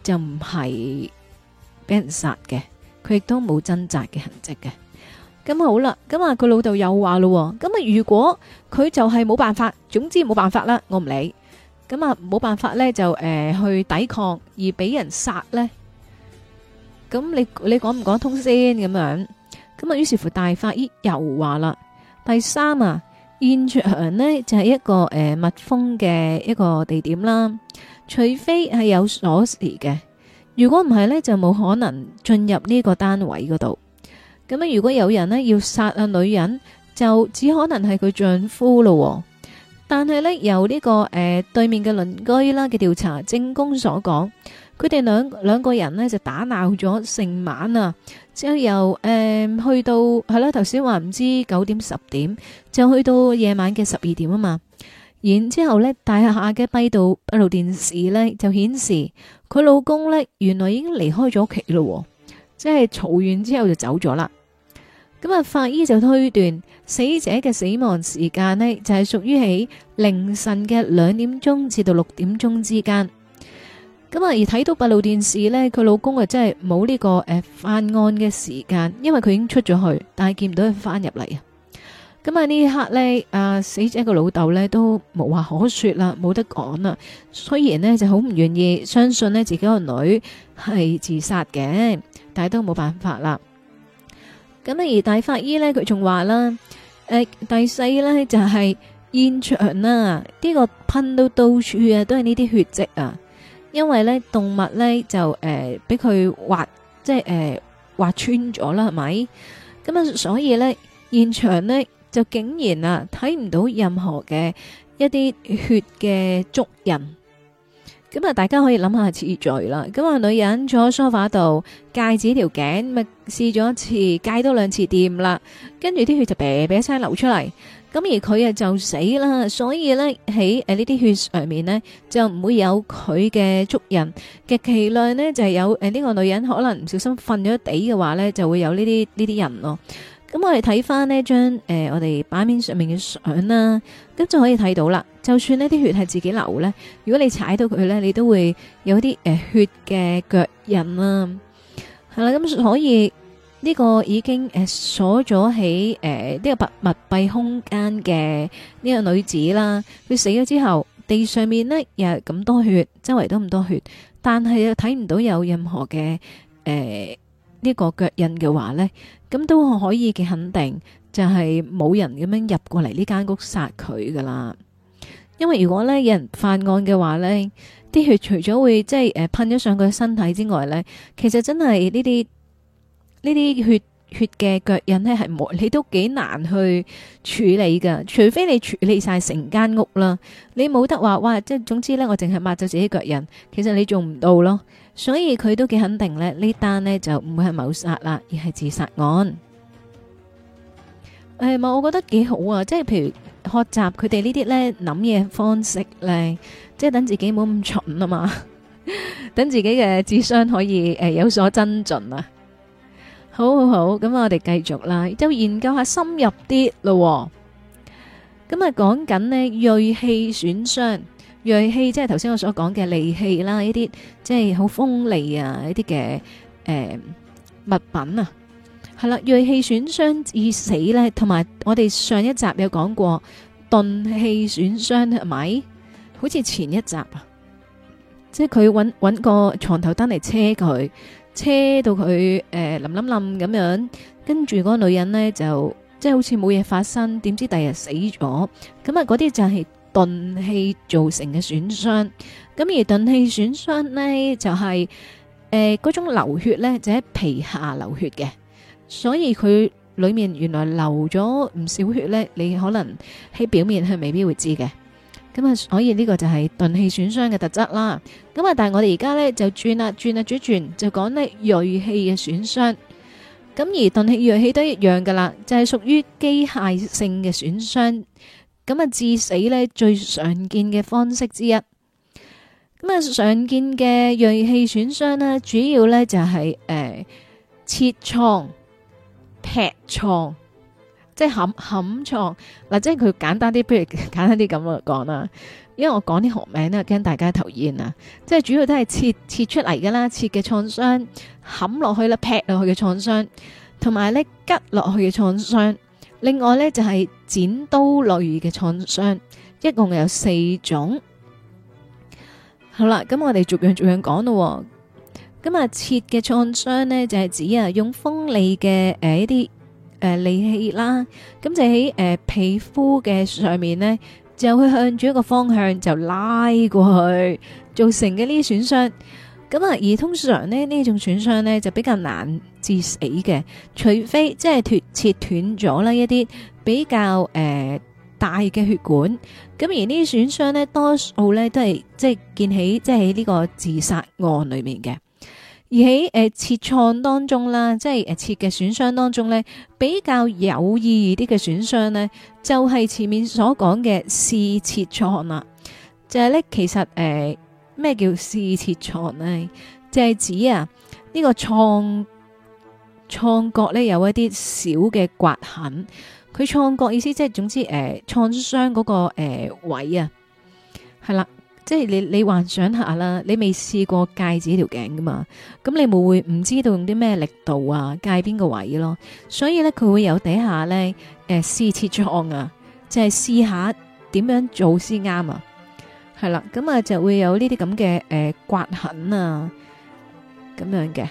就唔係俾人殺嘅，佢亦都冇掙扎嘅痕迹嘅。咁好啦，咁啊，佢老豆又話咯，咁啊，如果佢就係冇辦法，總之冇辦法啦，我唔理。咁啊，冇辦法咧就誒去抵抗而俾人殺咧。咁你你講唔講通先咁樣？咁啊，於是乎大法醫又話啦。第三啊，現場呢就係一個誒密封嘅一個地點啦，除非係有鎖匙嘅，如果唔係呢，就冇可能進入呢個單位嗰度。咁啊，如果有人呢要殺啊女人，就只可能係佢丈夫咯。但係呢，由呢、這個誒、呃、對面嘅鄰居啦嘅調查，證供所講。佢哋兩個兩個人呢，就打鬧咗成晚啊，之後由誒、呃、去到係啦，頭先話唔知九點十點，就去到夜晚嘅十二點啊嘛。然之後呢，大廈嘅閉道閉路電視呢，就顯示佢老公呢，原來已經離開咗屋企喎，即係嘈完之後就走咗啦。咁啊，法醫就推斷死者嘅死亡時間呢，就係、是、屬於喺凌晨嘅兩點鐘至到六點鐘之間。咁啊，而睇到閉路電視呢，佢老公啊、這個，真係冇呢個誒犯案嘅時間，因為佢已經出咗去，但係見唔到佢翻入嚟啊。咁啊，呢一刻呢，啊，死者個老豆呢都冇話可說啦，冇得講啦。雖然呢就好唔願意相信呢自己個女係自殺嘅，但係都冇辦法啦。咁啊，而大法醫呢，佢仲話啦，誒、呃、第四呢，就係現場啦、啊、呢、這個噴到到處都啊，都係呢啲血迹啊。因為咧動物咧就誒俾佢劃，即係誒劃穿咗啦係咪？咁啊所以咧現場咧就竟然啊睇唔到任何嘅一啲血嘅足印。咁啊大家可以諗下次序啦。咁啊女人坐喺梳化度，戒指條頸咪試咗一次，戒多兩次掂啦，跟住啲血就啤啤一聲流出嚟。咁而佢啊就死啦，所以咧喺誒呢啲血上面咧就唔會有佢嘅足印，極其量呢，就係有誒呢個女人可能唔小心瞓咗地嘅話咧就會有呢啲呢啲人咯。咁、呃、我哋睇翻呢張誒我哋版面上面嘅相啦，咁就可以睇到啦。就算呢啲血係自己流咧，如果你踩到佢咧，你都會有啲誒、呃、血嘅腳印啦。係啦，咁可以。呢、這個已經誒鎖咗喺誒呢個密密閉空間嘅呢個女子啦，佢死咗之後，地上面呢又咁多血，周圍都咁多血，但係又睇唔到有任何嘅誒呢個腳印嘅話呢，咁都可以嘅肯定就係冇人咁樣入過嚟呢間屋殺佢噶啦。因為如果呢有人犯案嘅話呢，啲血除咗會即係誒噴咗上佢身體之外呢，其實真係呢啲。呢啲血血嘅腳印呢，係冇，你都幾難去處理噶，除非你處理晒成間屋啦，你冇得話哇，即係總之呢，我淨係抹咗自己腳印，其實你做唔到咯。所以佢都幾肯定呢，呢單呢，就唔會係謀殺啦，而係自殺案。誒，咪？我覺得幾好啊，即係譬如學習佢哋呢啲呢諗嘢方式呢，即係等自己冇咁蠢啊嘛，等自己嘅智商可以誒有所增進啊。好好好，咁我哋繼續啦，就研究下深入啲咯，哦。咁啊，講緊呢，銳器損傷，銳器即係頭先我所講嘅利器啦，呢啲即係好鋒利啊，呢啲嘅誒物品啊，係啦，銳器損傷致死咧，同埋我哋上一集有講過鈍器損傷係咪？好似前一集啊，即係佢揾揾個床頭燈嚟車佢。車到佢誒，冧冧冧咁樣，跟住嗰個女人咧就即係好似冇嘢發生。點知第日死咗咁啊。嗰啲就係鈍器造成嘅損傷。咁而鈍器損傷咧就係誒嗰種流血咧，就喺皮下流血嘅，所以佢裏面原來流咗唔少血咧。你可能喺表面係未必會知嘅。咁啊，所以呢個就係鈍器損傷嘅特質啦。咁啊，但係我哋而家咧就轉啦轉啦轉轉，就講呢，銳器嘅損傷。咁而鈍器銳器都一樣噶啦，就係屬於機械性嘅損傷。咁啊，致死呢，最常見嘅方式之一。咁啊，常見嘅銳器損傷呢，主要呢就係、是、誒、呃、切創、劈創。即係冚冚創嗱，即係佢簡單啲，不如簡單啲咁嚟講啦。因為我講啲學名咧，都係驚大家頭煙啊！即係主要都係切切出嚟噶啦，切嘅創傷、冚落去啦、劈落去嘅創傷，同埋咧拮落去嘅創傷。另外咧就係、是、剪刀類嘅創傷，一共有四種。好啦，咁我哋逐樣逐樣講咯。咁啊，切嘅創傷咧就係、是、指啊用鋒利嘅誒一啲。誒、呃，利器啦，咁就喺誒、呃、皮膚嘅上面咧，就會向住一個方向就拉過去，造成嘅呢啲損傷。咁啊，而通常咧呢種損傷咧就比較難致死嘅，除非即係脫切斷咗啦一啲比較誒、呃、大嘅血管。咁而呢啲損傷咧，多數咧都係即係見起，即係喺呢個自殺案裏面嘅。而喺誒、呃、切創當中啦，即係誒切嘅損傷當中咧，比較有意義啲嘅損傷咧，就係、是、前面所講嘅試切創啦。就係、是、咧，其實誒咩、呃、叫試切創咧？就係、是、指啊呢、這個創創角咧有一啲小嘅刮痕。佢創角意思即、就、係、是、總之誒、呃、創傷嗰、那個、呃、位啊，係啦。即係你你幻想下啦，你未試過戒自己條頸噶嘛？咁你冇會唔知道用啲咩力度啊？戒邊個位咯？所以咧佢會有底下咧誒試切創啊，即係試下點樣做先啱啊？係啦，咁啊就會有呢啲咁嘅誒刮痕啊，咁樣嘅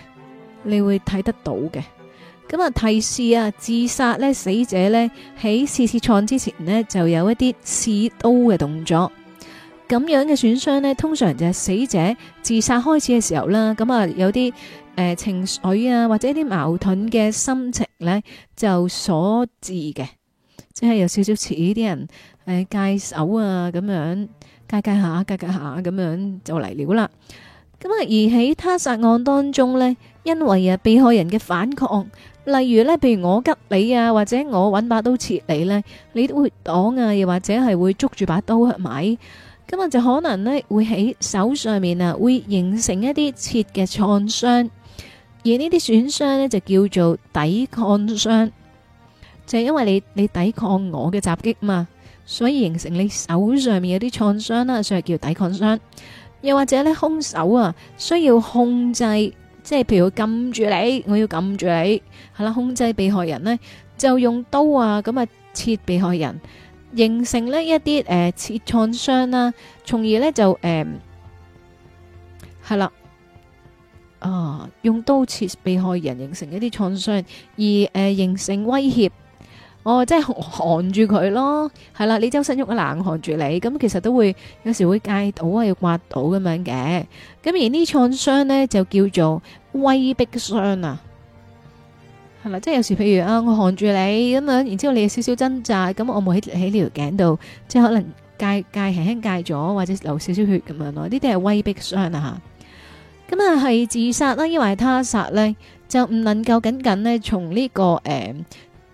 你會睇得到嘅。咁啊提示啊，自殺咧死者咧喺試切創之前呢，就有一啲刺刀嘅動作。咁樣嘅損傷呢，通常就係死者自殺開始嘅時候啦。咁啊，有啲、呃、情緒啊，或者啲矛盾嘅心情呢，就所致嘅，即係有少少似啲人誒戒手啊咁樣，戒戒下，戒戒下咁樣就嚟了啦。咁啊，而喺他殺案當中呢，因為啊被害人嘅反抗，例如呢，譬如我吉你啊，或者我揾把刀切你呢，你都會擋啊，又或者係會捉住把刀去埋。咁就可能呢會喺手上面啊，會形成一啲切嘅創傷，而呢啲損傷呢就叫做抵抗傷，就係因為你你抵抗我嘅襲擊嘛，所以形成你手上面有啲創傷啦，所以叫抵抗傷。又或者呢兇手啊需要控制，即係譬如要撳住你，我要撳住你，係啦，控制被害人呢就用刀啊咁啊切被害人。形成一些、呃啊、呢一啲誒切創傷啦，從而咧就誒係啦，啊用刀切被害人形成一啲創傷，而誒、呃、形成威脅，我、哦、即係寒住佢咯，係啦，你周身喐啊，冷寒住你，咁其實都會有時候會介到啊，要刮到咁樣嘅，咁而這創傷呢創傷咧就叫做威逼傷啊。即係有時，譬如啊，我看住你咁樣，然之後你有少少掙扎，咁我冇喺喺呢條頸度，即係可能戒戒輕輕戒咗，或者流少少血咁樣咯。呢啲係威逼傷啊吓。咁啊，係自殺啦，亦或係他殺咧，就唔能夠僅僅呢，從呢個誒，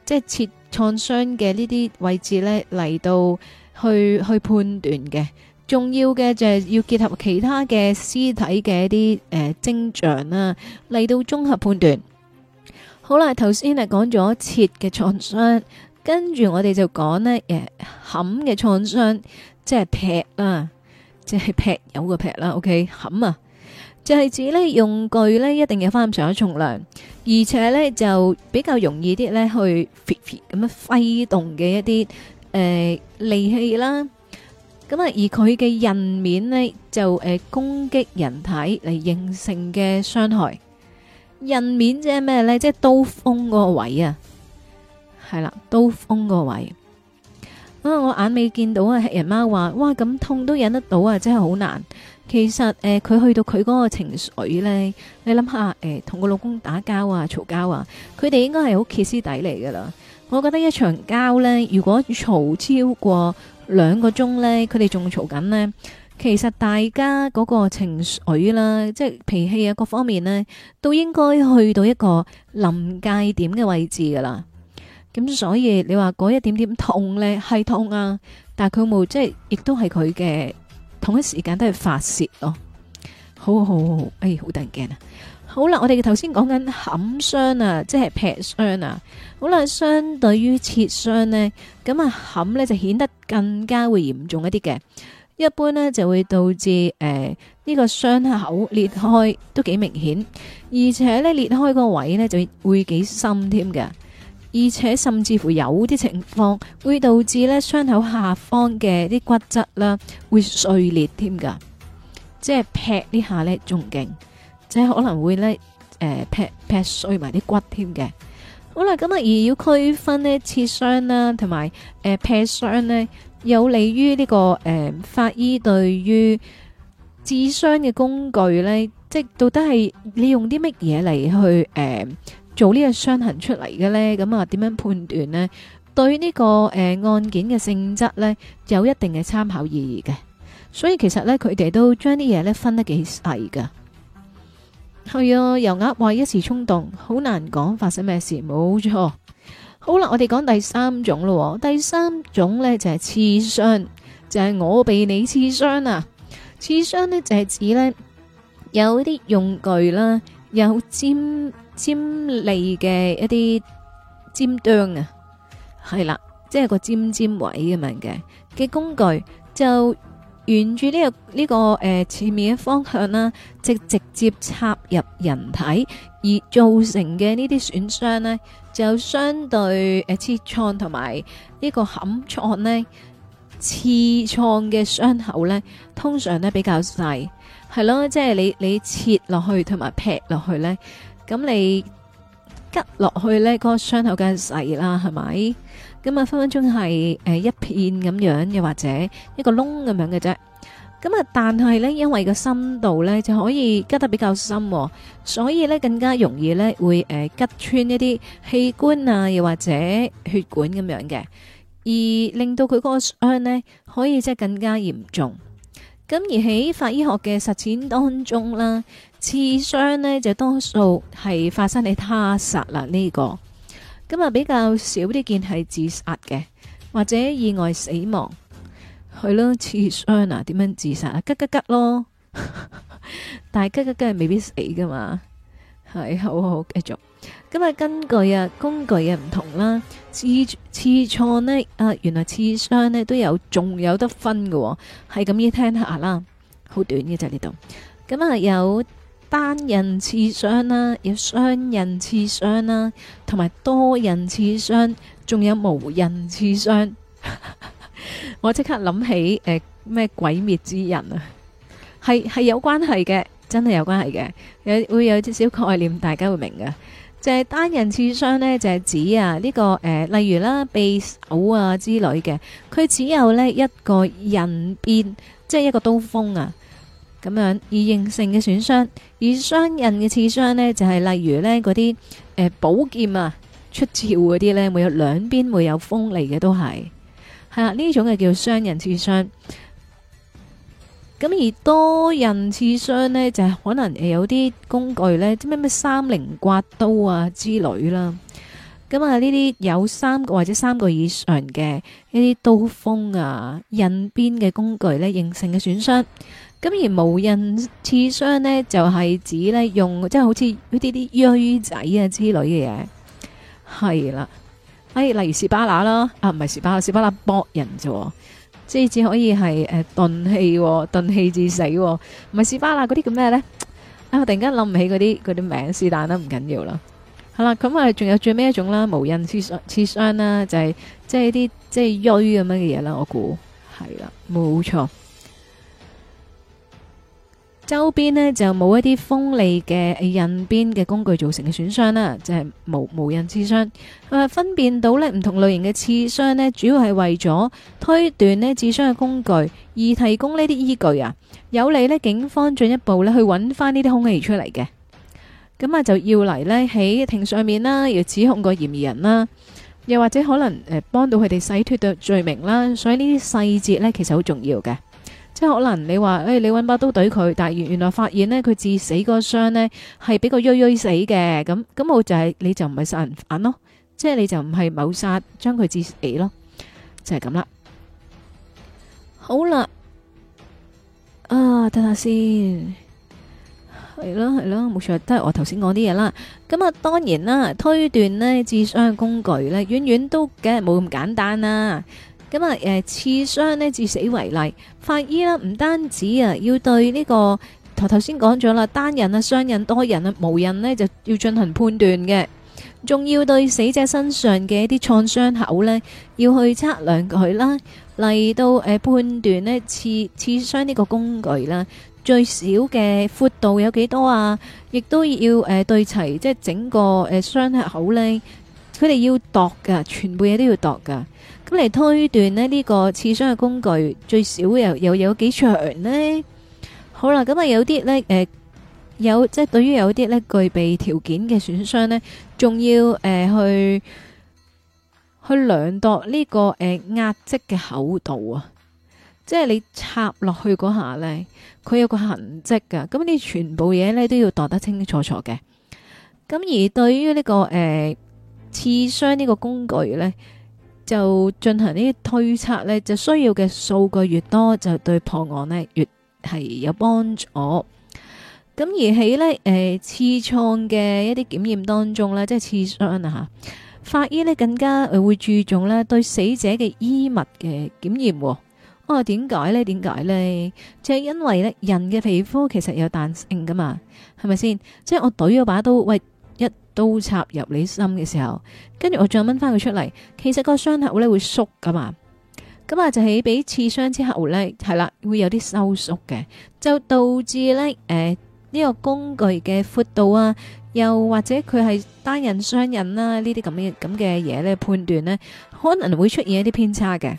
即係切創傷嘅呢啲位置咧嚟到去去判斷嘅。重要嘅就係要結合其他嘅屍體嘅一啲誒、呃、徵象啦，嚟到綜合判斷。好啦，頭先啊講咗切嘅創傷，跟住我哋就講呢，誒，冚嘅創傷，即係劈啦，即係劈友嗰個劈啦，OK，冚啊，就係、是、指呢，用具呢一定要翻上一重量，而且呢就比較容易啲呢去咁樣揮動嘅一啲誒、呃、利器啦，咁啊，而佢嘅刃面呢，就誒、呃、攻擊人體嚟形成嘅傷害。刃面即係咩呢？即係刀鋒個位啊，係啦，刀鋒個位。啊，我眼尾見到啊！黑人貓話：哇，咁痛都忍得到啊，真係好難。其實誒，佢、呃、去到佢嗰個情緒呢，你諗下誒，同、呃、個老公打交啊，嘈交啊，佢哋應該係好歇斯底里噶啦。我覺得一場交呢，如果嘈超過兩個鐘呢，佢哋仲嘈緊呢。其實大家嗰個情緒啦，即係脾氣啊，各方面呢，都應該去到一個臨界點嘅位置噶啦。咁所以你話嗰一點點痛呢，係痛啊，但係佢冇即係，亦都係佢嘅同一時間都係發泄咯。好，好，好、哎，好，好、啊，好，好得人驚啊！好啦，我哋頭先講緊砍傷啊，即係劈傷啊。好啦，相對於切傷呢，咁啊砍呢就顯得更加會嚴重一啲嘅。一般呢就會導致誒呢、呃呢個傷口裂開都幾明顯，而且呢裂開個位呢就會幾深添嘅，而且甚至乎有啲情況會導致呢傷口下方嘅啲骨質啦會碎裂添嘅，即係劈呢下呢仲勁，即係可能會呢誒、呃、劈劈碎埋啲骨添嘅。好啦，咁啊而要區分呢切傷啦同埋誒劈傷呢，有利於呢、這個誒、呃、法醫對於致傷嘅工具呢，即到底係你用啲乜嘢嚟去誒、呃、做呢個傷痕出嚟嘅呢？咁啊點樣判斷咧？對呢、這個誒、呃、案件嘅性質呢，有一定嘅參考意義嘅。所以其實呢，佢哋都將啲嘢呢分得幾細嘅。係啊，由鴨話一時衝動，好難講發生咩事。冇錯。好啦，我哋講第三種咯。第三種咧就係刺傷，就係、是就是、我被你刺傷啊！刺傷呢就係、是、指咧有啲用具啦，有尖尖利嘅一啲尖釘啊，係啦，即、就、係、是、個尖尖位咁樣嘅嘅工具就。沿住呢、這個呢、這個誒、呃、前面嘅方向啦，即直接插入人體而造成嘅呢啲損傷呢，就相對誒切、呃、創同埋呢個砍創呢刺創嘅傷口呢，通常呢比較細，係咯，即係你你切落去同埋劈落去呢。咁你拮落去呢、那個傷口梗係細啦，係咪？咁啊，分分鐘係誒一片咁樣，又或者一個窿咁樣嘅啫。咁啊，但係咧，因為個深度咧就可以拮得比較深喎，所以咧更加容易咧會誒拮穿一啲器官啊，又或者血管咁樣嘅，而令到佢嗰個傷咧可以即係更加嚴重。咁而喺法醫學嘅實踐當中啦，刺傷咧就多數係發生喺他殺啦呢個。咁啊，比較少啲見係自殺嘅，或者意外死亡，係咯刺傷啊？點樣自殺啊？吉吉吉咯， 但係吉吉吉係未必死噶嘛？係好好繼續。咁啊，根據啊工具啊唔同啦，刺刺創呢，啊，原來刺傷呢都有仲有得分噶、哦，係咁依聽下啦，好短嘅就係呢度。咁啊有。單人刺傷啦、啊，有雙人刺傷啦、啊，同埋多人刺傷，仲有無人刺傷。 我即刻諗起誒咩、呃、鬼滅之刃啊，係係有關係嘅，真係有關係嘅，有會有啲小概念，大家會明嘅。就係、是、單人刺傷呢，就係、是、指啊呢、這個誒、呃，例如啦，匕首啊之類嘅，佢只有呢一個刃邊，即、就、係、是、一個刀鋒啊。咁樣而形成嘅損傷，而雙刃嘅刺傷呢，就係、是、例如呢嗰啲誒寶劍啊出鞘嗰啲呢，會有兩邊會有鋒利嘅，都係係啦。呢種嘅叫雙刃刺傷。咁而多刃刺傷呢，就係、是、可能有啲工具呢，即咩咩三棱刮刀啊之類啦。咁啊呢啲有三個或者三個以上嘅一啲刀鋒啊刃邊嘅工具呢，形成嘅損傷。咁而無刃刺傷咧，就係、是、指咧用即係好似一啲啲鋸仔啊之類嘅嘢，係啦。誒、哎，例如士巴拿啦，啊唔係士巴拿，士巴拿搏人啫，即係只可以係誒鈍器，鈍器致死。唔係士巴拿嗰啲叫咩咧？啊，我突然間諗唔起嗰啲嗰啲名，是但都唔緊要啦。好啦，咁、嗯、啊，仲有最尾一種啦？無刃刺傷，刺傷啦，就係、是、即係啲即係鋸咁樣嘅嘢啦。我估係啦，冇錯。周邊呢就冇一啲鋒利嘅刃邊嘅工具造成嘅損傷啦，即、就、係、是、無無刃刺傷。啊、呃，分辨到呢唔同類型嘅刺傷呢，主要係為咗推斷呢刺傷嘅工具而提供呢啲依據啊，有利呢警方進一步呢去揾翻呢啲凶器出嚟嘅。咁啊，就要嚟呢喺庭上面啦，要指控個嫌疑人啦，又或者可能誒幫到佢哋洗脫罪名啦。所以呢啲細節呢，其實好重要嘅。即係可能你話誒、哎，你搵把刀懟佢，但係原原來發現呢，佢致死傷比個傷呢係俾個瘀瘀死嘅，咁咁我就係、是、你就唔係殺人犯咯，即係你就唔係謀殺將佢致死咯，就係咁啦。好啦，啊，等下先，係咯係咯，冇錯，都係我頭先講啲嘢啦。咁啊，當然啦，推斷呢致傷工具呢遠遠都梗係冇咁簡單啦、啊。咁啊，誒，刺傷呢致死為例，法醫啦唔單止啊，要對呢、這個頭頭先講咗啦，單人啊、雙人、多人啊、無人呢就要進行判斷嘅，仲要對死者身上嘅一啲創傷口呢要去測量佢啦，嚟到誒判斷呢刺刺傷呢個工具啦，最少嘅闊度有幾多啊，亦都要誒對齊，即係整個誒傷口呢，佢哋要度㗎，全部嘢都要度㗎。咁嚟推斷呢呢、這個刺傷嘅工具最少又又有幾長呢？好啦，咁啊有啲呢？誒、呃，有即係、就是、對於有啲呢具備條件嘅損傷呢，仲要誒、呃、去去量度呢、這個誒壓積嘅厚度啊！即係你插落去嗰下呢，佢有個痕跡噶，咁你全部嘢呢都要度得清清楚楚嘅。咁而對於呢、這個誒、呃、刺傷呢個工具呢。就進行呢啲推測咧，就需要嘅數據越多，就對破案呢越係有幫助。咁而喺呢、呃、刺創嘅一啲檢驗當中呢，即係刺傷啊嚇，法醫呢更加會注重呢對死者嘅衣物嘅檢驗啊。哦點解呢？點解呢？就係因為呢人嘅皮膚其實有彈性噶嘛，係咪先？即係我懟咗把刀。喂。一刀插入你心嘅時候，跟住我再掹翻佢出嚟，其實個傷口咧會縮噶嘛，咁啊就係俾刺傷之後呢，係啦，會有啲收縮嘅，就導致咧誒呢、呃這個工具嘅闊度啊，又或者佢係單刃雙刃啦、啊，呢啲咁嘅咁嘅嘢呢，判斷呢可能會出現一啲偏差嘅。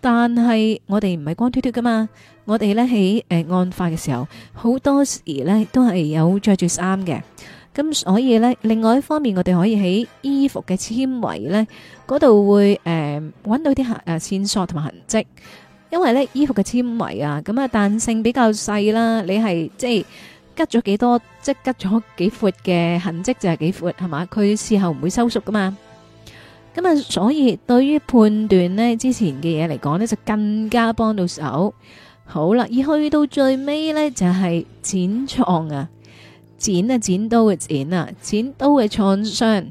但係我哋唔係光脫脫噶嘛，我哋呢喺誒、呃、案發嘅時候，好多時呢都係有着住衫嘅。咁所以呢，另外一方面，我哋可以喺衣服嘅纖維呢嗰度會誒揾到啲痕誒線索同埋痕跡，因為呢衣服嘅纖維啊，咁啊彈性比較細啦，你係即係拮咗幾多，即係拮咗幾闊嘅痕跡就係幾闊係嘛，佢事後唔會收縮噶嘛。咁啊，所以對於判斷呢之前嘅嘢嚟講呢，就更加幫到手。好啦，而去到最尾呢就係剪創啊。剪啊，剪刀嘅剪啊，剪刀嘅創傷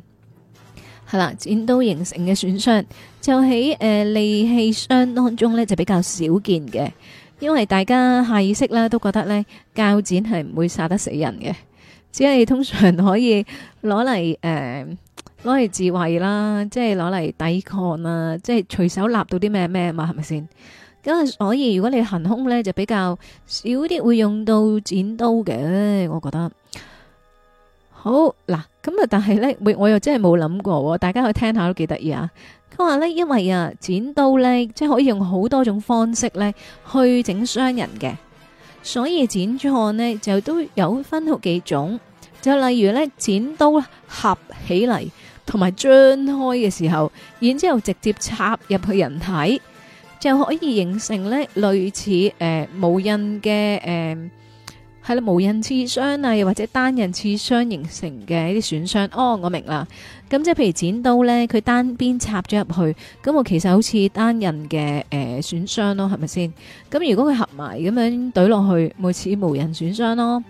係啦，剪刀形成嘅損傷就喺誒、呃、利器傷當中呢就比較少見嘅，因為大家下意識咧都覺得呢鉸剪係唔會殺得死人嘅，只係通常可以攞嚟誒攞嚟自衛啦，即係攞嚟抵抗啊，即係隨手立到啲咩咩啊嘛，係咪先？咁所以如果你行兇呢，就比較少啲會用到剪刀嘅，我覺得。好嗱，咁啊，但係咧，我我又真係冇諗過，大家去聽下都幾得意啊！佢話咧，因為啊，剪刀咧，即係可以用好多種方式咧，去整傷人嘅，所以剪錯咧就都有分好幾種，就例如咧，剪刀合起嚟、同埋張開嘅時候，然之後直接插入去人體，就可以形成咧類似誒冇、呃、印嘅誒。呃係啦，無刃刺傷啊，又或者單刃刺傷形成嘅一啲損傷。哦，我明啦。咁即係譬如剪刀咧，佢單邊插咗入去，咁我其實好似單刃嘅誒損傷咯，係咪先？咁如果佢合埋咁樣懟落去，咪似無刃損傷咯。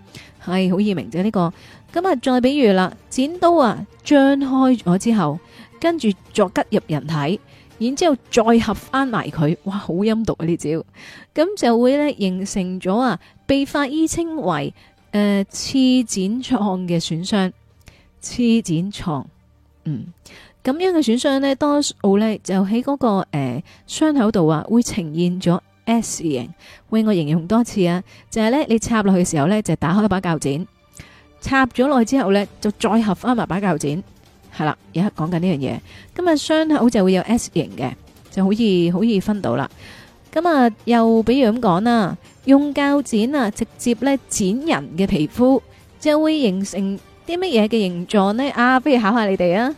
係，好易明啫呢個。咁啊，再比如啦，剪刀啊張開咗之後，跟住作吉入人體。然之後再合翻埋佢，哇，好陰毒啊！呢招，咁就會咧形成咗啊，被法醫稱為誒刺剪創嘅損傷。刺剪創，嗯，咁樣嘅損傷咧，多數咧就喺嗰、那個誒傷、呃、口度啊，會呈現咗 S 型。為我形容多次啊，就係、是、咧你插落去嘅時候咧，就打開一把鉸剪，插咗落去之後咧，就再合翻埋把鉸剪。係啦，而家講緊呢樣嘢。今日傷口就會有 S 型嘅，就好易好易分到啦。咁啊，又比如咁講啦，用鉸剪啊，直接咧剪人嘅皮膚，就會形成啲乜嘢嘅形狀呢？啊，不如考下你哋啊。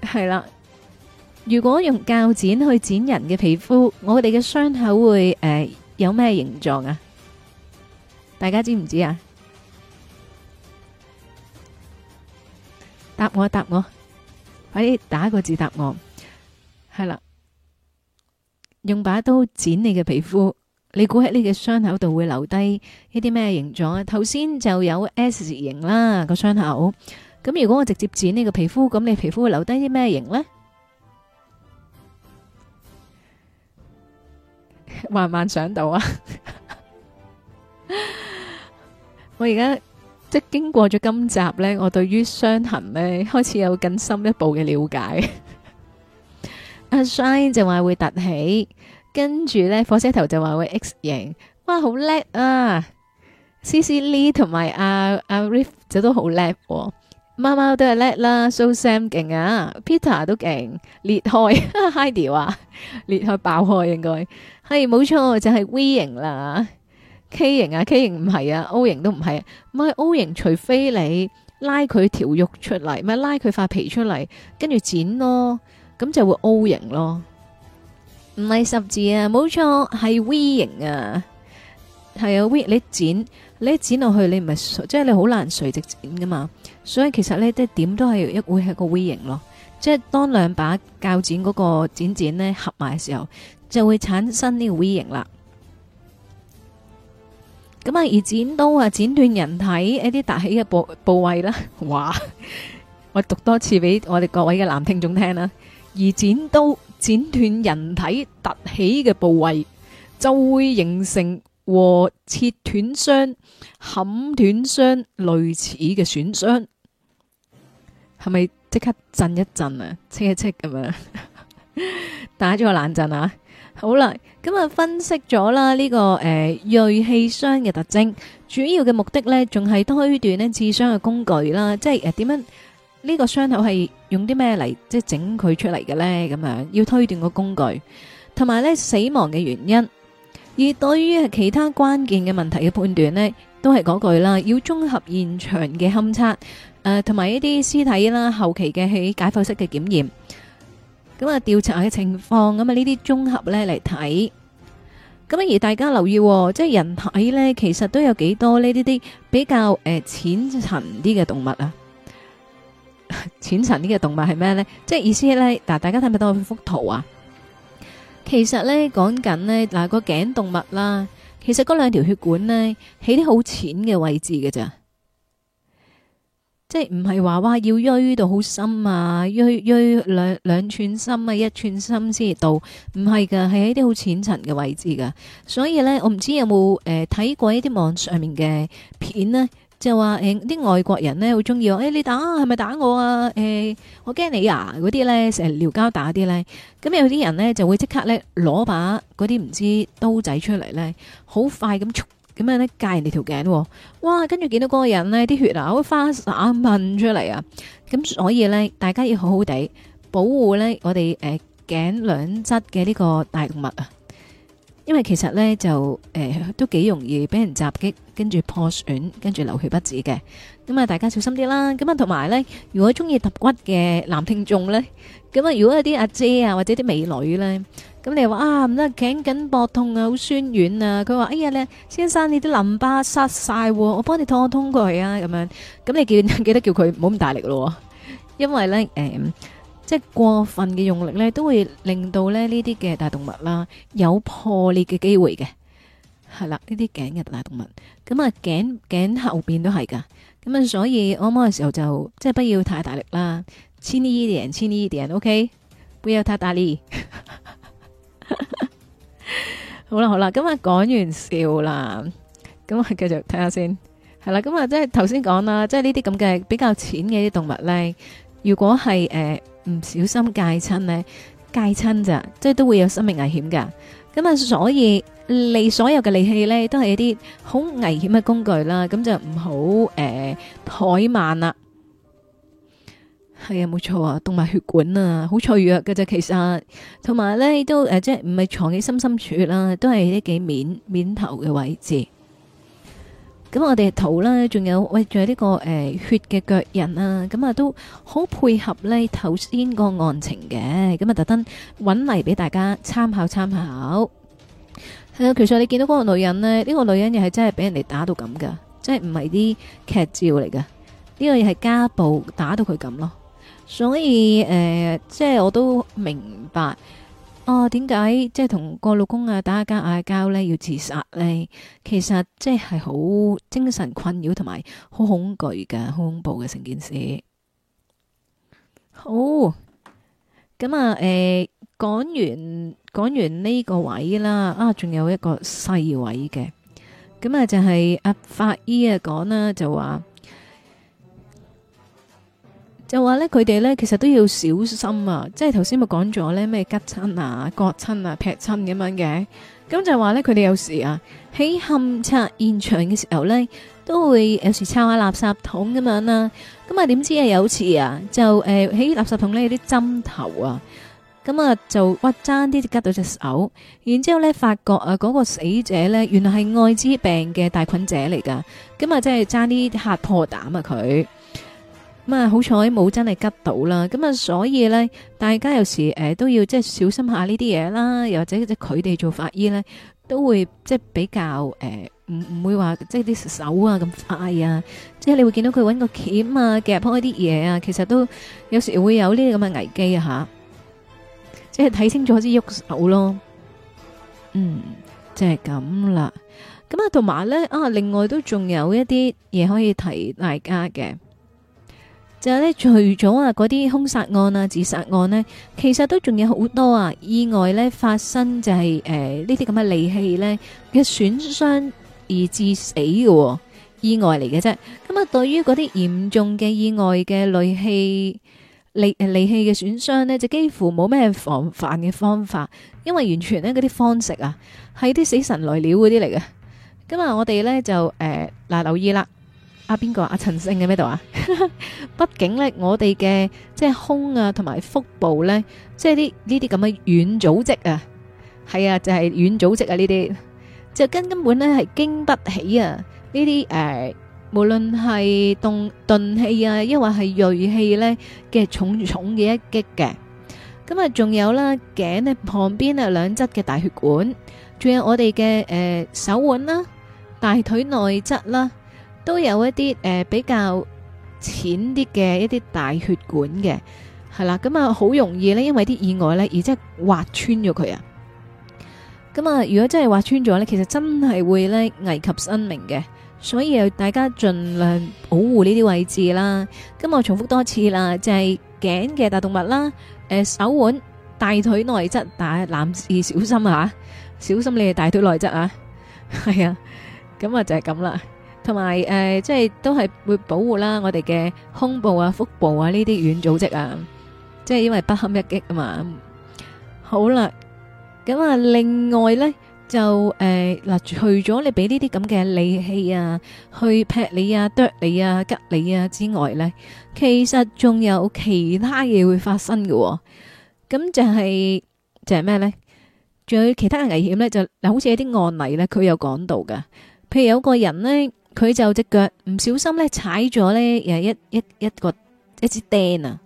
係啦，如果用鉸剪去剪人嘅皮膚，我哋嘅傷口會誒、呃、有咩形狀啊？大家知唔知啊？答我，答我，快啲打個字答我。係啦，用把刀剪你嘅皮膚，你估喺呢個傷口度會留低呢啲咩形狀啊？頭先就有 S 字形啦個傷口，咁如果我直接剪呢個皮膚，咁你皮膚會留低啲咩形呢？幻唔幻想到啊？ 我而家。即係經過咗今集咧，我對於傷痕咧開始有更深一步嘅了解。阿 shine 就話會突起，跟住咧火車頭就話會 X 型，哇好叻啊！C C Lee 同埋阿阿 Riff 就都好叻、啊，貓貓都係叻啦。So Sam 勁啊，Peter 都勁裂開 ，Heidi 話裂開爆開應該係冇錯，就係、是、V 型啦。K 型啊，K 型唔係啊，O 型都唔係啊，唔係 O 型，除非你拉佢條肉出嚟，咪拉佢塊皮出嚟，跟住剪咯，咁就會 O 型咯。唔係十字啊，冇錯係 V 型啊，係啊，V 你剪，你一剪落去，你唔係即係你好難垂直剪噶嘛，所以其實呢即點都係一會係個 V 型咯，即係當兩把鉸剪嗰個剪剪咧合埋嘅時候，就會產生呢個 V 型啦。咁啊，而剪刀啊，剪斷人體一啲凸起嘅部部位啦，哇！我讀多次俾我哋各位嘅男聽眾聽啦，而剪刀剪斷人體凸起嘅部位，就會形成和切斷傷、冚斷傷類似嘅損傷，係咪即刻震一震啊？清一清咁啊！打咗個冷震啊！好啦，咁啊分析咗啦呢個誒銳器傷嘅特徵，主要嘅目的呢，仲係推斷呢致傷嘅工具啦，即係點樣呢個傷口係用啲咩嚟即係整佢出嚟嘅呢？咁樣要推斷個工具，同埋、呃這個、呢，呢死亡嘅原因。而對於其他關鍵嘅問題嘅判斷呢，都係嗰句啦，要綜合現場嘅勘測誒，同、呃、埋一啲屍體啦，後期嘅起解剖式嘅檢驗。咁啊，調查嘅情況，咁啊呢啲綜合呢嚟睇，咁而大家留意，即係人體呢其實都有幾多呢啲啲比較誒淺層啲嘅動物啊，淺層啲嘅動物係咩呢？即係意思呢嗱，大家睇唔睇到呢幅圖啊？其實呢講緊呢嗱個頸動物啦，其實嗰兩條血管咧喺啲好淺嘅位置嘅咋。即係唔係話哇要淤到好深啊，淤淤兩兩寸深啊，一寸深先至到，唔係噶，係喺啲好淺層嘅位置噶。所以咧，我唔知有冇誒睇過一啲網上面嘅片呢？就話誒啲外國人咧好中意，誒、欸、你打係咪打我啊？誒、欸、我驚你啊！嗰啲咧成日撩交打啲咧，咁有啲人咧就會即刻咧攞把嗰啲唔知刀仔出嚟咧，好快咁。咁樣咧，戒人哋條頸，哦，哇！跟住見到嗰個人呢啲血流啊，好花灑噴出嚟啊！咁所以呢，大家要好好地保護呢我哋誒、呃、頸兩側嘅呢個大動脈啊，因為其實呢，就誒、呃、都幾容易俾人襲擊，跟住破損，跟住流血不止嘅。咁啊，大家小心啲啦！咁啊，同埋呢，如果中意揼骨嘅男聽眾呢，咁啊，如果一啲阿姐啊，或者啲美女呢……咁你話啊，唔得，頸頸膊痛啊，好酸軟啊。佢話哎呀咧，先生你啲淋巴塞晒，我幫你拖通過佢啊。咁樣，咁你記得記得叫佢唔好咁大力咯。因為咧，誒、嗯，即係過分嘅用力咧，都會令到咧呢啲嘅大動物啦有破裂嘅機會嘅。係啦，呢啲頸嘅大動物，咁啊頸頸後邊都係噶。咁啊，所以按摩嘅時候就即係不要太大力啦，輕啲啲人，輕啲啲人，OK，不要太大力。 好啦，好啦，咁啊，講完笑啦，咁啊，繼續睇下先係啦。咁啊，即係頭先講啦，即係呢啲咁嘅比較淺嘅啲動物咧，如果係誒唔小心戒親咧戒親咋，即係都會有生命危險噶。咁啊，所以利所有嘅利器咧，都係一啲好危險嘅工具啦。咁就唔好誒怠慢啦。係啊，冇錯啊，動脈血管啊，好脆弱嘅，就其實，同埋呢，都誒，即係唔係藏喺深深處啦，都係呢幾面面頭嘅位置。咁我哋圖啦，仲有喂，仲有呢、這個誒、呃、血嘅腳印啊，咁啊都好配合呢頭先個案情嘅，咁啊特登揾嚟俾大家參考參考。係啊，其實你見到嗰個女人呢，呢、這個女人又係真係俾人哋打到咁噶，即係唔係啲劇照嚟噶，呢、這個又係家暴打到佢咁咯。所以誒、呃，即係我都明白啊，點解即係同個老公啊打交嗌交呢，要自殺呢？其實即係好精神困擾同埋好恐懼嘅，好恐怖嘅成件事。好咁啊，誒、欸，講完講完呢個位啦，啊，仲有一個細位嘅，咁啊就係阿法醫啊講啦，就話。就話咧，佢哋咧其實都要小心啊！即係頭先咪講咗咧咩吉親啊、割親啊、劈親咁、啊、樣嘅。咁就話咧，佢哋有時啊喺勘察現場嘅時候咧，都會有時抄下垃圾桶咁樣啦咁啊，點知啊，知有次啊，就誒喺、呃、垃圾桶咧有啲針頭啊。咁啊，就屈爭啲拮到隻手，然之後咧發覺啊，嗰、那個死者咧原來係艾滋病嘅帶菌者嚟噶。咁啊，即係爭啲嚇破膽啊佢！咁啊，好彩冇真係吉到啦，咁啊，所以咧，大家有時誒、呃、都要即係小心下呢啲嘢啦，又或者即佢哋做法醫咧，都會即係比較誒，唔、呃、唔會話即係啲手啊咁快啊，即係你會見到佢搵個鉗啊夾開啲嘢啊，其實都有時會有呢啲咁嘅危機吓、啊，即係睇清楚先喐手咯。嗯，即係咁啦。咁啊，同埋咧啊，另外都仲有一啲嘢可以提大家嘅。就係、是、咧，除咗啊嗰啲凶殺案啊、自殺案呢，其實都仲有好多啊意外咧發生、就是，就係誒呢啲咁嘅利器咧嘅損傷而致死嘅、哦、意外嚟嘅啫。咁啊，對於嗰啲嚴重嘅意外嘅利器、利利器嘅損傷呢，就幾乎冇咩防範嘅方法，因為完全呢嗰啲方式啊，係啲死神料的來了嗰啲嚟嘅。咁啊我哋咧就誒嗱、呃、留意啦。阿邊個阿陳星嘅咩度啊？畢竟咧，我哋嘅即係胸啊，同埋腹部咧，即係啲呢啲咁嘅軟組織啊，係啊，就係軟組織啊呢啲，就根根本咧係經不起啊呢啲誒，無論係動鈍器啊，抑或係銳器咧嘅重重嘅一擊嘅。咁啊，仲有啦，頸咧旁邊啊兩側嘅大血管，仲有我哋嘅誒手腕啦、大腿內側啦。都有一啲誒、呃，比較淺啲嘅一啲大血管嘅係啦，咁啊好容易呢，因為啲意外呢，而即係劃穿咗佢啊。咁啊，如果真係劃穿咗呢，其實真係會呢危及生命嘅，所以大家盡量保護呢啲位置啦。咁我重複多次啦，就係頸嘅大動脈啦，誒、呃、手腕、大腿內側，大男士小心啊，小心你嘅大腿內側啊，係啊，咁啊就係咁啦。同埋誒，即係都係會保護啦，我哋嘅胸部啊、腹部啊呢啲軟組織啊，即係因為不堪一擊啊嘛。好啦，咁啊，另外咧就誒嗱，除咗你俾呢啲咁嘅利器啊，去劈你啊、剁你啊、吉你啊之外咧，其實仲有其他嘢會發生嘅。咁就係就係咩咧？仲有其他嘅危險咧？就嗱，好似有啲案例咧，佢有講到噶，譬如有個人咧。佢就隻腳唔小心咧踩咗咧，又一一一個一支釘啊！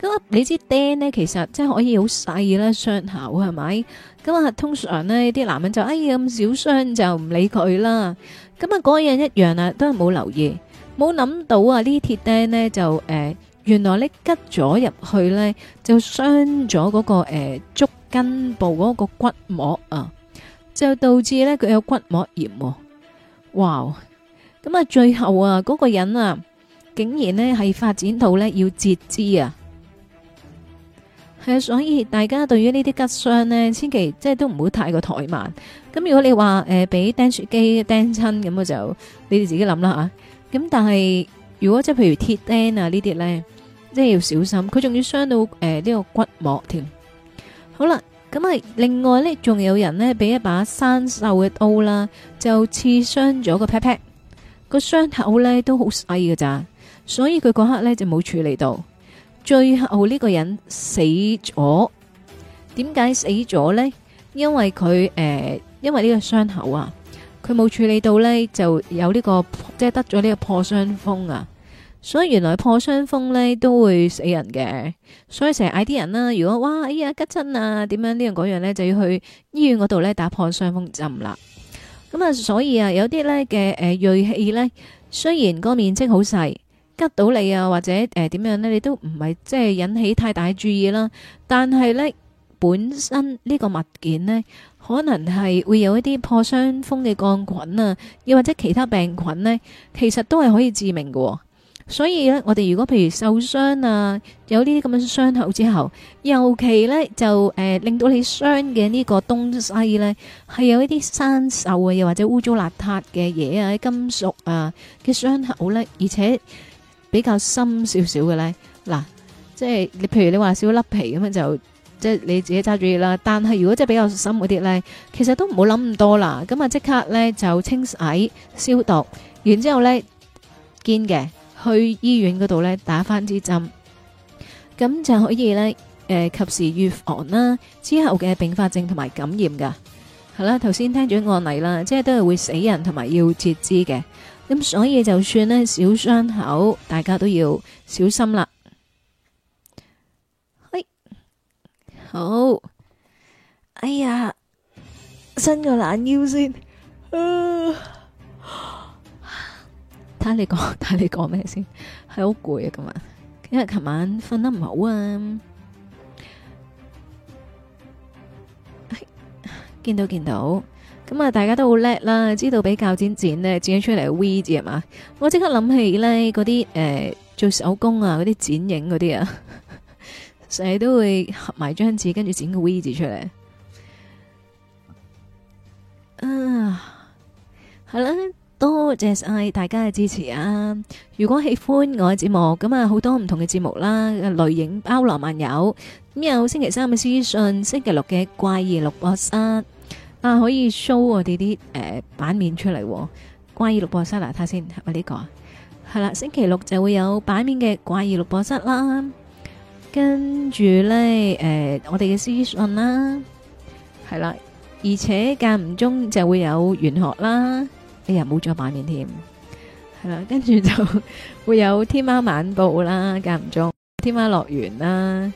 咁你支釘咧其實真係可以好細啦，傷口係咪？咁啊，通常呢啲男人就哎咁小傷就唔理佢啦。咁啊，嗰人一樣啊，都係冇留意，冇諗到啊！呢鐵釘呢，就誒、呃，原來咧拮咗入去呢，就傷咗嗰個誒足跟部嗰個骨膜啊，就導致呢，佢有骨膜炎，啊。哇！咁啊，最後啊，嗰個人啊，竟然咧係發展到咧要截肢啊。係啊，所以大家對於呢啲骨傷咧，千祈即係都唔好太過怠慢。咁如果你話誒俾釘書機釘親咁啊，就你哋自己諗啦吓。咁但係如果即係譬如鐵釘啊呢啲咧，即係要小心，佢仲要傷到誒呢個骨膜添。好啦，咁啊，另外咧仲有人咧俾一把生鏽嘅刀啦，就刺傷咗個 pat pat。個傷口咧都好細嘅咋，所以佢嗰刻咧就冇處理到，最後呢個人死咗。點解死咗呢？因為佢誒、呃，因為呢個傷口啊，佢冇處理到呢，就有呢、這個即係得咗呢個破傷風啊。所以原來破傷風呢都會死人嘅，所以成日嗌啲人啦、啊，如果哇哎呀吉親啊，點樣呢樣嗰樣，樣呢，就要去醫院嗰度呢打破傷風針啦。咁、嗯、啊，所以啊，有啲咧嘅誒銳器咧，雖然個面積好細，拮到你啊，或者誒點、呃、樣咧，你都唔係即係引起太大注意啦。但係咧，本身呢個物件咧，可能係會有一啲破傷風嘅桿菌啊，又或者其他病菌咧，其實都係可以致命嘅、哦。所以咧，我哋如果譬如受傷啊，有呢啲咁樣傷口之後，尤其咧就誒、呃、令到你傷嘅呢個東西咧，係有一啲生銹啊，又或者污糟邋遢嘅嘢啊，喺金屬啊嘅傷口咧，而且比較深少少嘅咧，嗱，即係你譬如你話少甩皮咁樣就即係你自己揸住啦。但係如果即係比較深嗰啲咧，其實都唔好諗咁多啦。咁啊，即刻咧就清洗消毒，完之後咧堅嘅。去醫院嗰度呢，打翻支針，咁就可以呢，誒、呃、及時預防啦，之後嘅併發症同埋感染噶。係啦，頭先聽咗案例啦，即係都係會死人同埋要截肢嘅。咁所以就算呢小傷口，大家都要小心啦。嘿，好，哎呀，伸個懶腰先。啊睇你講，睇你講咩先？係好攰啊，今日，啊，因為琴晚瞓得唔好啊。見、哎、到見到，咁啊，大家都好叻啦，知道俾鉸剪剪咧，剪咗出嚟 V 字係嘛？我即刻諗起咧，嗰啲誒做手工啊，嗰啲剪影嗰啲啊，成日都會合埋張紙，跟住剪個 V 字出嚟。啊，好了。多謝晒大家嘅支持啊！如果喜歡我嘅節目，咁啊好多唔同嘅節目啦，類型包羅萬有。咁有星期三嘅屍訊，星期六嘅怪異錄播室，啊可以 show 我哋啲誒版面出嚟、哦。怪異錄播室嗱、啊，睇下先係咪呢個？係啦，星期六就會有版面嘅怪異錄播室啦。跟住咧，誒、呃，我哋嘅屍訊啦，係啦，而且間唔中就會有玄學啦。你又冇咗版面添，係啦，跟住就會有《天喵晚報》啦，間唔中《天喵樂園》啦，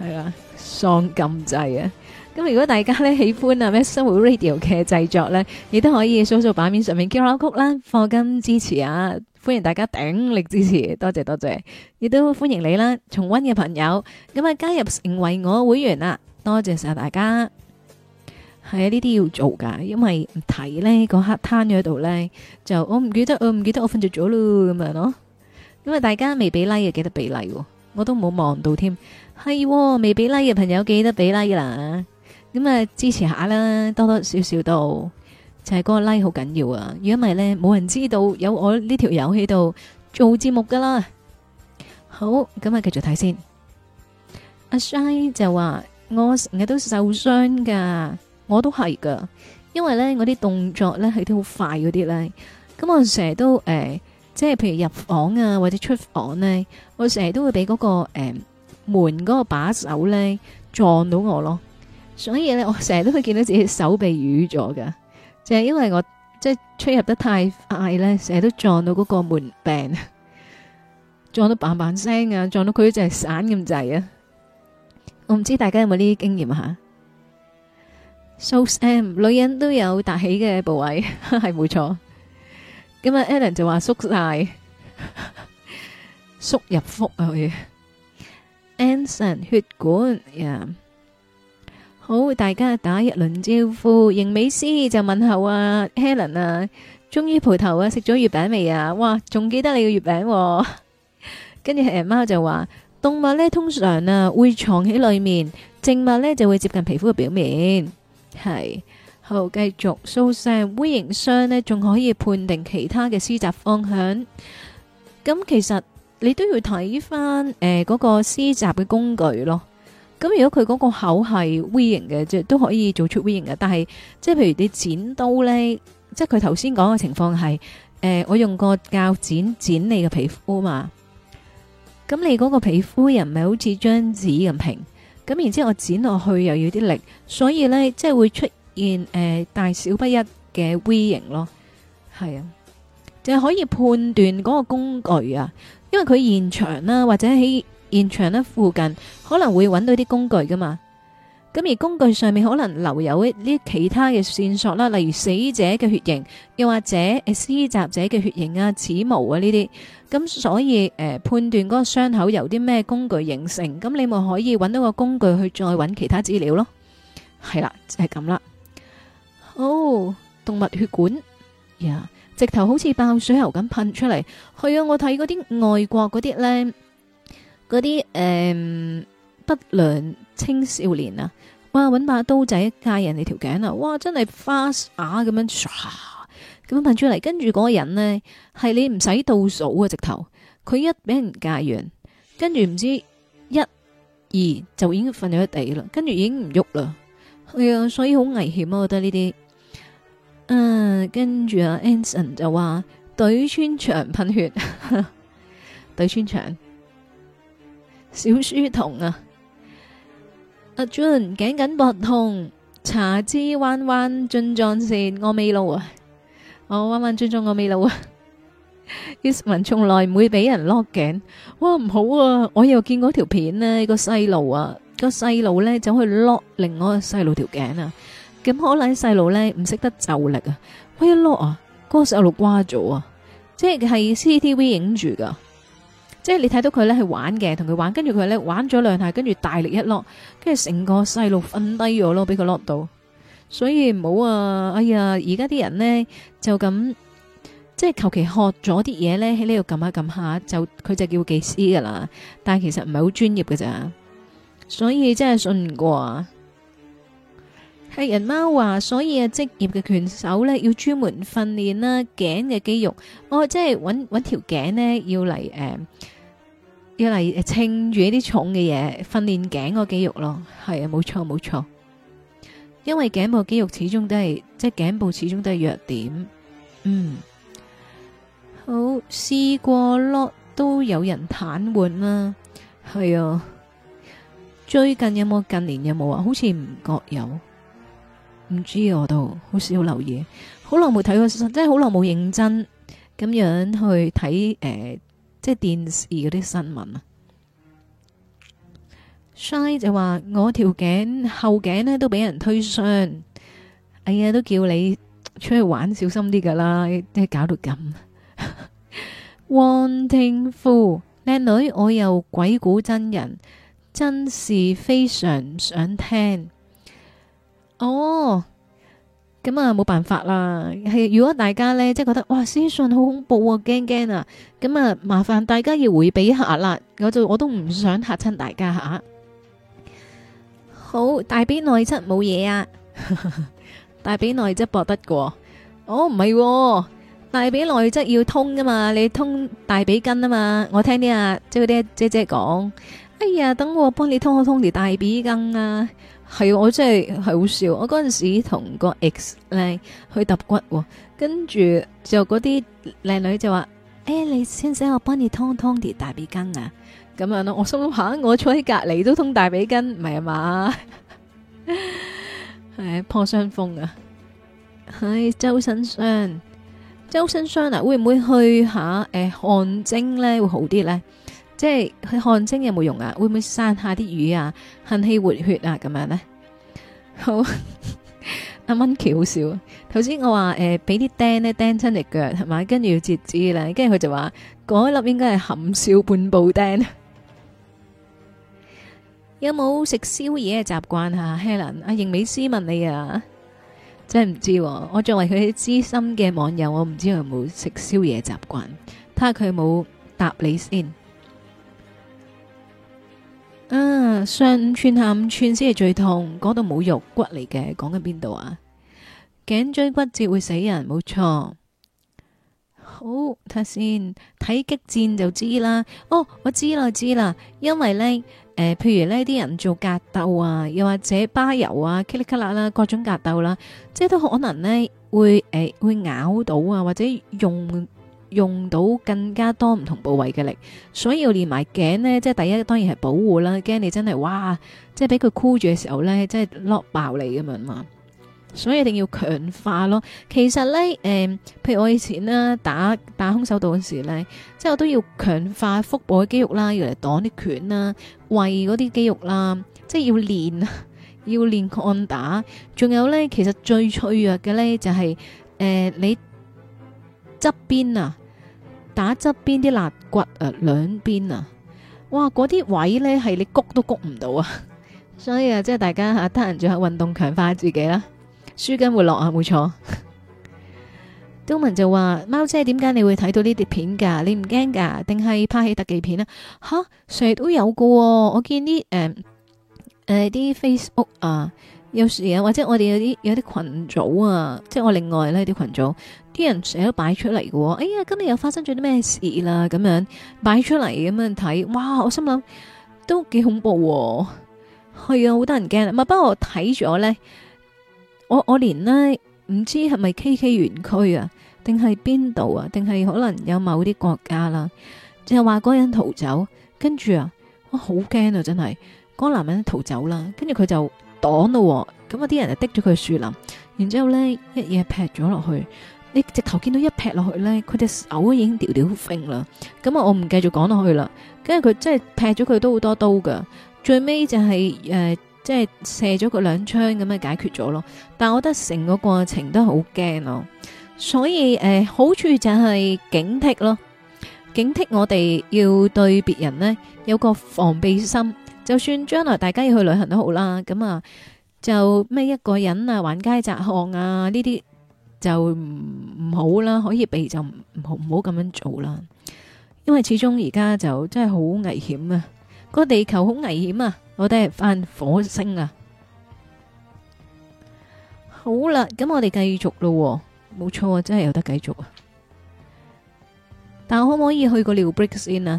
係啊，喪禁制啊！咁如果大家咧喜歡啊喵式生活 Radio 嘅製作咧，亦都可以掃掃版面上面 Q 曲啦，課 金支持啊！歡迎大家鼎力支持，多謝多謝，亦都歡迎你啦，重溫嘅朋友，咁啊加入成為我會員啊！多謝晒大家。係啊，呢啲要做噶，因為唔睇呢個黑攤喺度呢，就我唔記得，我唔記得我瞓着咗咯，咁樣咯。因為大家未俾 like 嘅，記得俾 like，我都冇望到添，係未俾 like 嘅朋友記得俾 like 啦，咁、嗯、啊支持一下啦，多多少少度就係、是、嗰個 like 好緊要啊。如果唔係呢，冇人知道有我呢條友喺度做節目噶啦。好，咁啊繼續睇先。阿 Shy 就話我成日都受傷噶。我都係噶因為咧我啲動作咧係啲好快嗰啲咧，咁我成日都誒、呃，即係譬如入房啊或者出房咧、啊，我成日都會俾嗰、那個誒、呃、門嗰個把手咧撞到我咯，所以咧我成日都會見到自己手臂瘀咗噶，就係、是、因為我即係出入得太快咧，成日都撞到嗰個門柄，撞到板板聲啊，撞到佢就係散咁滯啊，我唔知大家有冇呢啲經驗吓？sauce M 女人都有凸起嘅部位，係冇錯。咁啊，Allen 就話縮晒縮入腹去。Anson 血管，yeah 好，大家打一輪招呼。認美詩就問候啊，Helen 啊，終於蒲頭啊，食咗月餅未啊？哇，仲記得你嘅月餅。跟住，貓就話動物咧，通常啊會藏喺裏面，靜脈咧就會接近皮膚嘅表面。係，好、嗯、繼續收聲。So、v 型傷咧，仲可以判定其他嘅施襲方向。咁其實你都要睇返誒嗰個施襲嘅工具咯。咁如果佢嗰個口係 V 型嘅，即都可以做出 V 型嘅。但係即係譬如你剪刀呢，即係佢頭先講嘅情況係，誒、呃、我用個鉸剪剪你嘅皮膚嘛，咁你嗰個皮膚又唔係好似張紙咁平。咁然之後我剪落去又要啲力，所以咧即係會出現誒、呃、大小不一嘅 V 型咯，係啊，就係、是、可以判斷嗰個工具啊，因為佢現場啦或者喺現場咧附近可能會揾到啲工具㗎嘛。咁而工具上面可能留有一啲其他嘅線索啦，例如死者嘅血型，又或者誒，施襲者嘅血型啊、齒毛啊呢啲。咁所以誒、呃，判斷嗰個傷口由啲咩工具形成，咁你咪可以揾到個工具去再揾其他資料咯。係啦，就係咁啦。哦、oh，動物血管呀，yeah, 直頭好似爆水喉咁噴出嚟。去啊，我睇嗰啲外國嗰啲咧，嗰啲誒不良，青少年啊，哇！搵把刀仔架人哋條頸啊，哇！真係花眼咁、啊、樣刷，咁樣噴出嚟，跟住嗰個人呢，係你唔使倒數啊！直頭，佢一俾人架完，跟住唔知一二就已經瞓咗一地啦，跟住已經唔喐啦。係、哎、啊，所以好危險啊！我覺得呢啲，嗯、啊，跟住啊，Anson 就話對穿腸噴血，對穿腸，小書童啊！阿 Jun 頸緊膊痛，查支彎彎樽狀線我未路啊，我彎彎樽狀我未路啊。Iceman 從來唔會俾人攞頸，哇唔好啊！我又見過條片咧，個細路啊，個細路咧走去攞另個細路條頸啊，咁可能細路咧唔識得就力啊，喂，一攞啊，嗰個細路瓜咗啊，即係 CCTV 影住噶。即係你睇到佢咧係玩嘅，同佢玩，跟住佢咧玩咗兩下，跟住大力一落，跟住成個細路瞓低咗咯，俾佢落度。所以唔好啊，哎呀，而家啲人呢就咁，即係求其學咗啲嘢呢，喺呢度撳下撳下，就佢就叫技師噶啦。但係其實唔係好專業噶咋，所以真係信唔過啊。係人貓話，所以啊，職業嘅拳手呢要專門訓練啦頸嘅肌肉。我、哦、即係搵搵條頸咧要嚟誒。呃一嚟，要嚟稱住一啲重嘅嘢，訓練頸個肌肉咯。係啊，冇錯冇錯。因為頸部肌肉始終都係，即係頸部始終都係弱點。嗯，好試過咯都有人癱瘓啦，係啊。最近有冇近年有冇啊？好似唔覺有，唔知我都好少留意，好耐冇睇過，真係好耐冇認真咁樣去睇誒。即係電視嗰啲新聞啊，Shy 就話我條頸後頸咧都俾人推傷，哎呀，都叫你出去玩小心啲噶啦，即都搞到咁。王庭富靚女，我又鬼古真人，真是非常想聽。哦。咁啊，冇辦法啦。係如果大家咧，即係覺得哇，屍訊好恐怖啊，驚驚啊！咁啊，麻煩大家要回避一下啦。我就我都唔想嚇親大家吓、啊。好大髀內側冇嘢啊！ 大髀內側博得過？哦，唔係、啊，大髀內側要通噶嘛，你通大髀筋啊嘛。我聽啲啊，即係嗰啲姐姐講，哎呀，等我幫你通一通條大髀筋啊！係我真係係好笑，我嗰陣時同個 X 咧去揼骨，跟住就嗰啲靚女就話，誒、欸，你先使我幫你通通啲大髀筋啊！咁樣咯，我心諗下、啊，我坐喺隔籬都通大髀筋，唔係嘛？係、 哎、破傷風啊！係周身傷，周身傷啊！會唔會去下誒、呃、汗蒸咧會好啲咧？即係去汗蒸有冇用啊？會唔會散下啲瘀啊？行氣活血啊，咁樣呢？好阿、 啊、monkey 好笑。頭先我話誒，俾、呃、啲釘呢釘親隻腳係咪？跟住要截肢啦。跟住佢就話嗰粒應該係含笑半步釘。 有冇食宵夜嘅習慣啊？Helen 阿、啊、盈美斯問你啊，真係唔知、啊。我作為佢資深嘅網友，我唔知佢有冇食宵夜嘅習慣。睇下佢有冇答你先。啊，上五寸下五寸先係最痛，嗰度冇肉骨嚟嘅，講緊邊度啊？頸椎骨折會死人，冇錯。好睇先，睇激戰就知啦。哦，我知啦，我知啦，因為呢，誒、呃，譬如呢啲人做格鬥啊，又或者巴油啊，噼里啪啦啦，各種格鬥啦、啊，即係都可能呢，會誒、呃、會咬到啊，或者用。用到更加多唔同部位嘅力，所以要練埋頸呢。即係第一，當然係保護啦，驚你真係哇，即係俾佢箍住嘅時候呢，即係落爆你咁樣嘛，所以一定要強化咯。其實呢，誒、呃，譬如我以前啦，打打空手道嗰時候呢，即係我都要強化腹部嘅肌肉啦，要嚟擋啲拳啦，胃嗰啲肌肉啦，即係要練，要練抗打。仲有呢，其實最脆弱嘅呢就係、是、誒、呃、你。側邊啊，打側邊啲肋骨啊，兩邊啊，哇，嗰啲位置呢係你谷都谷唔到啊！ 所以啊，即係大家吓、啊、得閒做下運動，強化自己啦，舒筋活絡啊，冇錯。 東文就話：貓姐，點解你會睇到呢啲片噶？你唔驚噶？定係拍起特技片啊？吓，成日都有噶、哦，我見啲誒誒啲 Facebook 啊。有時啊，或者我哋有啲有啲群組啊，即係我另外呢啲群組，啲人成日都擺出嚟嘅。哎呀，今日又發生咗啲咩事啦？咁樣擺出嚟咁樣睇，哇！我心諗都幾恐怖，係啊，好得人驚啊。咁啊，不過我睇咗呢，我我連呢唔知係咪 KK 園區啊，定係邊度啊，定係可能有某啲國家啦、啊，就話嗰人逃走，跟住啊，哇，好驚啊！真係嗰男人逃走啦，跟住佢就。擋咯，咁啊啲人就滴咗佢樹林，然之後咧一嘢劈咗落去，你直頭見到一劈落去咧，佢隻手已經掉掉風啦。咁啊，我唔繼續講落去啦。跟住佢即係劈咗佢都好多刀噶，最尾就係誒即係射咗佢兩槍咁樣解決咗咯。但係我覺得成個過程都好驚咯，所以誒、呃、好處就係警惕咯，警惕我哋要對別人呢，有個防備心。就算將來大家要去旅行都好啦，咁啊就咩一個人啊，橫街窄巷啊呢啲就唔好啦，可以避就唔好唔好咁樣做啦。因為始終而家就真係好危險啊，個地球好危險啊，我哋係翻火星啊。好啦，咁我哋繼續咯，冇錯，真係有得繼續啊。但我可唔可以去個尿 break 先啊？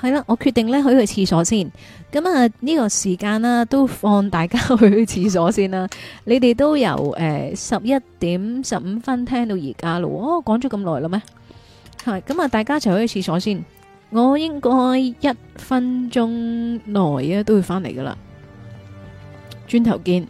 係啦，我決定咧去去廁所先。咁啊，呢個時間啦，都放大家去去廁所先啦。你哋都由誒十一點十五分聽到而家咯，哦，講咗咁耐啦咩？係咁啊，大家一齊去廁所先。我應該一分鐘內都會翻嚟噶啦，轉頭見。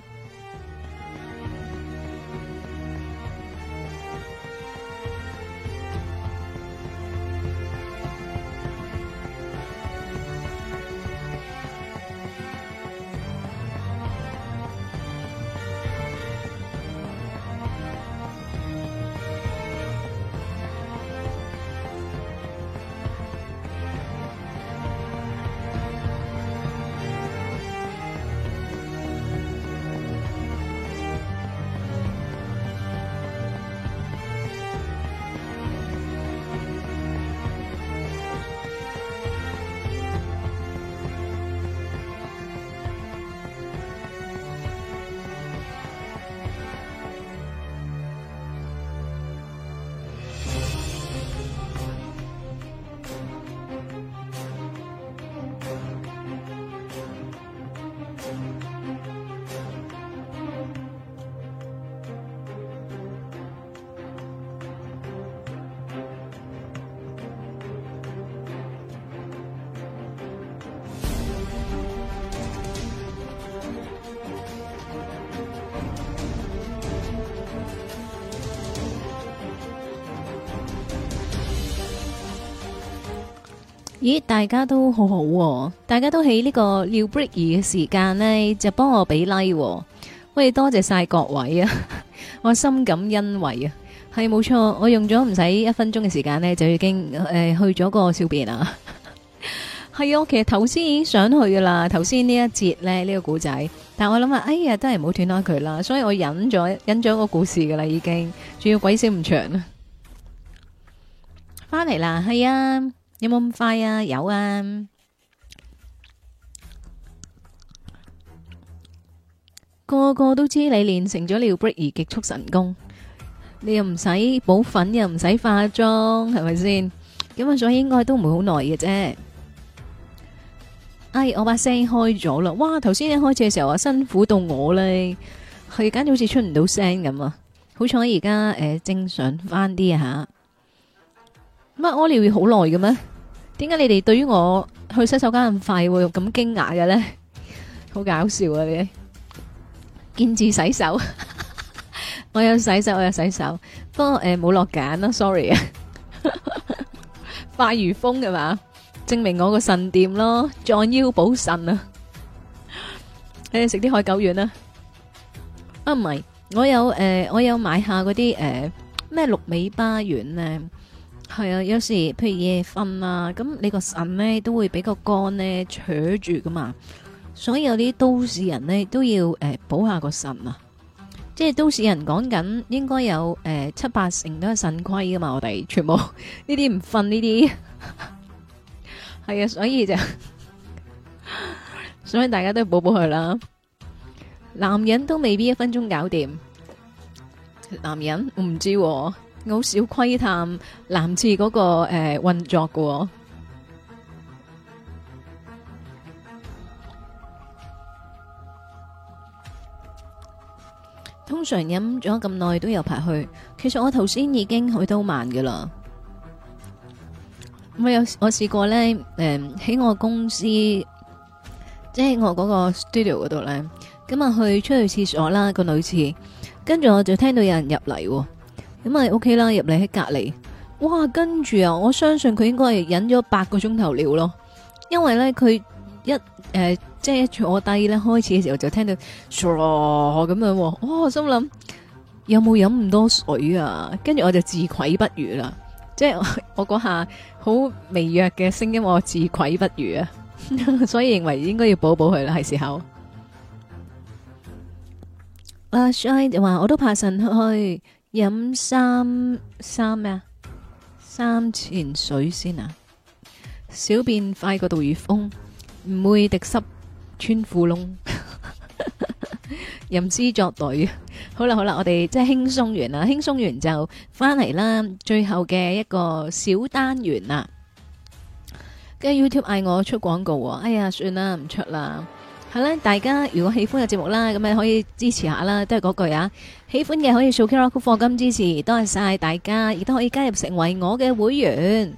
咦，大家都好好、啊，大家都喺呢、這個尿 break 嘅時間呢，就幫我俾 like，、啊、喂，多謝晒各位啊， 我深感欣慰啊，係冇錯，我用咗唔使一分鐘嘅時間呢，就已經誒、呃、去咗個小便啦係 啊，我其實頭先已經想去噶啦，頭先呢一節呢，呢、這個古仔，但係我諗下，哎呀，真係唔好斷開佢啦，所以我忍咗忍咗個故事噶啦，已經，仲要鬼死唔長啊，翻嚟啦，係啊。有冇咁快啊？有啊，個個都知你練成咗尿 break 而極速神功，你又唔使補粉，又唔使化妝，係咪先？咁啊，所以應該都唔會好耐嘅啫。哎，我把聲開咗啦。哇，頭先一開始嘅時候啊，辛苦到我咧，佢簡直好似出唔到聲咁啊！好彩而家誒正常翻啲啊吓。乜屙尿要好耐嘅咩？點解你哋對於我去洗手間咁快會，咁驚訝嘅咧？好搞笑啊！你見字洗手， 我有洗手，我有洗手，不過誒冇落梘啦 sorry 啊。快、呃、 如風嘅嘛，證明我個腎掂咯，壯腰補腎啊！你哋食啲海狗丸啊？啊唔係，我有誒、呃，我有買下嗰啲誒咩鹿尾巴丸呢？係啊，有時譬如夜瞓啊，咁你個腎呢都會比較乾呢，扯住噶嘛。所以有啲都市人呢都要誒補、呃、下個腎啊。即係都市人講緊應該有誒、呃、七八成都係腎虧噶嘛，我哋全部呢啲唔瞓呢啲，係 啊，所以就 所以大家都要補補佢啦。男人都未必一分鐘搞掂，男人唔知，啊。好少窺探男廁嗰、那個誒、呃、運作嘅，通常飲咗咁耐都有排去。其實我頭先已經去得好慢嘅啦。我有我試過咧，誒、呃、喺我公司，即係我嗰個 studio 嗰度呢，噉、嗯、咪去出去廁所啦，個女廁，跟住我就聽到有人入嚟、哦。咁咪 OK 啦，入嚟喺隔離哇！跟住啊，我相信佢應該係忍咗八個鐘頭料咯，因為咧佢一誒即係一坐低咧，開始嘅時候就聽到咁樣，哇！我心諗有冇飲咁多水啊？跟住我就自愧不如啦，即係我嗰下好微弱嘅聲音，我自愧不如啊！ 所以認為應該要補補佢啦，係時候。阿 shine 就話：我都怕神去。飲三三咩啊？三潛水先啊！小便快過杜如風，唔會滴濕穿褲窿。吟 詩作對，好啦好啦，我哋即係輕鬆完啦，輕鬆完就翻嚟啦。最後嘅一個小單元啦，跟住 YouTube 嗌我出廣告，哦，哎呀，算啦，唔出啦。係啦，大家如果喜歡嘅節目啦，咁你可以支持下啦，都係嗰句啊！喜歡嘅可以掃 QR code 課金支持，多謝晒大家，亦都可以加入成為我嘅會員。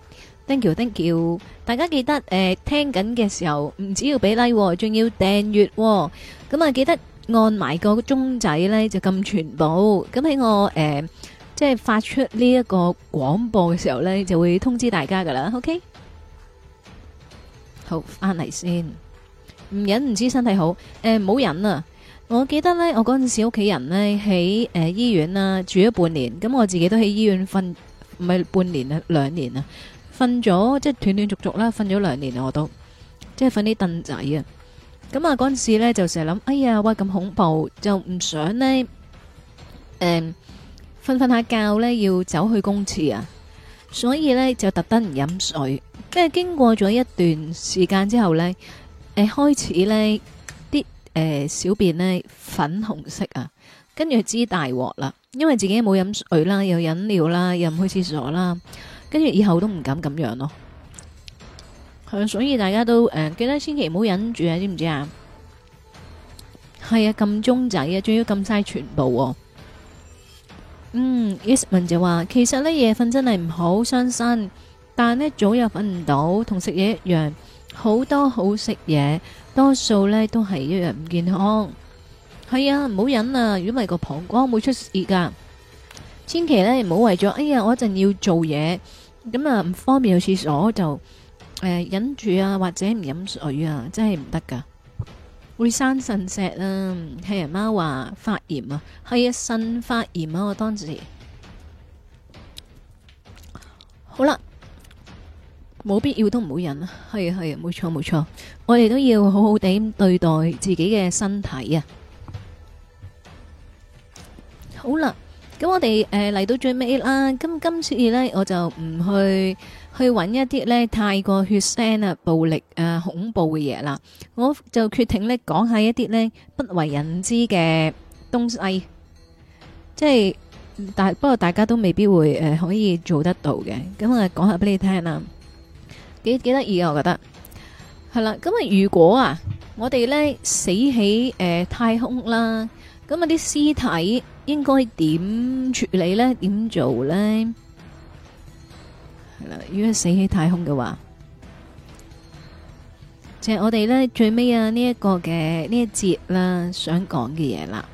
Thank you, thank you. 大家記得誒、呃，聽緊嘅時候唔只要俾 like 喎，仲要訂閱喎。咁啊，記得按埋個鐘仔呢就撳全部。咁喺我誒、呃，即係發出呢一個廣播嘅時候呢，就會通知大家噶啦。OK，好翻嚟先。唔忍唔知身體好誒，冇忍啊！我記得呢，我嗰陣時屋企人呢，喺誒、呃、醫院啦，住咗半年，咁我自己都喺醫院瞓，唔係半年啊，兩年啊，瞓咗即係斷斷續續啦，瞓咗兩年我都即係瞓啲凳仔啊。咁啊，嗰陣時呢就成日諗，哎呀，喂，咁恐怖，就唔想呢，呃，誒瞓瞓下覺呢，要走去公廁啊，所以呢，就特登唔飲水。跟住經過咗一段時間之後呢。誒、呃，開始呢啲誒、呃、小便呢粉紅色啊，跟住，知大鑊啦，因為自己冇飲水啦，又飲料啦，又唔去廁所啦，跟住以後都唔敢咁樣咯。係，所以大家都誒、呃、記得千祈唔好忍住啊，知唔知啊？係啊，㩒鐘仔啊，仲要㩒晒全部。嗯，Isman 就話，其實呢，夜瞓真係唔好傷身，但呢，早又瞓唔到，同食嘢一樣。好多好食嘢，多數呢都係一樣唔健康。係啊，唔好忍啊！如果唔係個膀胱會出事噶。千祈呢唔好為咗，哎呀，我一陣要做嘢，咁啊唔方便去廁所就誒、呃、忍住啊，或者唔飲水啊，真係唔得噶，會生腎石啊。聽阿、啊、媽話發炎啊，係啊腎發炎啊。我當時好啦。冇必要都唔好忍啊！係啊，係啊，冇錯冇錯，我哋都要好好地對待自己嘅身體啊！好啦，咁我哋誒嚟到最尾啦，咁今次呢我就唔去去揾一啲呢太過血腥啊、暴力啊、恐怖嘅嘢啦，我就決定呢講下一啲呢不為人知嘅東西，即係大不過大家都未必會誒可以做得到嘅，咁啊講下俾你聽啦。幾幾得意啊！我覺得係啦，咁啊，如果啊，我哋呢死喺誒太空啦，咁啊啲屍體應該點處理呢？點做呢？係啦，如果死喺太空嘅話，就係我哋呢最尾啊呢一個嘅呢一節啦，想講嘅嘢啦。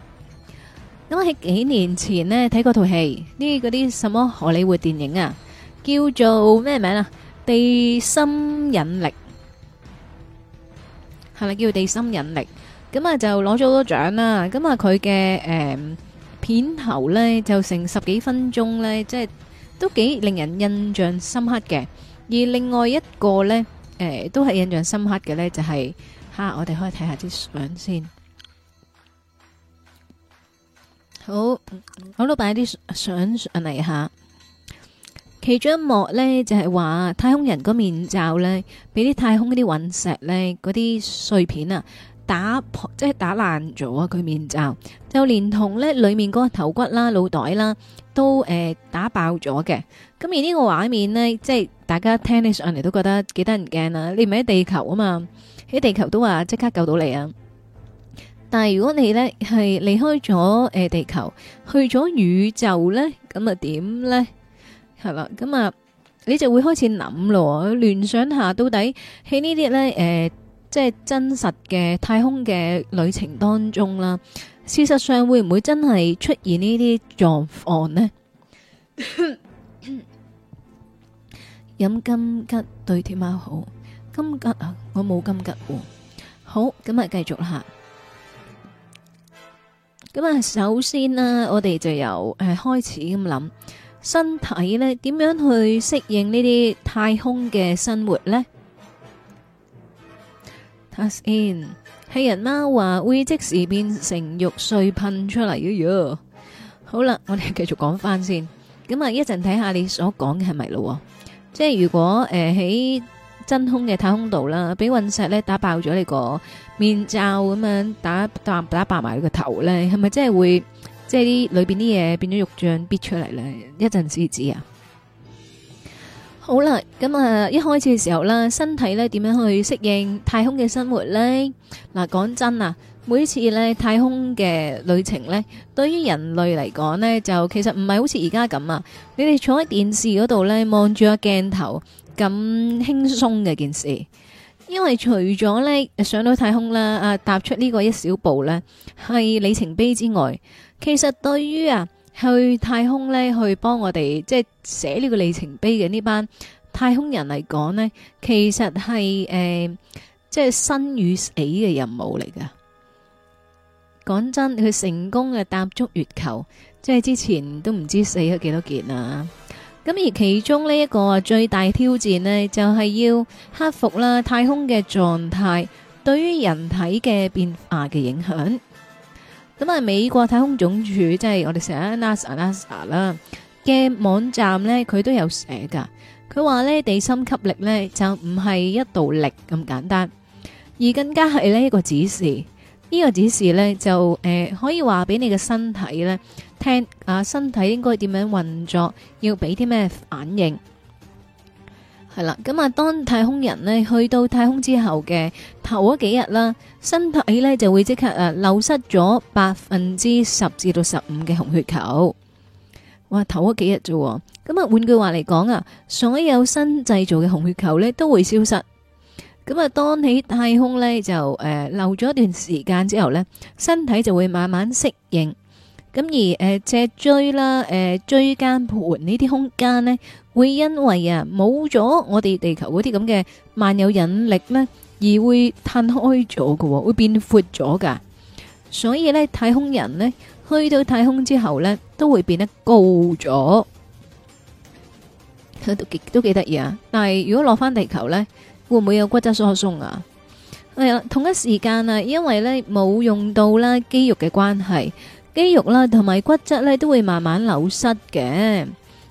咁喺幾年前呢睇過套戲，呢嗰啲什麼荷里活電影啊，叫做咩名啊？地心引力係咪叫地心引力？咁啊就攞咗好多獎啦。咁啊佢嘅誒片頭呢就成十幾分鐘呢，即係都幾令人印象深刻嘅。而另外一個呢，誒都係印象深刻嘅呢，就係吓我哋可以睇下啲相先。好，我都擺啲相上嚟吓。其中一幕呢，就係、是、話太空人個面罩呢，俾啲太空嗰啲隕石呢，嗰啲碎片啊，打破即係打爛咗佢面罩，就連同呢裏面嗰個頭骨啦、腦袋啦，都誒、呃、打爆咗嘅。咁而呢個畫面呢，即係大家聽起上嚟都覺得幾得人驚啊！你唔喺地球啊嘛，喺地球都話即刻救到你啊！但係如果你呢，係離開咗誒地球，去咗宇宙呢，咁啊點呢？係、嗯、啦，咁啊，你就會開始諗咯，聯想下到底喺呢啲呢，誒、呃，即係真實嘅太空嘅旅程當中啦，事實上會唔會真係出現呢啲狀況呢？飲 金桔對天喵好，金桔啊，我冇金桔喎。好，咁、嗯、啊，繼續啦。咁啊，首先咧，我哋就由誒、嗯、開始咁諗。身體咧點樣去適應呢啲太空嘅生活咧？睇下先，係人啦，話會即時變成肉碎噴出嚟。哎呀，好啦，我哋繼續講翻先。咁啊，一陣睇下你所講嘅係咪咯？即係如果誒喺真空嘅太空度啦，俾隕石咧打爆咗呢個面罩咁樣打打打爆埋佢個頭咧，係咪真係會？即係啲裏邊啲嘢變咗肉醬，逼出嚟咧。一陣子止啊，好啦，咁啊，一開始嘅時候啦，身體咧點樣去適應太空嘅生活咧？嗱，講真啊，每次咧太空嘅旅程咧，對於人類嚟講咧，就其實唔係好似而家咁啊。你哋坐喺電視嗰度咧，望住個鏡頭咁輕鬆嘅件事，因為除咗咧上到太空啦，啊踏出呢個一小步咧，係里程碑之外。其實對於啊去太空咧，去幫我哋即係寫呢個里程碑嘅呢班太空人嚟講呢，其實係誒即係生與死嘅任務嚟噶講真，佢成功嘅踏足月球，即係之前都唔知死咗幾多件啊。咁而其中呢一個最大挑戰呢，就係要克服啦太空嘅狀態對於人體嘅變化嘅影響。咁啊，美國太空總署即係、就是、我哋成日 NASA、NASA 啦嘅網站咧，佢都有寫㗎。佢話咧，地心吸力咧就唔係一道力咁簡單，而更加係呢一個指示。呢、這個指示咧就誒、呃、可以話俾你嘅身體咧聽，啊身體應該點樣運作，要俾啲咩反應。係啦，咁啊，當太空人咧去到太空之後嘅頭嗰幾日啦，身體咧就會即刻誒流失咗百分之十至到十五嘅紅血球。哇，頭嗰幾日啫，咁啊，換句話嚟講啊，所有新製造嘅紅血球咧都會消失。咁啊，當你太空呢，就誒流咗一段時間之後呢，身體就會慢慢適應。咁而誒，脊椎啦，誒，椎、呃、間盤呢啲空間呢，會因為啊冇咗我哋地球嗰啲咁嘅萬有引力呢，而會褪開咗嘅，會變闊咗噶。所以呢，太空人呢，去到太空之後呢，都會變得高咗，都都幾得意啊。但係如果落翻地球呢，會唔會有骨質疏鬆啊？係、哎、啊，同一時間啊，因為呢冇用到啦肌肉嘅關係。肌肉啦，同埋骨質咧，都會慢慢流失嘅。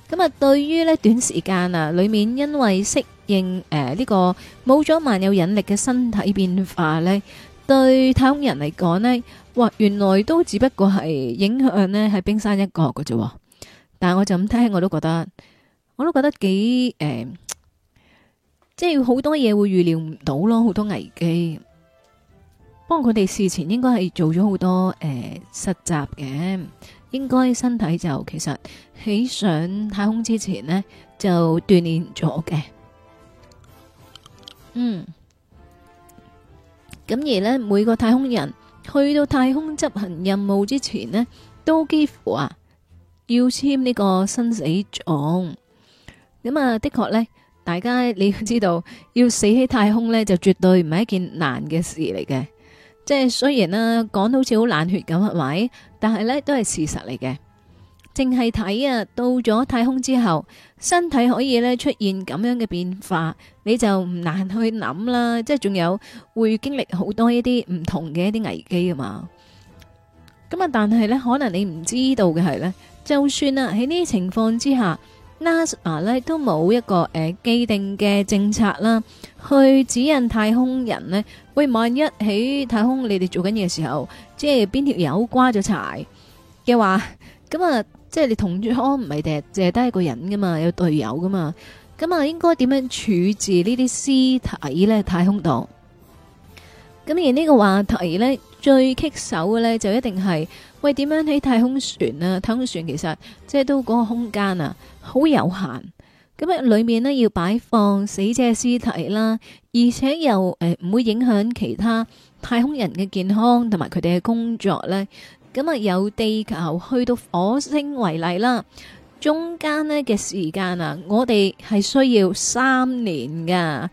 咁啊，對於咧短時間啊，裏面因為適應誒呢個冇咗萬有引力嘅身體變化咧，對太空人嚟講咧，哇，原來都只不過係影響咧係冰山一角嘅啫。但係我就咁聽，我都覺得，我都覺得幾誒，即係好多嘢會預料唔到咯，好多危機。不過佢哋事前應該係做咗好多誒、呃、實習嘅，應該身體就其實起上太空之前呢，就鍛煉咗嘅。嗯，咁而呢，每個太空人去到太空執行任務之前呢，都幾乎啊要簽呢個生死狀。咁啊，的確呢，大家你要知道，要死喺太空呢，就絕對唔係一件難嘅事嚟嘅。即係雖然咧講到好似好冷血咁，係咪？但係咧都係事實嚟嘅。淨係睇啊，到咗太空之後，身體可以咧出現咁樣嘅變化，你就唔難去諗啦。即係仲有會經歷好多一啲唔同嘅一啲危機㗎嘛。咁啊，但係咧可能你唔知道嘅係咧，就算啊喺呢啲情況之下。NASA 咧都冇一個誒既定嘅政策啦，去指引太空人呢喂，萬一喺太空你哋做緊嘢時候，即係邊條友瓜咗柴嘅話，咁啊，即係你同桌唔係淨係淨得一個人噶嘛，有隊友噶嘛，咁啊，應該點樣處置屍呢啲屍體咧？太空度？咁而呢個話題咧，最棘手嘅，咧就一定係喂，點樣喺太空船啊，太空船其實即係都嗰個空間啊好有限，咁啊裏面咧要擺放死者屍體啦，而且又誒唔會影響其他太空人嘅健康同埋佢哋嘅工作咧。咁啊由地球去到火星為例啦，中間咧嘅時間啊，我哋係需要三年噶。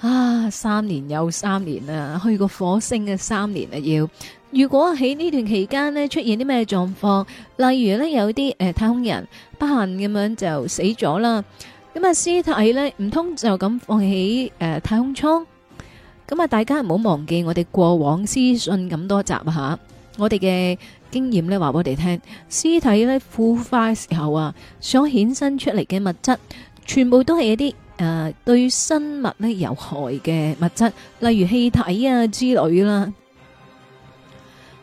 啊，三年又三年啊，去個火星嘅三年啊，要如果喺呢段期間呢，出現啲咩狀況，例如呢，有啲誒、呃、太空人不幸咁樣就死咗啦，咁啊屍體呢，唔通就咁放喺誒、呃、太空艙，咁啊大家唔好忘記我哋過往屍訊咁多集啊，吓我哋嘅經驗呢話俾我哋聽屍體呢，腐化時候啊所衍生出嚟嘅物質，全部都係一啲。誒、啊，對於生物呢有害嘅物質，例如氣體啊之類啦。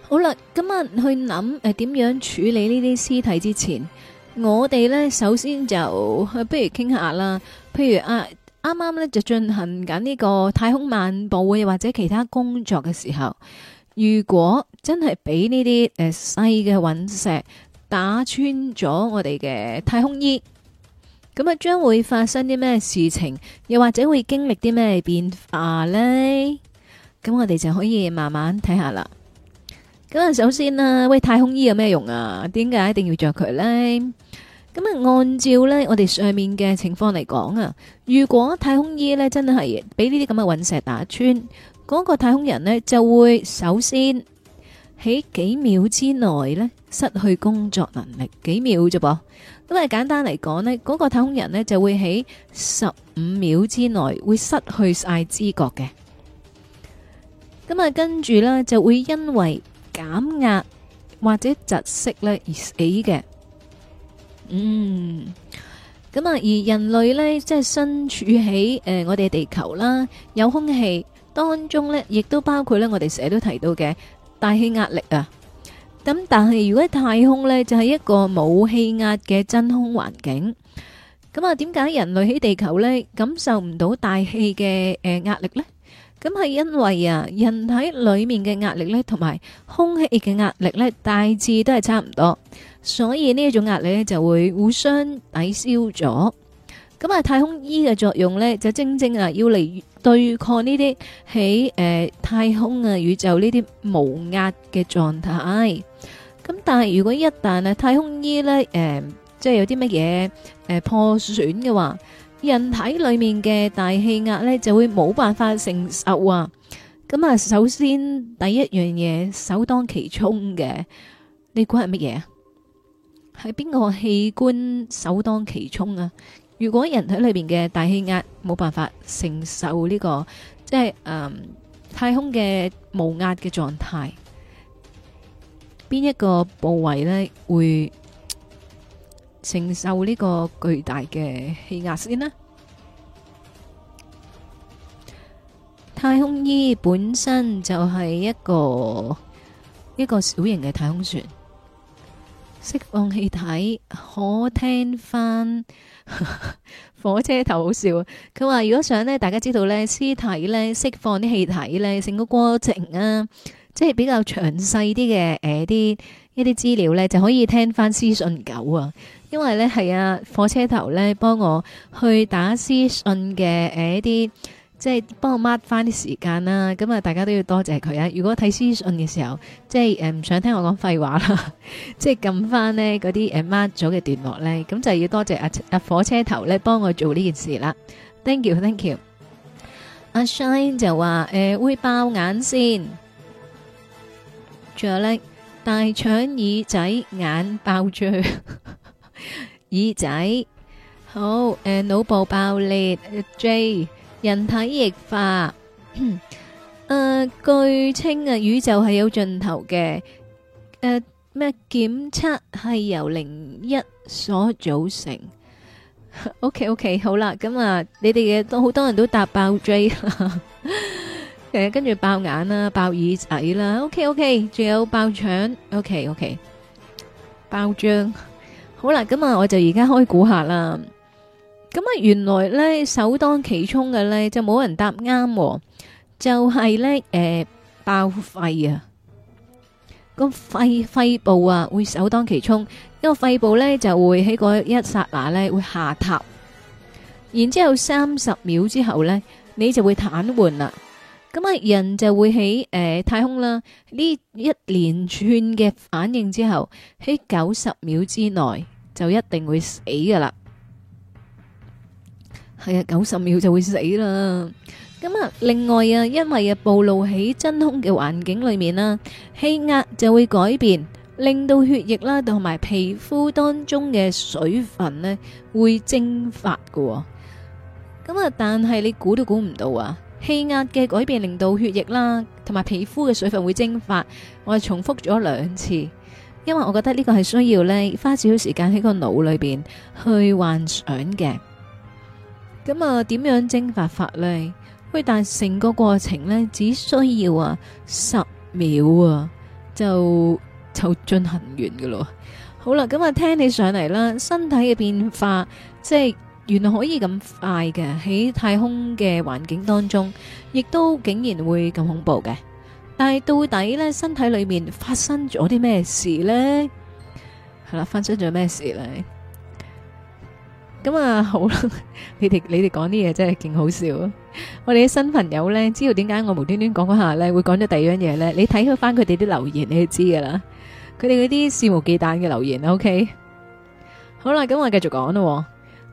好啦，咁去諗誒，點、呃、樣處理呢啲屍體之前，我哋呢首先就、啊、不如傾下啦。譬如啊，啱啱呢就進行緊呢個太空漫步會或者其他工作嘅時候，如果真係俾呢啲誒細嘅隕石打穿咗我哋嘅太空衣。咁啊，將會發生啲咩事情？又或者會經歷啲咩變化呢？咁我哋就可以慢慢睇下啦。咁啊，首先啊，喂，太空衣有咩用啊？點解一定要着佢呢？咁啊，按照呢我哋上面嘅情況嚟講啊，如果太空衣呢真係俾呢啲咁嘅隕石打穿，嗰個太空人呢就會首先喺幾秒之內呢失去工作能力，幾秒啫噃。因為簡單嚟講呢，嗰個太空人呢就會喺十五秒之內會失去晒知覺嘅。咁啊，跟住呢，就會因為減壓或者窒息呢而死嘅。嗯，咁啊，而人類呢，即係身處喺誒我哋地球啦，有空氣當中呢，亦都包括呢我哋成日都提到嘅大氣壓力啊。咁但係如果太空呢就係一個冇氣壓嘅真空環境，咁啊點解人類喺地球呢感受唔到大氣嘅誒壓力呢？咁係因為啊人體裏面嘅壓力呢同埋空氣嘅壓力呢大致都係差唔多，所以呢一種壓力呢就會互相抵消咗。咁啊，太空衣嘅作用咧，就正正啊，要嚟對抗呢啲喺誒太空啊宇宙呢啲無壓嘅狀態。咁但係如果一旦啊太空衣咧誒，即係有啲乜嘢誒破損嘅話，人體裏面嘅大氣壓咧就會冇辦法承受啊。咁啊，首先第一樣嘢首當其衝嘅，你估係乜嘢啊？係邊個器官首當其衝啊？如果人體裏邊嘅大氣壓冇辦法承受呢個，即係誒太空嘅無壓嘅狀態，邊一個部位呢會承受呢個巨大嘅氣壓先呢？太空衣本身就係一個一個小型嘅太空船，釋放氣體，可聽翻。 火車頭好笑，佢話如果想咧，大家知道咧，屍體咧釋放啲氣體咧成個過程啊，即係比較詳細啲嘅誒啲一啲資、呃、料咧，就可以聽翻屍訊九啊，因為咧係啊火車頭咧幫我去打屍訊嘅誒啲。呃即係幫我 mark 翻啲時間啦，咁啊大家都要多謝佢啊！如果睇私信嘅時候，即係誒唔想聽我講廢話啦，即係撳翻呢嗰啲誒 mark 咗嘅段落咧，咁就要多謝阿阿火車頭咧幫我做呢件事啦，Thank you, thank you。阿 Shine 就話誒、呃、會爆眼先。仲有咧大腸耳仔眼爆脹， 耳仔好誒腦、呃、部爆裂，J。Jay 人體液化，誒，據稱啊，宇宙係有盡頭嘅，誒，咩檢測係由零一所組成？OK，OK，好啦，咁啊，你哋嘅都好多人都答爆 J，誒，跟住爆眼啦，爆耳仔啦，OK，OK，仲有爆腸，OK，OK，爆漿，好啦，咁啊，我就而家開估下啦。咁啊，原來咧首當其衝嘅咧就冇人答啱，就係咧誒，爆肺啊！個肺肺部啊會首當其衝，因為肺部咧就會喺嗰一剎那咧會下塌，然之後三十秒之後咧你就會癱瘓啦。咁啊，人就會喺誒太空啦呢一連串嘅反應之後，喺九十秒之內就一定會死噶啦。係啊，九十秒就會死啦。咁啊，另外啊，因為啊，暴露喺真空嘅環境裏面啦，氣壓就會改變，令到血液啦同埋皮膚當中嘅水分呢會蒸發㗎。咁啊，但係你估都估唔到啊，氣壓嘅改變令到血液啦同埋皮膚嘅水分會蒸發。我係重複咗兩次，因為我覺得呢個係需要呢花少少時間喺個腦裏邊去幻想嘅。咁啊，點樣蒸發法呢？喂，但成個過程呢，只需要啊十秒啊，就就進行完㗎咯。好啦，咁、嗯、啊，聽起上嚟啦，身體嘅變化，即係原來可以咁快嘅。喺太空嘅環境當中，亦都竟然會咁恐怖嘅。但係到底呢，身體裏面發生咗啲咩事呢？係啦，發生咗咩事呢？咁啊，好啦，你哋你哋講啲嘢真係勁好笑。我哋啲新朋友呢，知道點解我無端端講嗰下呢，會講咗第二樣嘢呢？你睇佢翻佢哋啲留言，你就知㗎喇。佢哋嗰啲肆無忌憚嘅留言，OK。好啦，咁我繼續講咯。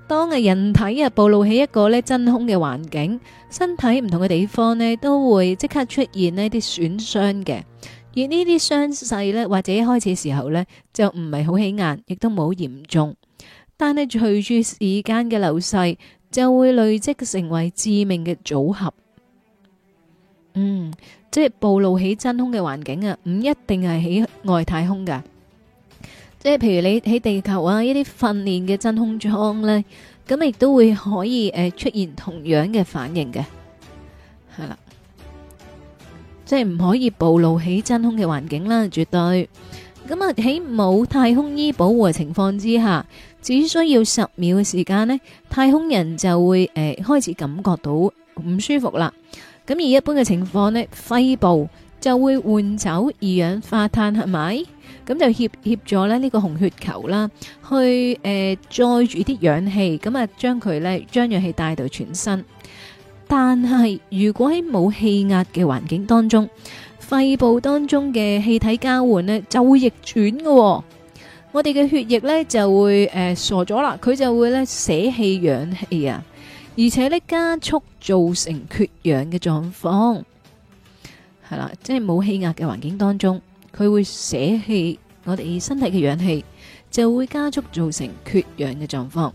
當係人體啊暴露喺一個呢真空嘅環境，身體唔同嘅地方呢都會即刻出現呢啲損傷嘅。而呢啲傷勢呢，或者開始時候呢就唔係好起眼，亦都冇嚴重。但係隨住時間嘅流逝，就會累積成為致命嘅組合。嗯，即係暴露喺真空嘅環境啊，唔一定係喺外太空㗎。即係譬如你喺地球啊，呢啲訓練嘅真空艙呢，咁亦都會可以誒、呃、出現同樣嘅反應嘅。係啦，即係唔可以暴露喺真空嘅環境啦，絕對。咁啊，喺冇太空衣保護嘅情況之下，只需要十秒嘅時間咧，太空人就會誒，開始感覺到唔舒服啦。咁而一般嘅情況咧，肺部就會換走二氧化碳，係咪？咁就協協助咧呢個紅血球啦，去誒載住啲氧氣，咁啊將佢咧將氧氣帶到全身。但係如果喺冇氣壓嘅環境當中，肺部當中嘅氣體交換咧就會逆轉㗎。我哋嘅血液呢，就會誒、呃、傻咗啦，佢就會呢，捨棄氧氣啊，而且呢，加速造成缺氧嘅狀況，係啦，即係冇氣壓嘅環境當中，佢會捨棄我哋身體嘅氧氣，就會加速造成缺氧嘅狀況。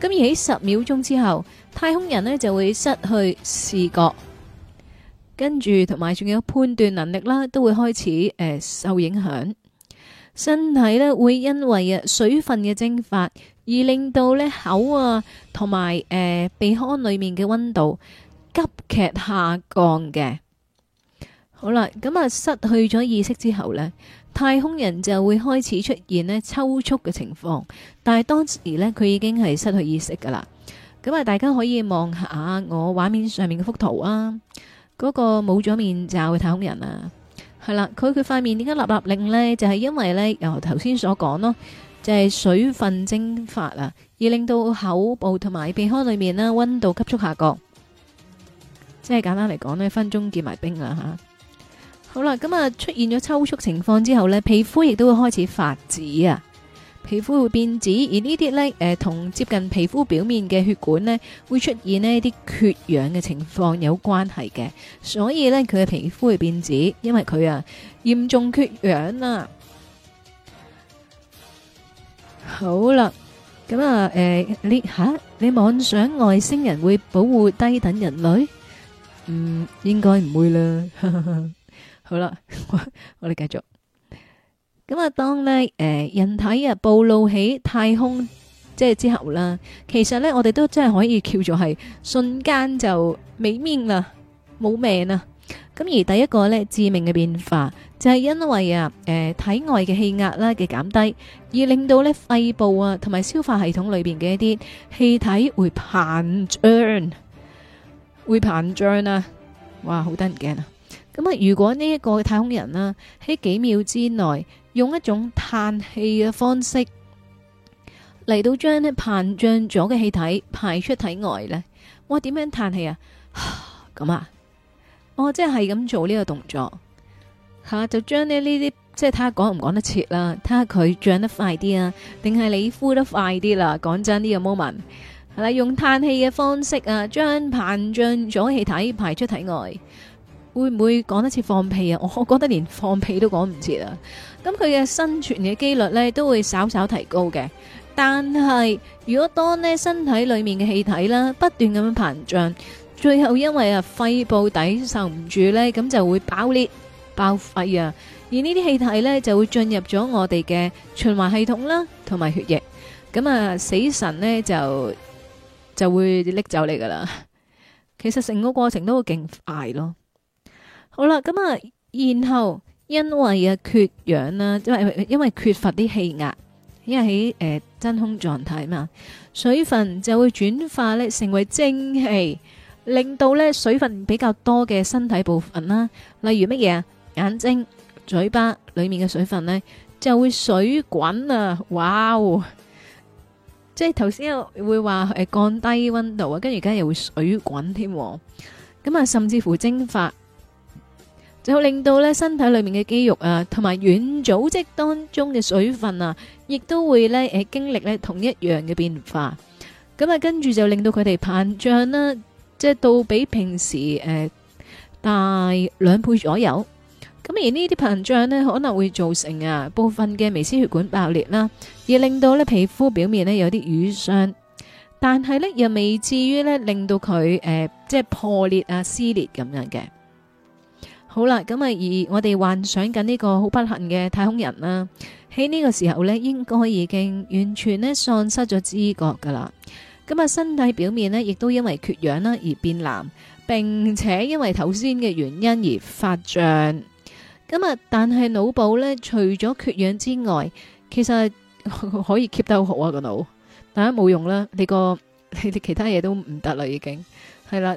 咁而喺十秒鐘之後，太空人呢，就會失去視覺，跟住同埋仲有判斷能力啦，都會開始誒、呃、受影響。身體咧，會因為啊水分嘅蒸發而令到咧，口啊同埋誒鼻腔裏面嘅溫度急劇下降嘅。好啦，咁、嗯、啊失去咗意識之後呢，太空人就會開始出現咧，抽搐嘅情況，但係當時咧，佢已經係失去意識噶啦。咁、嗯、啊、嗯，大家可以望下我畫面上面嘅幅圖啊，嗰、那個冇咗面罩嘅太空人啊。係啦，佢佢塊面點解立立令呢？就係因為呢，由頭先所講咯，就係水分蒸發啊，而令到口部同埋鼻腔裏面呢溫度急速下降，即係簡單嚟講，一分鐘結埋冰啦吓。好啦，咁啊出現咗抽搐情況之後呢，皮膚亦都會開始發紫啊。皮膚會變紫，而呢啲咧，誒、呃，同接近皮膚表面嘅血管呢，會出現呢啲缺氧嘅情況有關係嘅，所以咧，佢嘅皮膚會變紫，因為佢啊嚴重缺氧啦、啊。好啦，咁、嗯、啊，誒，你吓你妄想外星人會保護低等人類？嗯，應該唔會啦。好啦，我我哋繼續。咁啊，當咧誒，人體啊暴露喺太空即係之後啦，其實咧我哋都真係可以叫做係瞬間就萎面啦，冇命啦。咁而第一個咧致命嘅變化就係因為啊，誒體外嘅氣壓啦嘅減低，而令到咧肺部啊同埋消化系統裏面嘅一啲氣體會膨脹，會膨脹啊！哇，好得人驚啊！咁啊，如果呢一個太空人啦喺幾秒之內，用一種嘆氣嘅方式嚟到將咧膨脹咗嘅氣體排出體外咧。我點樣嘆氣啊？咁、哦、啊？我即係咁做呢個動作吓、啊，就將咧呢啲即係睇下講唔講得切啦。睇下佢脹得快啲啊，定係你呼得快啲啦。講真呢、呢個 moment 係啦、啊，用嘆氣嘅方式啊，將膨脹咗嘅氣體排出體外，會唔會講得切？放屁啊？我我覺得連放屁都講唔切啊！咁佢嘅生存嘅幾率呢都會稍稍提高嘅，但係如果當呢身體裏面嘅氣體啦不斷咁樣膨脹，最後因為啊肺部抵受唔住呢，咁就會爆裂，爆肺啊，而呢啲氣體呢就會進入咗我哋嘅循環系統啦，同埋血液，咁啊死神呢就就會拎走你噶啦，其實成個過程都會勁快咯，好啦，咁啊然後。因為啊缺氧啦、啊，因為因為缺乏啲氣壓，因為喺誒、呃、真空狀態嘛，水分就會轉化咧成為蒸氣，令到咧水分比較多嘅身體部分啦、啊，例如乜嘢啊眼睛、嘴巴裏面嘅水分咧就會水滾啊！哇、哦、即係頭先會話誒、呃、降低温度啊，跟住而家又會水滾添，咁、嗯、啊甚至乎蒸發。就令到咧身體裏面嘅肌肉啊，同埋軟組織當中嘅水分啊，亦都會咧誒經歷咧同一樣嘅變化。咁啊，跟住就令到佢哋膨脹啦，即係到比平時誒、呃、大兩倍左右。咁而呢啲膨脹呢，可能會造成啊部分嘅微絲血管爆裂啦，而令到咧皮膚表面咧有啲瘀傷。但係呢，又未至於令到佢誒、呃、即係破裂啊撕裂咁樣嘅。好啦，咁啊，而我哋幻想緊呢個好不幸嘅太空人啦，喺呢個時候呢，應該已經完全呢喪失咗知覺噶啦。咁啊，身體表面呢，亦都因為缺氧啦而變藍，並且因為頭先嘅原因而發脹。咁啊，但係腦部呢，除咗缺氧之外，其實可以 keep 得好好啊個腦，但係冇用啦，你個你哋其他嘢都唔得啦，已經係啦。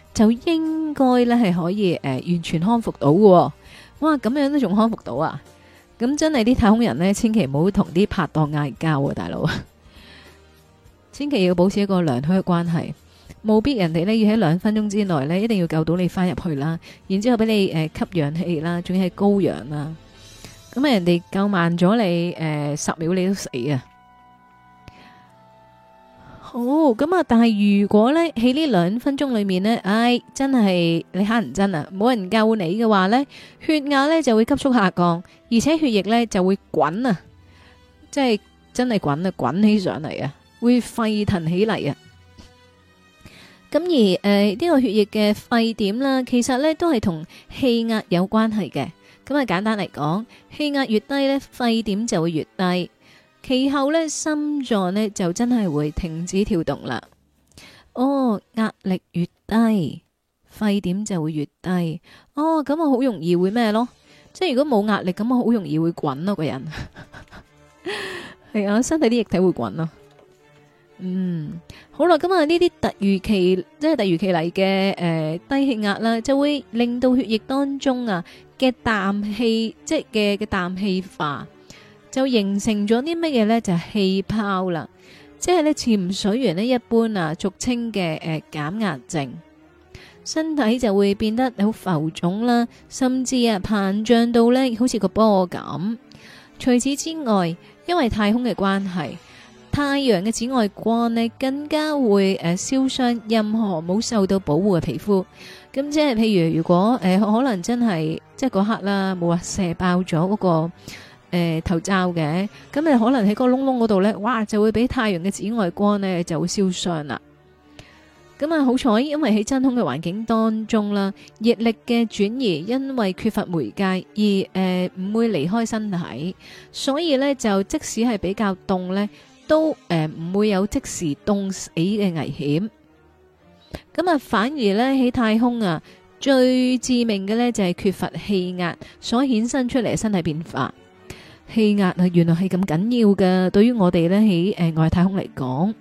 就應該咧係可以誒、呃、完全康復到嘅。哦，哇咁樣都仲康復到啊！咁真係啲太空人呢，千祈唔好同啲拍檔嗌交啊，大佬！ 千祈要保持一個良好嘅關係，務必人哋呢要喺兩分鐘之內呢一定要救到你翻入去啦，然之後俾你誒、呃、吸氧氣啦，仲要係高氧啦。咁啊人哋救慢咗你誒十、呃、秒你都死啊！哦，咁啊！但係如果咧喺呢在這兩分鐘裏面呢，唉、哎，真係你乞人憎啊！冇人救你嘅話呢，血壓呢就會急速下降，而且血液呢就會滾啊，即係真係滾啊，滾起上嚟啊，會沸騰起嚟啊！咁而誒呢、呃這個血液嘅沸點啦，其實呢都係同氣壓有關係嘅。咁啊，簡單嚟講，氣壓越低呢，沸點就會越低。其後咧，心臟咧就真係會停止跳動啦。哦，壓力越低，沸點就會越低。哦，咁咪好容易會咩？咯即係如果冇壓力，咁咪好容易會滾咯，個人係啊，身體啲液體會滾咯。嗯，好啦，咁咪呢啲突如其來，即係突如其來嘅誒低氣壓啦，就會令到血液當中啊嘅氮氣，即係嘅嘅氮氣化。就形成咗啲乜嘢咧？就係氣泡啦，即係咧潛水員咧一般啊，俗稱嘅誒減壓症，身體就會變得好浮腫啦，甚至啊膨脹到咧好似個波咁。除此之外，因為太空嘅關係，太陽嘅紫外光咧更加會誒燒傷任何冇受到保護嘅皮膚。咁即係譬如如果誒可能真係即係嗰刻啦，冇話射爆咗嗰個。誒，頭罩嘅咁，你可能喺嗰個窿窿嗰度咧，哇，就會俾太陽嘅紫外光咧，就會燒傷啦。咁啊，好彩，因為喺真空嘅環境當中啦，熱力嘅轉移，因為缺乏媒介而誒唔會離開身體，所以咧就即使係比較凍咧，都誒唔會有即時凍死嘅危險。咁啊，反而咧喺太空啊，最致命嘅咧就係缺乏氣壓所衍生出嚟嘅身體變化。氣壓啊，原來係咁緊要㗎。對於我哋咧，喺誒外太空嚟講，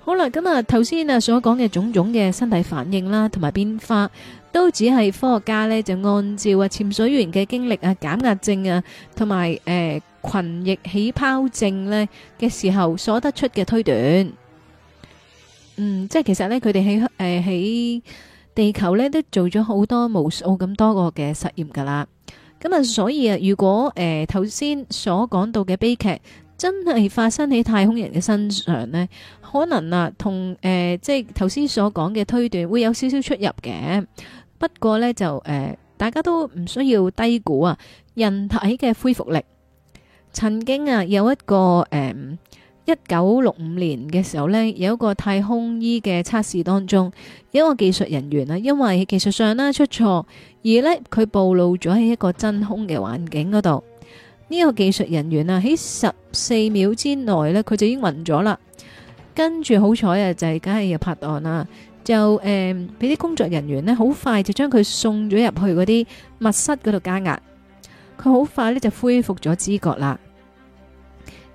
好啦，咁啊頭先啊所講嘅種種嘅身體反應啦，同埋變化，都只係科學家咧就按照啊潛水員嘅經歷啊減壓症啊，同埋誒群液起泡症咧嘅時候所得出嘅推斷。嗯，即係其實咧，佢哋喺誒喺地球咧都做咗好多無數咁多個嘅實驗噶啦。咁啊，所以啊，如果誒頭先所講到嘅悲劇真係發生喺太空人嘅身上呢，可能啊同誒、呃、即係頭先所講嘅推斷會有少少出入嘅。不過呢，就誒、呃，大家都唔需要低估啊人體嘅恢復力。曾經啊有一個誒。呃一九六五年嘅時候呢，有一個太空衣嘅測試當中，有一個技術人員啊，因為技術上咧出錯，而呢佢暴露咗喺一個真空嘅環境嗰度。呢、這個技術人員啊，喺十四秒之內呢，佢就已經暈咗啦。跟住好彩啊，就係梗係有拍檔啦，就誒俾啲工作人員呢，好快就將佢送咗入去嗰啲密室嗰度加壓。佢好快呢，就恢復咗知覺啦。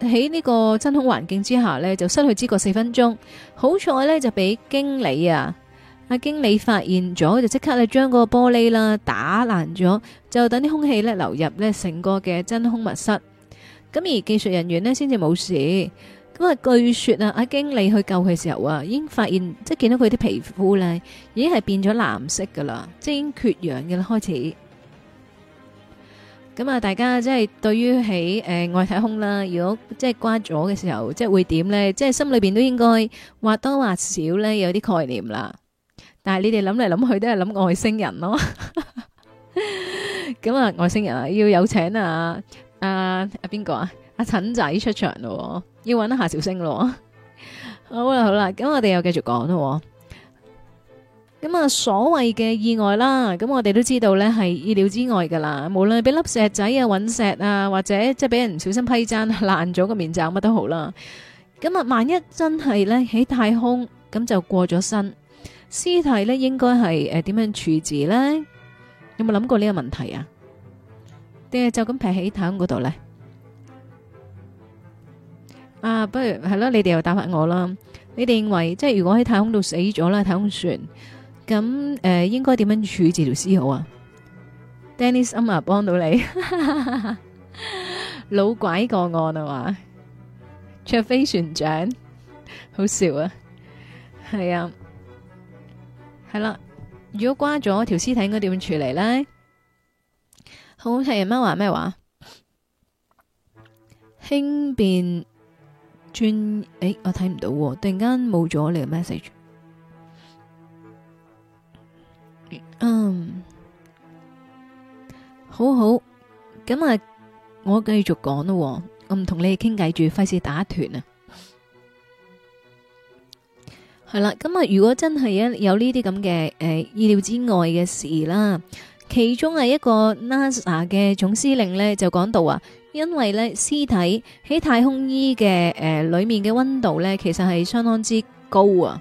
喺呢個真空環境之下呢，就失去知覺四分鐘，好彩呢，就俾經理啊，阿經理發現咗就即刻咧將個玻璃啦打爛咗，就等啲空氣咧流入呢成個嘅真空密室。咁而技術人員呢，先至冇事。咁啊，據說啊，阿經理去救佢嘅時候啊，已經發現即係見到佢啲皮膚呢，已經係變咗藍色噶啦，即係已經缺氧嘅開始。咁啊，大家即係對於喺誒外太空啦，如果即係瓜咗嘅時候，即係會點咧？即係心裡面都應該或多或少咧有啲概念啦。但係你哋諗嚟諗去都係諗外星人咯。咁啊，外星人要有請啊，阿阿邊個啊？阿陳仔出場咯，要搵一下小星咯。好啦好啦，咁我哋又繼續講咯。咁啊，所謂嘅意外啦，咁我哋都知道呢係意料之外噶啦。無論俾粒石仔啊、隕石啊，或者即係俾人唔小心批踭爛咗個面罩乜都好啦。咁啊，萬一真係呢，喺太空，咁就過咗身，屍體呢應該係誒點樣處置呢？有冇諗過呢個問題啊？定係就咁劈喺太空嗰度呢？啊，不如係咯，你哋又打發我啦。你哋認為即係如果喺太空度死咗啦，太空船？咁誒、呃，應該點樣處置條屍好啊？Dennis e m m 幫到你 老鬼個案啊嘛，卓飛船長，好笑啊，係啊，係啦、啊。如果瓜咗條屍體，應該點樣處理咧？好好聽阿媽話咩話？輕便轉誒、欸，我睇唔到、啊，突然間冇咗你嘅 message。嗯、um，好好，咁啊，我繼續講咯、哦，我唔同你哋傾偈住，費事打斷啊。係 啦，咁啊，如果真係有有呢啲咁嘅誒意料之外嘅事啦，其中係一個 NASA 嘅總司令呢，就講到啊，因為呢屍體喺太空衣嘅誒、呃、裏面嘅温度呢，其實係相當之高啊。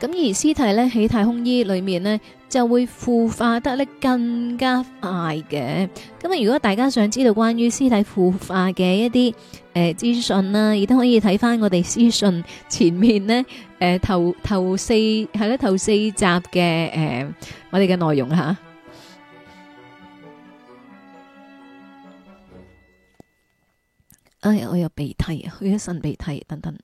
咁而屍體咧喺太空衣裏面咧就會腐化得咧更加快嘅。咁啊，如果大家想知道關於屍體腐化嘅一啲誒、呃、資訊啦，亦都可以睇翻我哋屍訊前面咧誒、呃、頭頭四係啦頭四集嘅誒、呃、我哋嘅內容嚇。哎，我有鼻涕，去一陣鼻涕等等。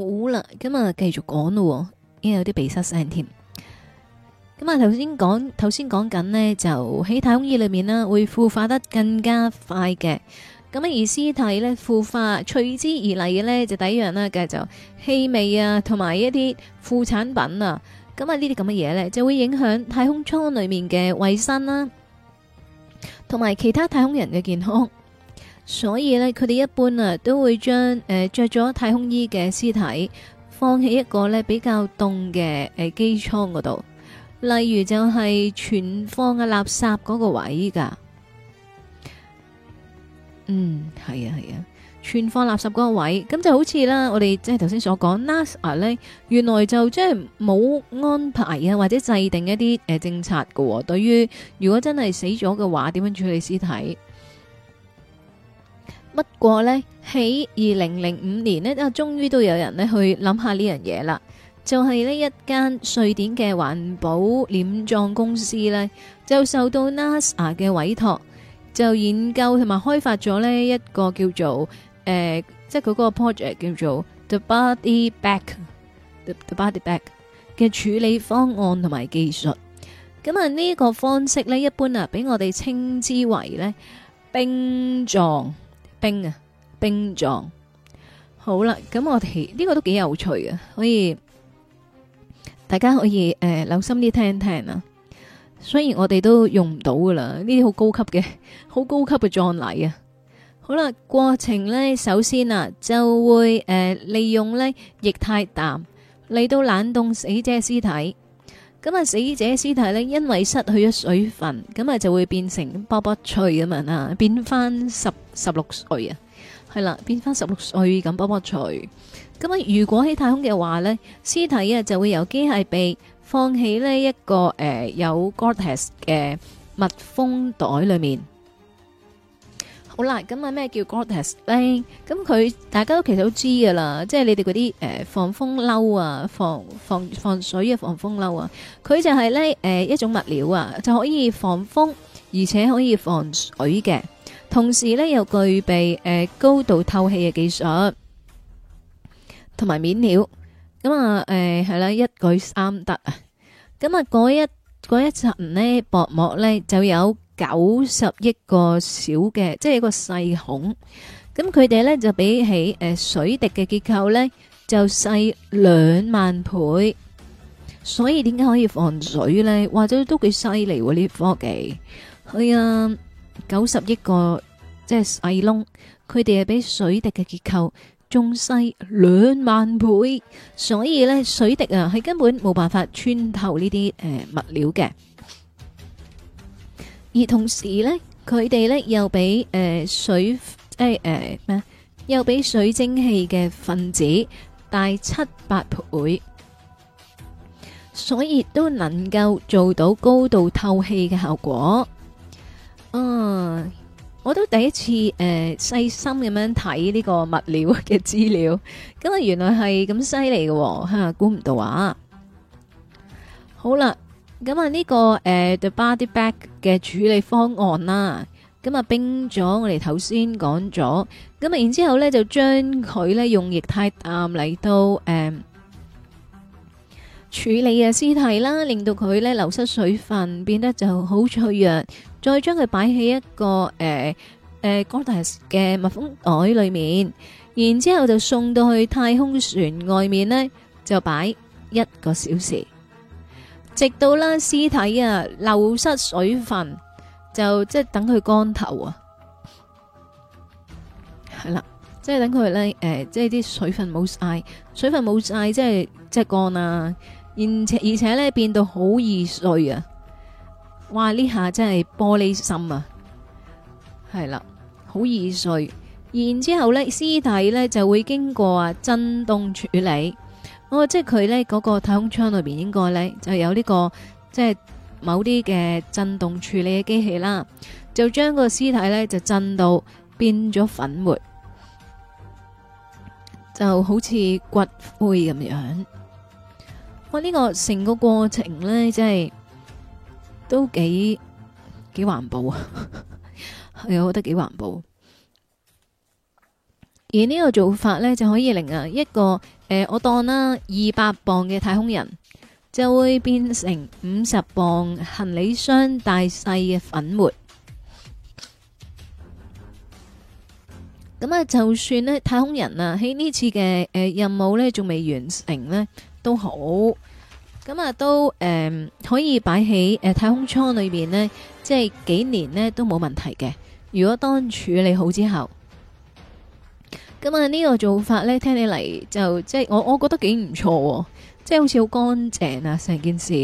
好啦，咁啊繼續講咯，因為有啲鼻塞聲添。咁啊頭先講，頭先講緊呢，就喺太空衣裏面啦，會腐化得更加快嘅。咁啊而屍體咧腐化隨之而嚟嘅咧就第一樣啦，就氣味啊，同埋一啲副產品啊。咁啊呢啲咁嘅嘢咧就會影響太空艙裏面嘅衛生啦，同埋其他太空人嘅健康。所以咧，佢哋一般啊都會將誒着咗太空衣嘅屍體放喺一個咧比較凍嘅誒機艙嗰度，例如就係存放嘅垃圾嗰個位噶。嗯，係啊係啊，存、啊、放垃圾嗰個位，咁就好似啦，我哋即係頭先所講 NASA 咧，原來就即係冇安排啊或者制定一啲誒、呃、政策嘅、哦，對於如果真係死咗嘅話，點樣處理屍體？不過呢，喺二零零五年呢，都終於都有人呢去諗下呢樣嘢啦。就係、是、呢一間瑞典嘅環保殮葬公司呢，就受到 NASA 嘅委託，就研究同埋開發咗呢一個叫做誒，即係佢嗰個 project 叫做 The Body Back The The Body Back 嘅處理方案同埋技術。咁啊，呢個方式呢，一般啊，俾我哋稱之為呢冰葬。冰啊，冰葬。好啦，咁我哋呢、這個都幾有趣啊，可以大家可以誒留、呃、心啲聽聽啊。雖然我哋都用唔到噶啦，呢啲好高級嘅，好高級嘅葬禮啊。好啦，過程咧，首先啊，就會誒、呃、利用呢液態氮嚟到冷凍死者屍體。咁啊，死者屍體咧，因為失去咗水分，咁啊就會變成卜卜脆咁樣啊，變翻十十六歲啊，係啦，變翻十六歲咁卜卜脆。咁啊，如果喺太空嘅話咧，屍體啊就會由機械臂放喺呢一個誒、呃、有 Goddess 嘅密封袋裏面。好啦，咁啊咩叫 Gore-Tex 咧？咁佢大家都其實都知噶啦，即係你哋嗰啲誒防風褸啊，防防防水嘅防風褸啊，佢就係咧誒一種物料啊，就可以防風，而且可以防水嘅，同時咧又具備誒高度透氣嘅技術，同埋面料。咁啊誒係啦，一舉三得啊。咁啊嗰一嗰一層咧薄膜咧就有，九十億個小嘅，即係一個細孔，咁佢哋咧就比起誒水滴嘅結構咧，就細兩萬倍，所以點解可以防水咧？或者都幾犀利喎！呢啲科技係啊，九十億個即係細窿，佢哋係比水滴嘅結構仲細兩萬倍，所以咧水滴啊係根本冇辦法穿透呢啲誒物料嘅。而同時咧，佢哋咧又比誒水誒誒咩，又比、呃水，哎呃、水蒸氣嘅分子大七八倍，所以都能夠做到高度透氣嘅效果。啊！我都第一次誒細、呃、心咁樣睇呢個物料嘅資料，咁啊原來係咁犀利嘅吓，估唔到啊！好啦。咁、這、啊、個，呢個誒，the body bag 嘅處理方案啦、啊，咁、嗯、啊冰咗，我哋頭先講咗，咁啊，然之後咧就將佢咧用液態氮嚟到誒、嗯、處理嘅屍體啦，令到佢咧流失水分，變得就好脆弱，再將佢擺喺一個誒誒 Gordas 嘅密封袋裏面，然之後就送到去太空船外面咧，就擺一個小時。直到啦，屍體啊，流失水分，就即係等佢乾透啊，係啦，即係等佢咧，誒、呃，即係啲水分冇晒，水分冇晒，即係即係乾啊，而且而且咧變到好易碎啊，哇，呢下真係玻璃心啊，係啦，好易碎，然之後咧，屍體咧就會經過啊震動處理。我、哦、即係佢呢嗰、嗰個太空艙裏邊應該呢就有呢、呢個即係某啲嘅震動處理嘅機器啦，就將個屍體呢就震到變咗粉末，就好似骨灰咁樣。我、哦、呢、呢個成個過程呢，即係都幾幾環保啊， 係啊，我覺得幾環保。而呢個做法呢，就可以令啊一個誒、呃、我當啦二百磅嘅太空人就會變成五十磅行李箱大細嘅粉末。咁啊，就算呢太空人啊喺呢次嘅誒、呃、任務呢仲未完成呢，都好，咁啊都誒、呃、可以擺喺誒太空艙裏邊呢，即係幾年呢都冇問題嘅。如果當處理好之後。咁啊！呢個做法呢，聽起嚟就即係我，我覺得幾唔錯、哦，即係好似好乾淨啊。成件事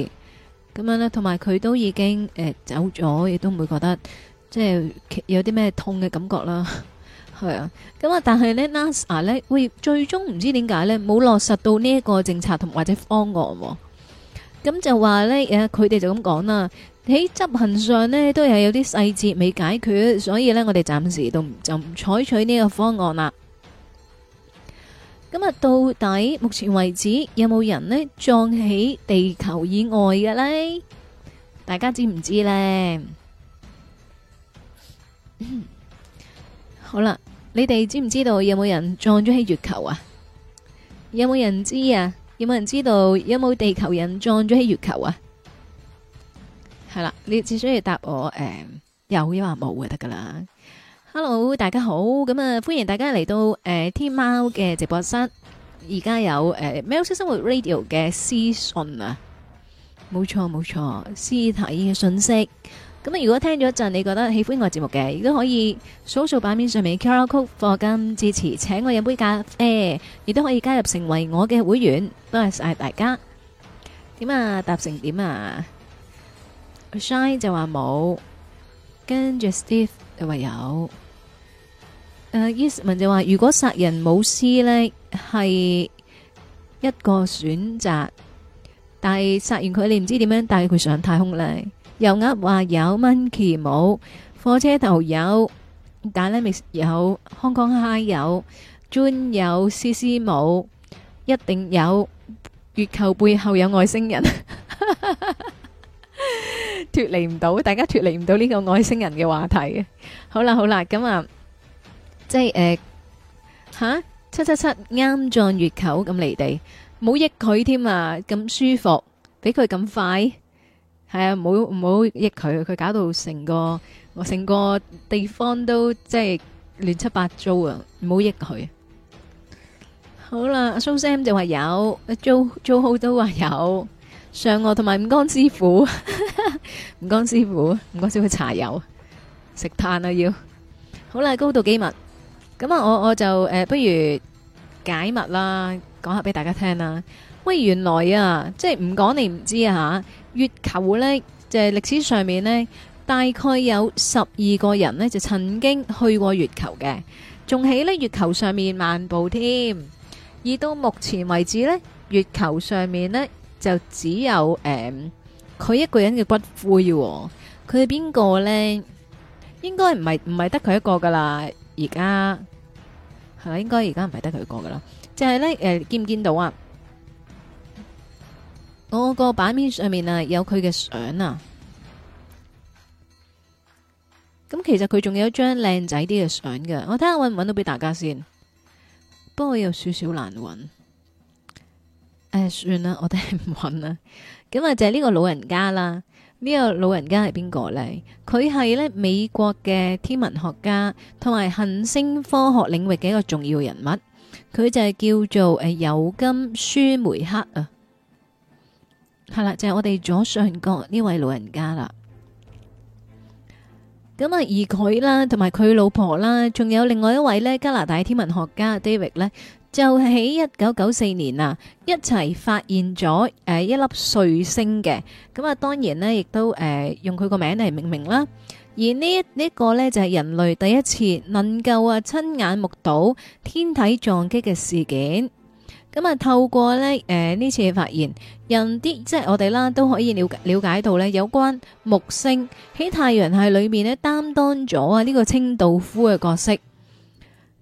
咁樣咧，同埋佢都已經誒、呃、走咗，亦都唔會覺得即係有啲咩痛嘅感覺啦。係啊，咁啊，但係呢 NASA 呢，會最終唔知點解呢，冇落實到呢一個政策同或者方案、哦，咁就話呢，誒、呃，佢哋就咁講啦。喺執行上呢，都係有啲細節未解決，所以呢，我哋暫時都就唔採取呢個方案啦。咁啊，到底目前為止有冇人呢撞起地球以外嘅呢？大家知唔知咧？ 好啦，你哋知唔知道有冇人撞咗喺月球啊？有冇人知啊？有冇人知道有冇地球人撞咗喺月球啊？係啦， 你只需要答我，誒、呃，有抑或冇就得噶啦。Hello，大家好，咁啊歡迎大家嚟到，誒、呃、天貓嘅直播室，而家有誒喵式生活 Radio 嘅屍訊啊，冇錯冇錯，屍體嘅訊息，咁啊如果聽咗一陣你覺得喜歡我節目嘅，亦都可以掃掃版面上面嘅 QR Code 課金支持，請我飲杯咖啡，亦都可以加入成為我嘅會員，多謝晒大家。點啊，達成點啊？Shine 就話冇，跟住 Steve 就話有。誒，Esmen 就話：如果殺人冇屍咧，係一個選擇，但係殺完佢，你唔知點樣帶佢上太空咧。油壓話有 monkey 冇，火車頭有，達 lemix 有，康康蝦有，磚有，C C 冇，一定有，月球背後有外星人，脫離唔到，大家脫離唔到呢個外星人嘅話題。好啦，好啦，咁啊。即係誒，吓七七七啱撞月球咁離地，冇益佢添啊！咁舒服，俾佢咁快，係啊，冇冇益佢，佢搞到成個我成個地方都即係亂七八糟啊！唔好益佢。好啦，蘇 sam 就話有，Jo Jo 浩都話有，嫦娥同埋吳剛師傅，吳剛師傅，唔該先去茶油食炭啊！要好啦，高度機密。咁啊，我我就誒、呃，不如解密啦，講下俾大家聽啦。喂，原來啊，即係唔講你唔知啊吓。月球呢，就係歷史上面呢，大概有十二個人呢，就曾經去過月球嘅，仲喺呢月球上面漫步添。而到目前為止呢，月球上面呢，就只有誒，佢、呃、一個人嘅骨灰喎。佢係邊個呢？應該唔係唔係得佢一個噶啦。而家係咪應該而家唔係得佢個噶啦？就係、是、咧，誒、呃、見唔見到啊？我個版面上面啊有佢嘅相啊。咁其實佢仲有一張靚仔啲嘅相噶，我睇下搵唔搵到畀大家先。不過有少少難搵，誒、呃、算啦，我哋唔搵啦。咁啊就係呢個老人家啦。呢、這個老人家係邊個呢？佢係咧美國嘅天文學家，同埋行星科學領域嘅一個重要人物。佢就係叫做誒尤金舒梅克啊，係啦，就係、是、我哋左上角呢位老人家啦。咁啊，而佢啦，同埋佢老婆啦，仲有另外一位呢加拿大天文學家 David 呢就喺一九九四年啊一齊發現咗誒一粒彗星嘅。咁啊，當然呢亦都誒用佢個名嚟命名啦。而呢呢個呢就係人類第一次能夠啊親眼目睹天體撞擊嘅事件。咁啊，透過咧，誒、呃、呢次嘅發現，人啲即係我哋啦，都可以了解了解到咧，有關木星喺太陽系裏面咧，擔當咗啊呢個清道夫嘅角色。誒、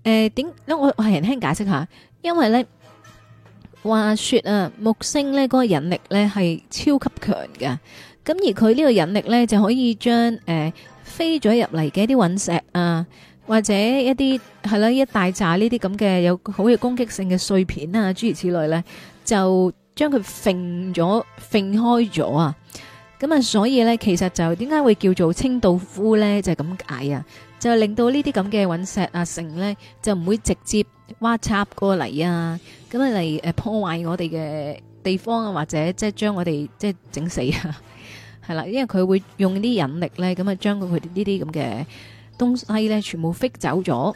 呃，點？我我係輕輕解釋一下，因為咧，話說啊，木星咧嗰、那個引力咧係超級強㗎，咁而佢呢個引力咧就可以將誒、呃、飛咗入嚟嘅一啲隕石啊。或者一啲係啦，一大扎呢啲咁嘅有好有攻擊性嘅碎片啊，諸如此類咧，就將佢揈咗揈開咗啊！咁啊，所以咧其實就點解會叫做清道夫咧？就係咁解啊！就係令到呢啲咁嘅隕石啊，成咧就唔會直接挖插過嚟啊！咁啊嚟誒破壞我哋嘅地方啊，或者即係將我哋即係整死啊！係啦，因為佢會用啲引力咧，咁啊將佢佢呢啲咁嘅。東西咧全部飛走咗，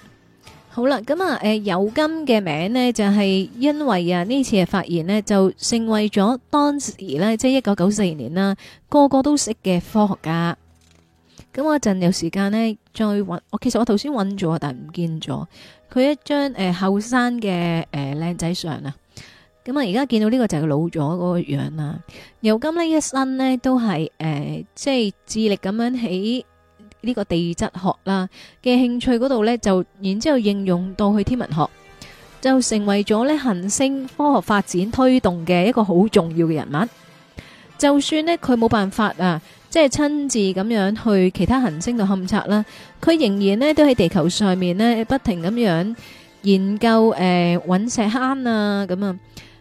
好啦，咁、嗯、啊，誒，尤金嘅名字呢，就係、是、因為啊呢次嘅發現呢，就成為咗當時呢，即係一九九四年啦個個都識嘅科學家。咁我一陣有時間呢，再搵，我其實我頭先搵咗，但係唔見咗佢一張誒後生嘅誒靚仔相啊。咁啊而家見到呢個就係老咗嗰個樣啦。尤金呢，一生呢，都係誒、呃、即係致力咁樣起。呢、這個地質學啦嘅興趣嗰度呢，就然之後應用到去天文學，就成為咗呢行星科學發展推動嘅一個好重要嘅人物。就算呢，佢冇辦法啊，即係親自咁樣去其他行星度勘測啦，佢仍然呢都喺地球上面呢不停咁樣研究誒隕、呃、石坑啊咁啊。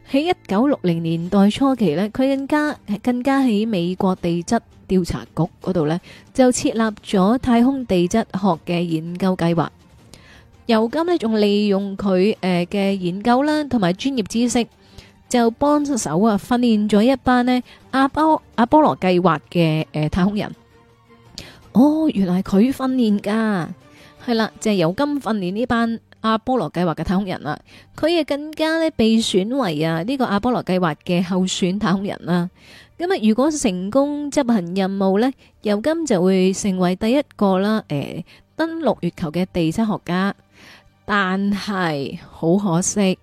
喺一九六零年代初期呢，佢更加更加喺美國地質。調查局嗰度呢，就設立咗太空地質學嘅研究計劃。尤金呢，仲利用佢誒嘅研究啦，同埋專業知識，就幫手啊訓練咗一班呢阿波阿波羅計劃嘅誒太空人。哦，原來係佢訓練噶，係啦，就係、是、尤金訓練呢班阿波羅計劃嘅太空人啦。佢啊更加呢，被選為啊呢個阿波羅計劃嘅候選太空人啦。咁啊！如果成功執行任務呢，尤金就會成為第一個啦。誒、呃，登陸月球嘅地質學家。但係好可惜，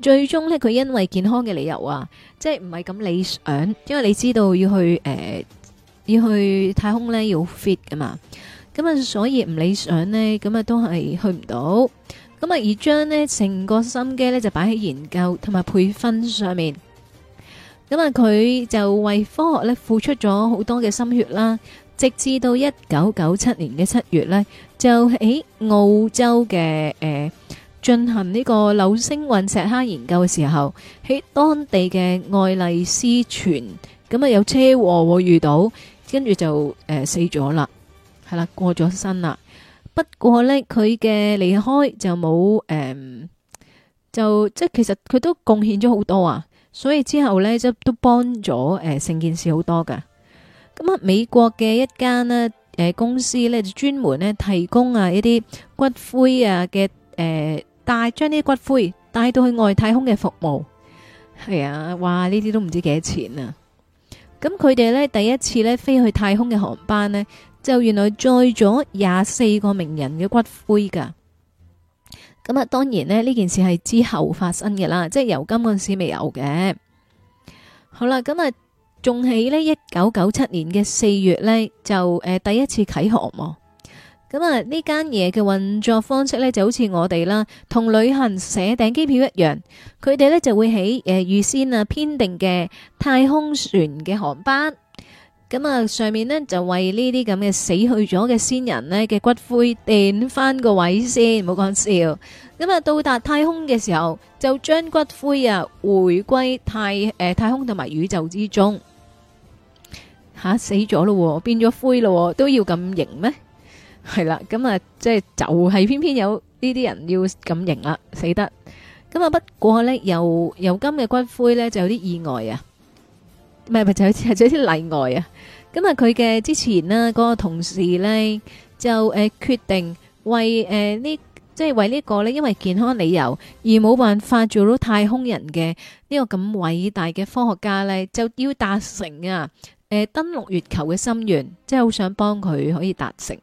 最終呢，佢因為健康嘅理由啊，即係唔係咁理想。因為你知道要去誒、呃、要去太空呢，要 fit 㗎嘛，咁啊所以唔理想呢，咁啊都係去唔到。咁啊而將呢成個心機呢，就擺喺研究同埋培訓上面。咁啊，佢就為科學咧付出咗好多嘅心血啦。直至到一九九七年嘅七月咧，就喺澳洲嘅，誒，進行呢個流星隕石坑研究嘅時候，喺當地嘅愛麗絲泉，咁啊有車禍遇到，跟住就誒死咗啦，係啦，過咗身啦。不過咧佢嘅離開就冇誒，就即係其實佢都貢獻咗好多啊。所以之後呢，就都幫咗誒成件事好多噶。咁啊，美國嘅一間誒、呃、公司呢，就專門呢提供啊一啲骨灰啊嘅誒帶，將、呃、啲骨灰帶到去外太空嘅服務。係啊，哇！呢啲都唔知幾多錢啊。咁佢哋呢，第一次呢飛去太空嘅航班呢，就原來載咗廿四個名人嘅骨灰噶。咁啊，當然咧，呢件事係之後發生嘅啦，即係由今嗰時未有嘅。好啦，咁啊，仲喺呢一九九七年嘅四月咧，就誒第一次啟航喎。咁啊，呢間嘢嘅運作方式咧，就好似我哋啦，同旅行社訂機票一樣，佢哋咧就會喺誒預先啊編定嘅太空船嘅航班。咁啊，上面呢就為呢啲咁嘅死去咗嘅先人呢嘅骨灰墊翻個位先，唔好講笑。咁啊，到達太空嘅時候就將骨灰啊回歸太誒、呃、太空同埋宇宙之中。吓、啊、死咗咯，變咗灰咯，都要咁型咩？係啦，咁啊，即係就係、是、偏偏有呢啲人要咁型啦，死得。咁啊，不過呢，有有金嘅骨灰呢，就有啲意外啊。唔係唔係，就係就啲例外啊！咁啊，佢嘅之前咧，嗰個同事咧，就誒、呃、決定為誒呢、呃，即係為個呢個咧，因為健康理由而冇辦法做到太空人嘅呢個咁偉大嘅科學家咧，就要達成啊！誒、呃，登陸月球嘅心願，即係好想幫佢可以達成。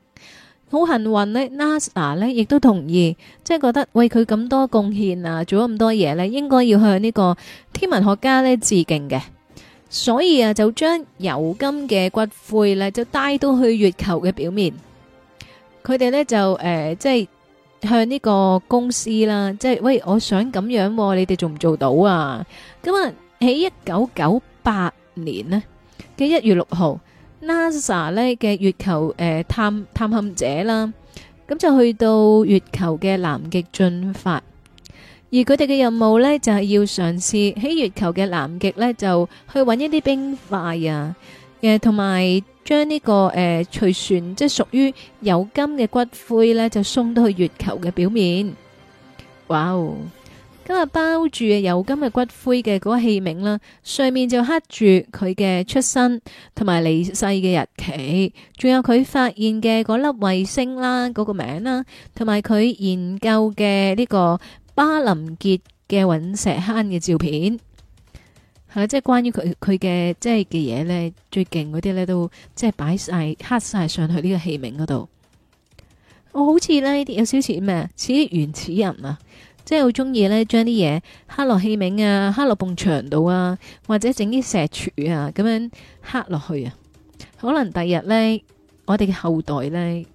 好幸運咧，NASA 咧亦都同意，即、就、係、是、覺得為佢咁多貢獻啊，做咗咁多嘢咧，應該要向呢個天文學家咧致敬嘅。所以啊，就將尤金嘅骨灰咧，就帶到去月球嘅表面。佢哋咧就誒，即係向呢個公司啦，即係喂，我想咁樣，你哋做唔做到啊？咁啊，喺一九九八年咧嘅一月六號，NASA 咧嘅月球誒探探險者啦，咁就去到月球嘅南極進發。而佢哋嘅任務呢，就係要嘗試喺月球嘅南極呢，就去揾一啲冰塊啊，誒，同埋將呢個誒隨船，即係屬於有金嘅骨灰呢，就送到去月球嘅表面。哇哦！今日包住有金嘅骨灰嘅嗰個器皿啦，上面就刻住佢嘅出生同埋離世嘅日期，仲有佢發現嘅嗰粒衛星啦，嗰個名啦，同埋佢研究嘅呢個巴林傑嘅隕石坑嘅照片，係即係關於佢佢嘅即係嘅嘢咧，最勁嗰啲咧都即係擺晒刻晒上去呢個器皿嗰度。我、哦、好似呢啲有少少咩，似啲原始人啊，即係好中意咧將啲嘢刻落器皿啊，刻落埲牆度啊，或者整啲石柱啊咁樣刻落去啊。可能第日咧，我哋嘅後代咧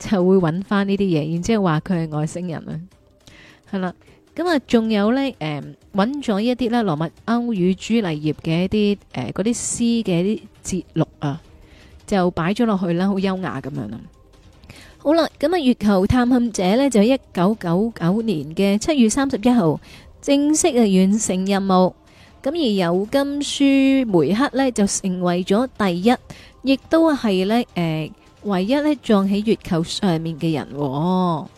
就會揾翻呢啲嘢，然之後話佢係外星人啊。係、嗯、啦，咁啊，仲有呢，誒，揾、呃、咗一啲呢羅密歐與朱麗葉嘅一啲，誒，嗰啲詩嘅一啲節錄啊，就擺咗落去啦，好優雅咁樣啦。好啦，咁啊，月球探險者呢，就喺一九九九年嘅七月三十一號正式嘅完成任務，咁、嗯、而尤金舒梅克呢，就成為咗第一，亦都係呢誒、呃，唯一呢撞喺月球上面嘅人、哦。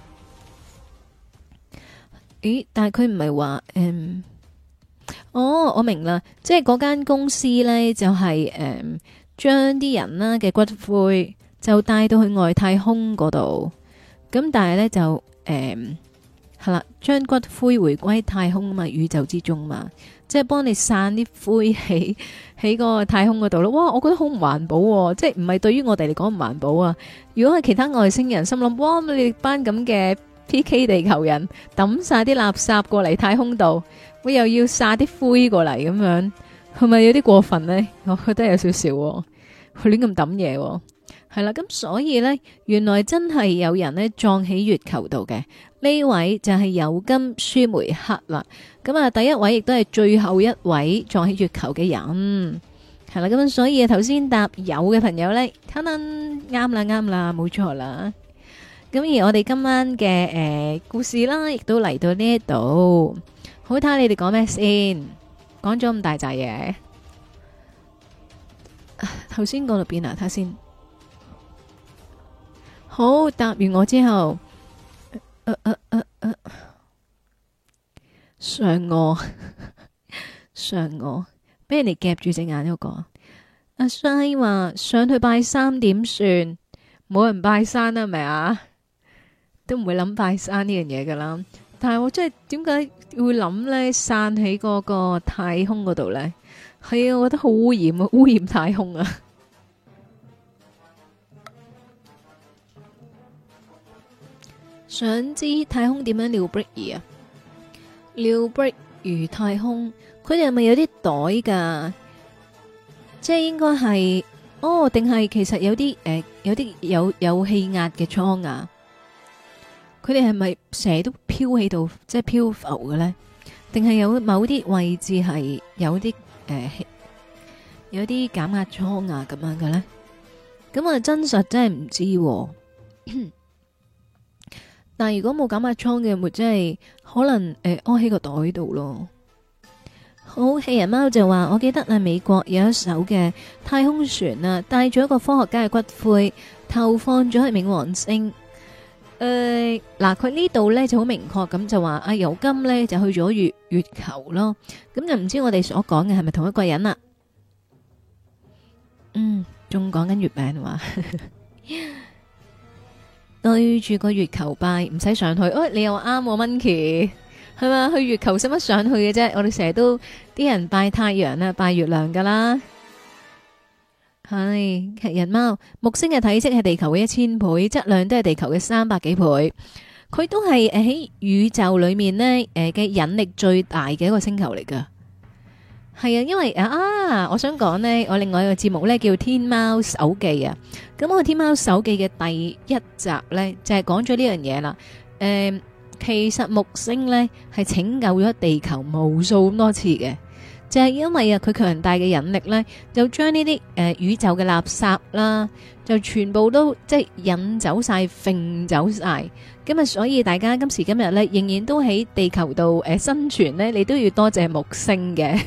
咦，但係佢唔係話，嗯，哦，我明啦，即係嗰間公司咧，就係誒，將啲人啦嘅骨灰就帶到去外太空嗰度，咁但係咧就誒，係啦，將骨灰回歸太空啊嘛，宇宙之中嘛，即係幫你散啲灰喺喺個太空嗰度咯。哇，我覺得好唔環保啊，即係唔係對於我哋嚟講唔環保啊？如果係其他外星人心諗哇，你哋班咁嘅。P.K. 地球人抌晒啲垃圾過嚟太空度，我又要撒啲灰過嚟咁樣，係咪有啲過分呢？我覺得有少少，佢亂咁抌嘢，係啦。咁所以呢，原來真係有人呢撞起月球度嘅。呢位就係尤金舒梅克啦。咁啊，第一位亦都係最後一位撞起月球嘅人，係啦。咁所以頭先答有嘅朋友呢，可能啱啦，啱啦，冇錯啦。咁而我哋今晚嘅誒、呃、故事啦，亦都嚟到呢度，好睇下你哋講咩先，講咗咁大陣嘢。頭先講到邊啊？睇下先。好，答完我之後，上、呃、我、呃呃呃呃、上我，俾 人哋夾住隻眼嗰、那個。阿西話上去拜山點算？冇人拜山啦，咪啊！都唔會諗快散呢樣嘢噶啦，但係我真係點解會諗咧？散喺嗰，那個、個太空嗰度咧？係、哎、啊，我覺得好污染啊，污染太空啊！想知道太空點樣尿不二啊？尿 a k 如太空，佢哋係咪有啲袋噶？即係應該係哦，定係其實有啲誒、呃，有啲有有氣壓嘅倉啊？佢哋係咪成日都漂喺度，即係漂浮嘅呢？定係有某啲位置係有啲誒、呃，有啲減壓倉啊咁樣嘅呢？咁啊，真實真係唔知道、啊。 但係如果冇減壓倉嘅，咪真係可能誒，安、呃、喺個袋度咯。好氣人貓就話，我記得喺美國有一艘嘅太空船啊，帶咗一個科學家嘅骨灰，投放咗喺冥王星。誒、呃，嗱，佢呢度咧就好明確咁就話啊，尤金咧就去咗月月球咯。咁就唔知我哋所講嘅係咪同一個人啦、啊？嗯，仲講緊月餅話呵呵 對住個月球拜，唔使上去。哦、哎，你又啱喎 Minky 係嘛？去月球使乜上去嘅啫？我哋成日都啲人拜太陽啦，拜月亮噶啦。係，巨人貓木星嘅體積係地球嘅一千倍，質量都係地球嘅三百幾倍。佢都係喺宇宙裏面咧，誒嘅引力最大嘅一個星球嚟㗎。係啊，因為啊，我想講咧，我另外一個節目咧叫《天貓手記》啊。咁我《天貓手記》嘅第一集咧就係講咗呢樣嘢啦。誒，其實木星咧係拯救咗地球無數多次嘅。就係因為啊，佢強大嘅引力咧，就將呢啲誒宇宙嘅垃圾啦，就全部都即係引走晒、揈走晒。咁啊，所以大家今時今日咧，仍然都喺地球度誒生存咧，你都要多謝木星嘅。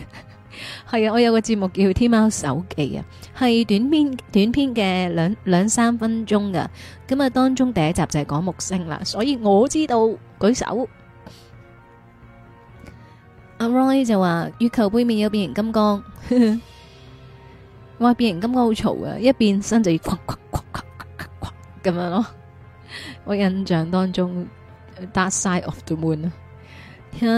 係啊，我有個節目叫《天貓手記》啊，係短篇短篇嘅兩兩三分鐘噶。咁啊，當中第一集就係講木星啦，所以我知道舉手。阿 Roy 就話月球背面有變形金剛，話變形金剛好嘈嘅，一變身就要咵咵咵咵咵咵咁樣咯。我印象當中，dark side of the moon。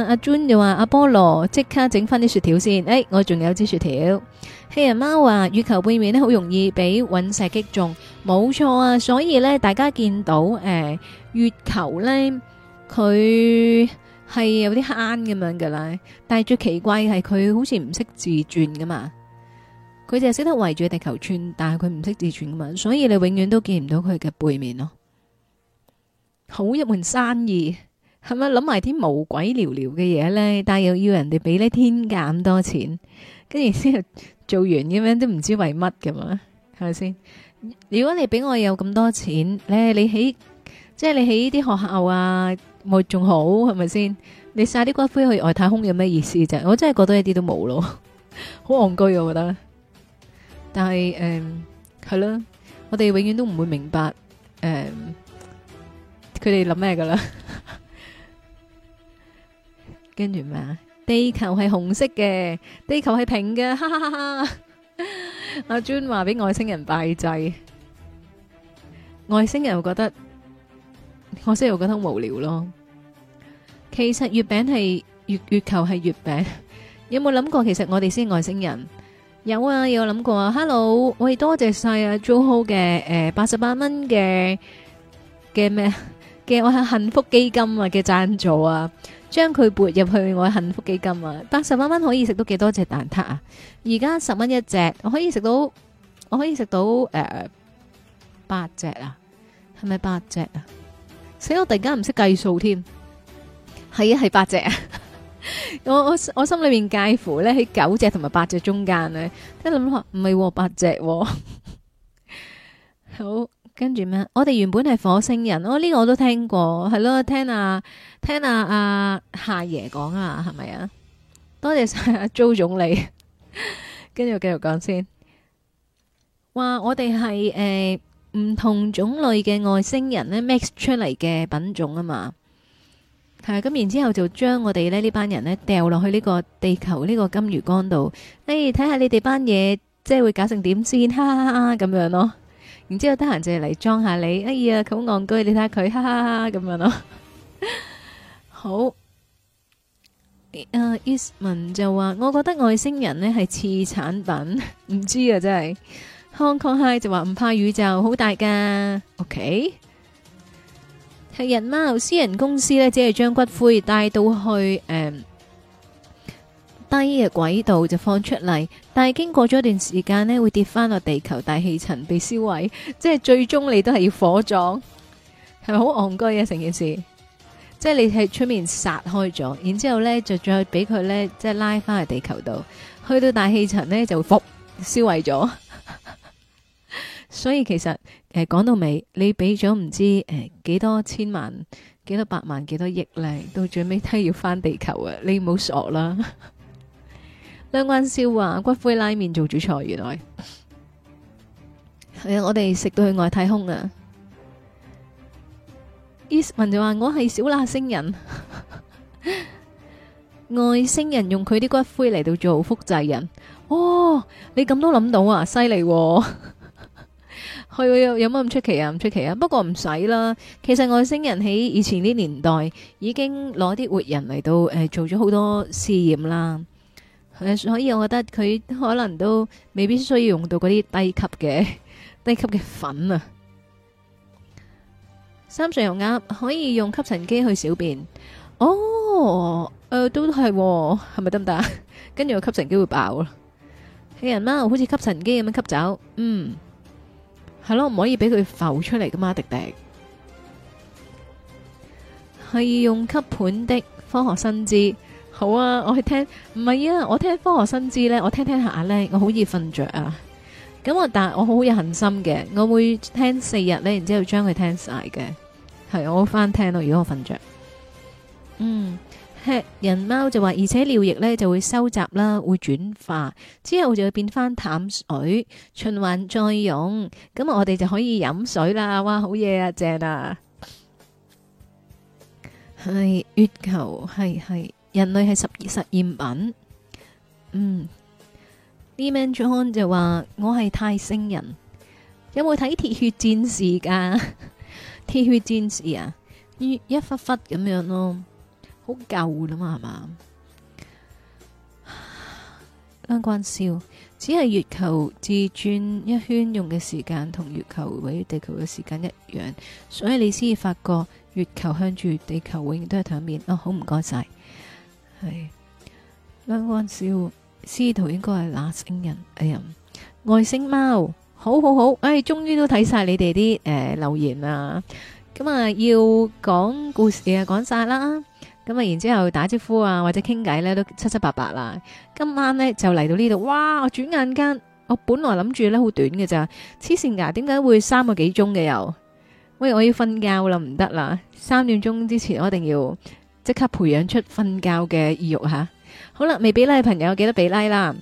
阿 John 就話阿波羅即刻整翻啲雪條先，誒，我仲有支雪條。黑人貓話月球背面咧好容易俾隕石擊中，冇錯啊，所以咧大家見到誒月球咧佢。係有啲慳咁樣㗎啦，但係最奇怪嘅係佢好似唔識自轉噶嘛，佢就係識得圍住地球轉，但係佢唔識自轉噶嘛，所以你永遠都見唔到佢嘅背面咯。好一門生意係咪諗埋啲無鬼聊聊嘅嘢咧？但係又要人哋俾呢天價咁多錢，跟住先做完咁樣都唔知為乜嘅嘛？係咪先？如果你俾我有咁多錢咧，你起即係你起啲學校啊？冇仲好係咪先？你晒啲骨灰去外太空有咩意思啫？我真係覺得一啲都冇咯，好戇居我覺得。但係誒，係咯，我哋永遠都唔會明白誒，佢哋諗咩噶啦？跟住咩啊？地球係紅色嘅，地球係平嘅，哈哈哈！阿 Jun 話俾外星人拜祭，外星人覺得。可惜又覺得無聊咯。其實月餅係月月球係月餅， 有冇諗過？其實我哋先係外星人。有啊，有諗過啊。Hello，我哋多謝晒啊 j o h o 嘅，誒八十八蚊嘅嘅咩嘅我係幸福基金啊嘅贊助啊，將佢撥入去我幸福基金啊。八十八蚊可以食到幾多隻蛋撻啊？而家十蚊一隻，我可以食到，我可以食到誒八隻啊？係咪八隻啊？所以我突然間唔識計數添，係啊係八隻， 我我我心裏面介乎咧喺九隻同埋八隻中間咧，一諗落唔係八隻、啊， 好跟住咩？我哋原本係火星人，我、哦、呢、這個我都聽過，係咯聽阿聽阿阿夏爺講啊，係咪啊,啊,啊,啊？多謝晒、啊、阿周總理，跟住繼續講先，話我哋係誒。呃唔同種類嘅外星人咧 mix 出嚟嘅品種啊嘛，係咁，然之後就將我哋咧呢這班人呢掉落去呢個地球呢個金魚缸度，哎，睇下你哋班嘢即係會搞成點先，哈哈哈咁樣咯。然之後得閒就嚟裝下你，哎呀，好戇居，你睇下佢，哈哈哈咁樣咯。 好、uh，Eastman 就話，我覺得外星人呢係次產品，唔 知啊，真係。Hong Kong High 就話唔怕宇宙好大㗎，OK。係人貓私人公司呢，只係將骨灰帶到去誒、嗯、低嘅軌道就放出嚟，但係經過咗一段時間呢，會跌翻落地球大氣層被燒毀， 即係最終你都係要火葬，係咪好昂居啊？成件事， 即係你喺出面殺開咗，然之後呢就再俾佢呢，即係拉翻去地球度，去到大氣層呢，就服燒毀咗。 毀了 所以其實誒講、呃、到尾，你俾咗唔知誒、呃、幾多千萬、幾多百萬、幾多億咧，到最尾都係要返地球啊！你唔好傻啦！梁安笑話骨灰拉麵做主菜，原來係啊！ 我哋食到去外太空啊！伊文就話我係小外星人， 外星人用佢啲骨灰嚟到做複製人。哦，你咁都諗到啊，犀利、啊！ 佢、 嗯、有乜咁出奇啊？唔出奇啊！不過唔使啦。其實外星人喺以前啲年代已經攞啲活人嚟到誒做咗好多試驗啦。所以我覺得佢可能都未必需要用到嗰啲低級嘅低級嘅粉啊。三歲油鴨可以用吸塵機去小便？哦，誒、呃、都係，係咪得唔得？跟住個吸塵機會爆咯。企人嗎？好似吸塵機咁樣吸走，嗯。係咯，唔可以俾佢浮出嚟噶嘛，迪迪。係用吸盤的科學新知，好啊，我去聽。唔係啊，我聽科學新知呢。我聽聽下呢，我好易瞓着啊。咁我但係我好有恒心嘅，我會聽四日呢，然之後將佢聽晒嘅。係我翻聽咯，啊，如果我瞓着，嗯。人貓就話，而且尿液咧就會收集啦，會轉化之後就會變翻淡水循環再用，咁我哋就可以飲水啦。哇，好嘢啊，正啊！係月球，係係人類係實實驗品。嗯，D Man John 就話我係泰星人，有冇睇鐵血戰士噶？鐵血戰士啊，一一忽忽咁樣咯。好舊啦嘛，係嘛？關關笑，只係月球自轉一圈用嘅時間同月球位於地球嘅時間一樣，所以你先至發覺月球向住地球，永遠都係台面。哦，好唔該晒，係關關笑，司徒應該係外星人。哎呀，外星貓，好好好，哎，終於都睇晒你哋啲誒留言啦。咁啊，要講故事啊，講晒啦。咁啊，然之後打招呼啊，或者傾偈咧，都七七八八啦。今晚咧就嚟到呢度，哇！我轉眼間，我本來諗住咧好短嘅咋，黐線噶，點解會三個幾鐘嘅又？喂，我要瞓覺啦，唔得啦，三點鐘之前我一定要即刻培養出瞓覺嘅意欲吓啊。好啦，未俾 like 嘅朋友記得俾 like 啦，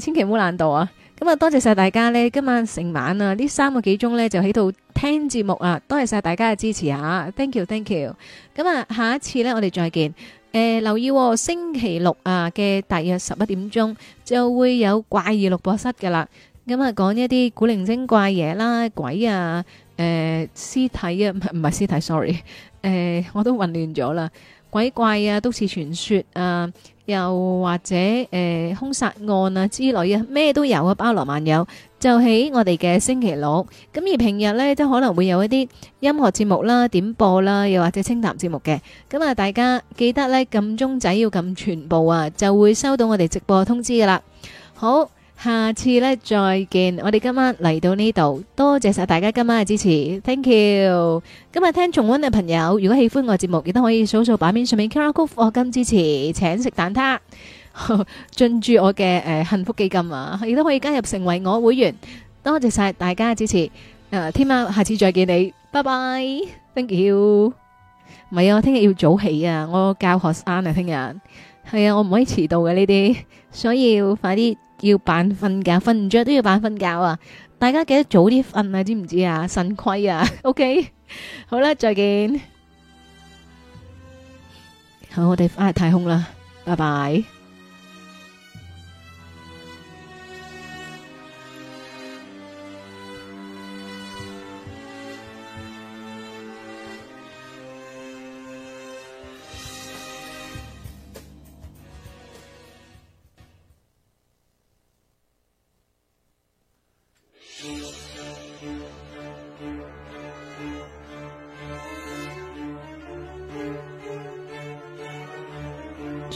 千祈唔好懶惰啊！咁啊，多謝晒大家咧，今晚成晚啊，呢三個幾鐘咧就喺度，聽節目啊，多謝晒大家嘅支持啊，thank you，thank you。咁啊，下一次呢，我哋再見。誒、呃，留意，哦、星期六啊嘅大約十一點鐘，就會有怪異錄播室㗎喇。咁啊，講一啲古靈精怪嘢啦，鬼啊，誒、呃，屍體啊，唔係唔係屍體，sorry，誒、呃，我都混亂咗啦，鬼怪啊，都市傳說啊，又或者誒、呃，兇殺案啊之類啊，咩都有啊，包羅萬有。就喺我哋嘅星期六，咁而平日呢都可能會有一啲音樂節目啦、點播啦，又或者清談節目嘅。咁啊，大家記得呢撳鐘仔要撳全部啊，就會收到我哋直播通知噶啦。好，下次呢再見，我哋今晚嚟到呢度，多謝晒大家今晚嘅支持，thank you。今日聽重溫嘅朋友，如果喜歡我節目，亦都可以數數版面上面 QR Code 課金支持，請食蛋撻。進駐我嘅，誒幸福基金啊，亦都可以加入成為我會員。多謝晒大家嘅支持。誒，天媽喵，下次再見你，拜拜。Thank you。唔係啊，我聽日要早起啊，我教學生啊，聽日係啊，我唔可以遲到嘅呢啲，所以要快啲要扮瞓覺，瞓唔着都要扮瞓覺啊。大家記得早啲瞓啊，知唔知啊？腎虧啊。OK，好啦，再見。好，我哋翻去太空啦，拜拜。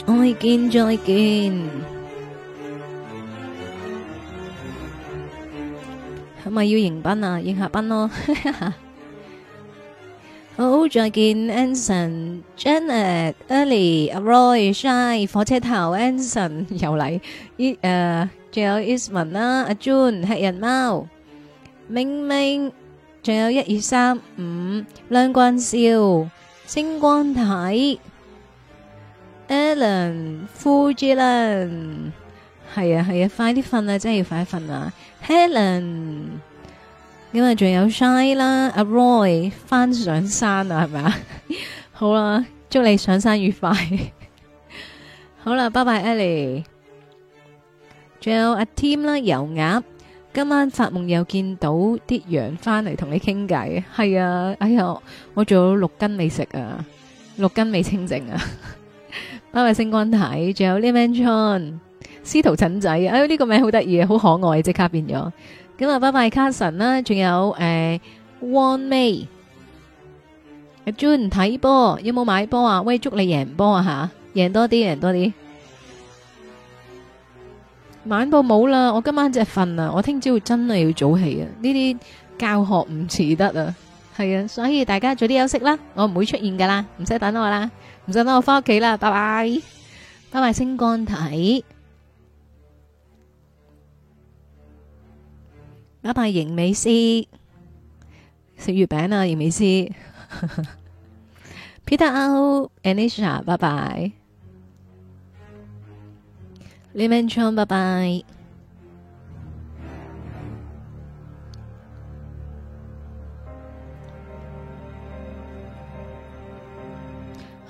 再見，再見，係咪要迎賓啊？迎客賓咯，好再見，Anson，Janet，Ali，Aroy，Shy，火車頭，Anson，有禮，依誒，仲有 Isman 啦，阿 June，黑人貓，明明，仲有一二三五，亮關照，星光睇。Ellen，Fuji Len 係啊係啊，快啲瞓啊，真係要快啲瞓啊。Helen，咁啊，仲有 Shy 啦，阿 Roy 翻上山啦，係咪啊？好啦，祝你上山愉快。好啦，拜拜，Ellie。仲有阿、啊、Team 啦，油鴨，今晚發夢又見到啲羊翻嚟同你傾偈嘅，係啊，哎呀，我仲有六斤未食啊，六斤未清淨啊。拜拜星君睇，仲有呢 man John、司徒陳仔，哎呀呢個名好得意啊，好可愛，即刻變咗。咁啊拜拜 Carson 啦，仲有誒汪媚、阿 June 睇波，有冇買波啊？喂，祝你贏波啊吓，贏多啲，贏多啲。晚播冇啦，我今晚只係瞓啊，我聽朝真係要早起啊，呢啲教學唔遲得啊，係啊，所以大家早啲休息啦，我唔會出現噶啦，唔使等我啦。唔使啦，我返屋企啦，拜拜，拜拜星光體，拜拜盈美師，食月餅啊，盈美師 ，Peter R O Anisha，拜拜 Lemon Chong 拜拜。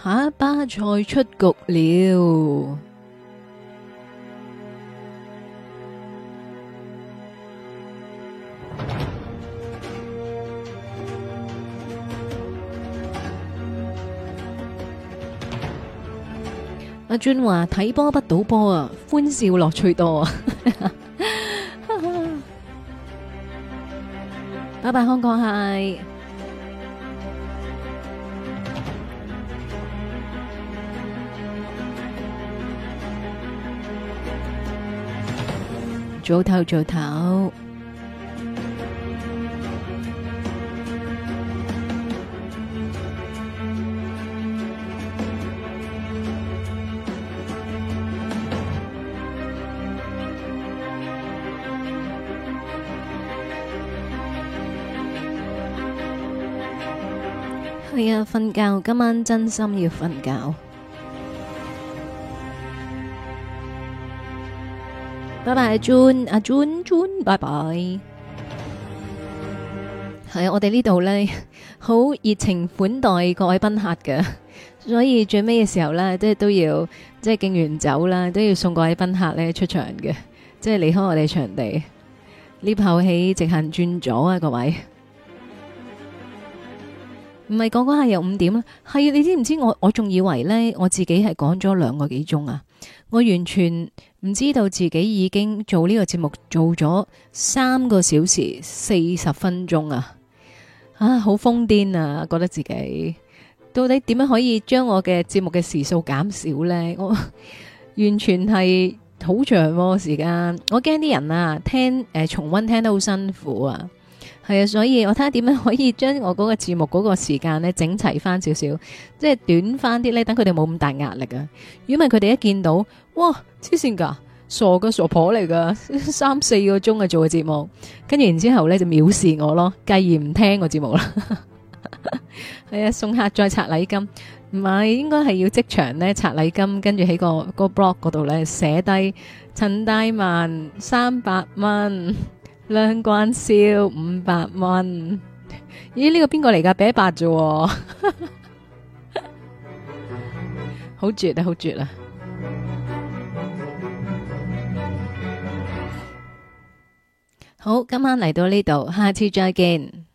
下巴塞出局了。阿俊話睇波不賭波啊，歡笑樂趣多啊！ 拜拜，香港係。Hi. 早唞早唞，係啊，瞓覺，今晚真心要瞓覺。拜拜，阿 John，阿 John，John，拜拜。係 我哋呢度咧，好熱情款待各位賓客嘅，所以最尾嘅時候咧，都都要即係敬完酒啦，都要送各位賓客咧出場嘅，即係離開我哋場地。呢 lift 直行轉左啊，各位。唔係講講下又五點啦，係你知唔知我？我我仲以為咧，我自己係講咗兩個幾鐘啊。我完全唔知道自己已經做呢個節目做咗三個小時四十分鐘啊！啊，好瘋癲啊！覺得自己到底點樣可以將我嘅節目嘅時數減少呢？我完全係好長，啊、時間，我驚啲人啊聽誒、呃、重溫聽得好辛苦啊，係啊，所以我睇下點樣可以將我嗰個節目嗰個時間咧整齊翻少少，即係短翻啲咧，等佢哋冇咁大壓力啊，如果唔係，佢哋一見到。哇！黐線㗎，傻個傻婆嚟噶，三四個鐘啊做個節目，跟住然之後咧就藐視我咯，繼而唔聽個節目啦。係啊，送客再拆禮金，唔係應該係要即場咧拆禮金，跟住喺、嗰個、嗰個 blog 嗰度咧寫低陳大文三百蚊，梁冠少五百蚊。咦？呢、呢個邊個嚟㗎？俾一百啫喎、哦， 好絕啊！好絕啊！好，今晚嚟到呢度，下次再見。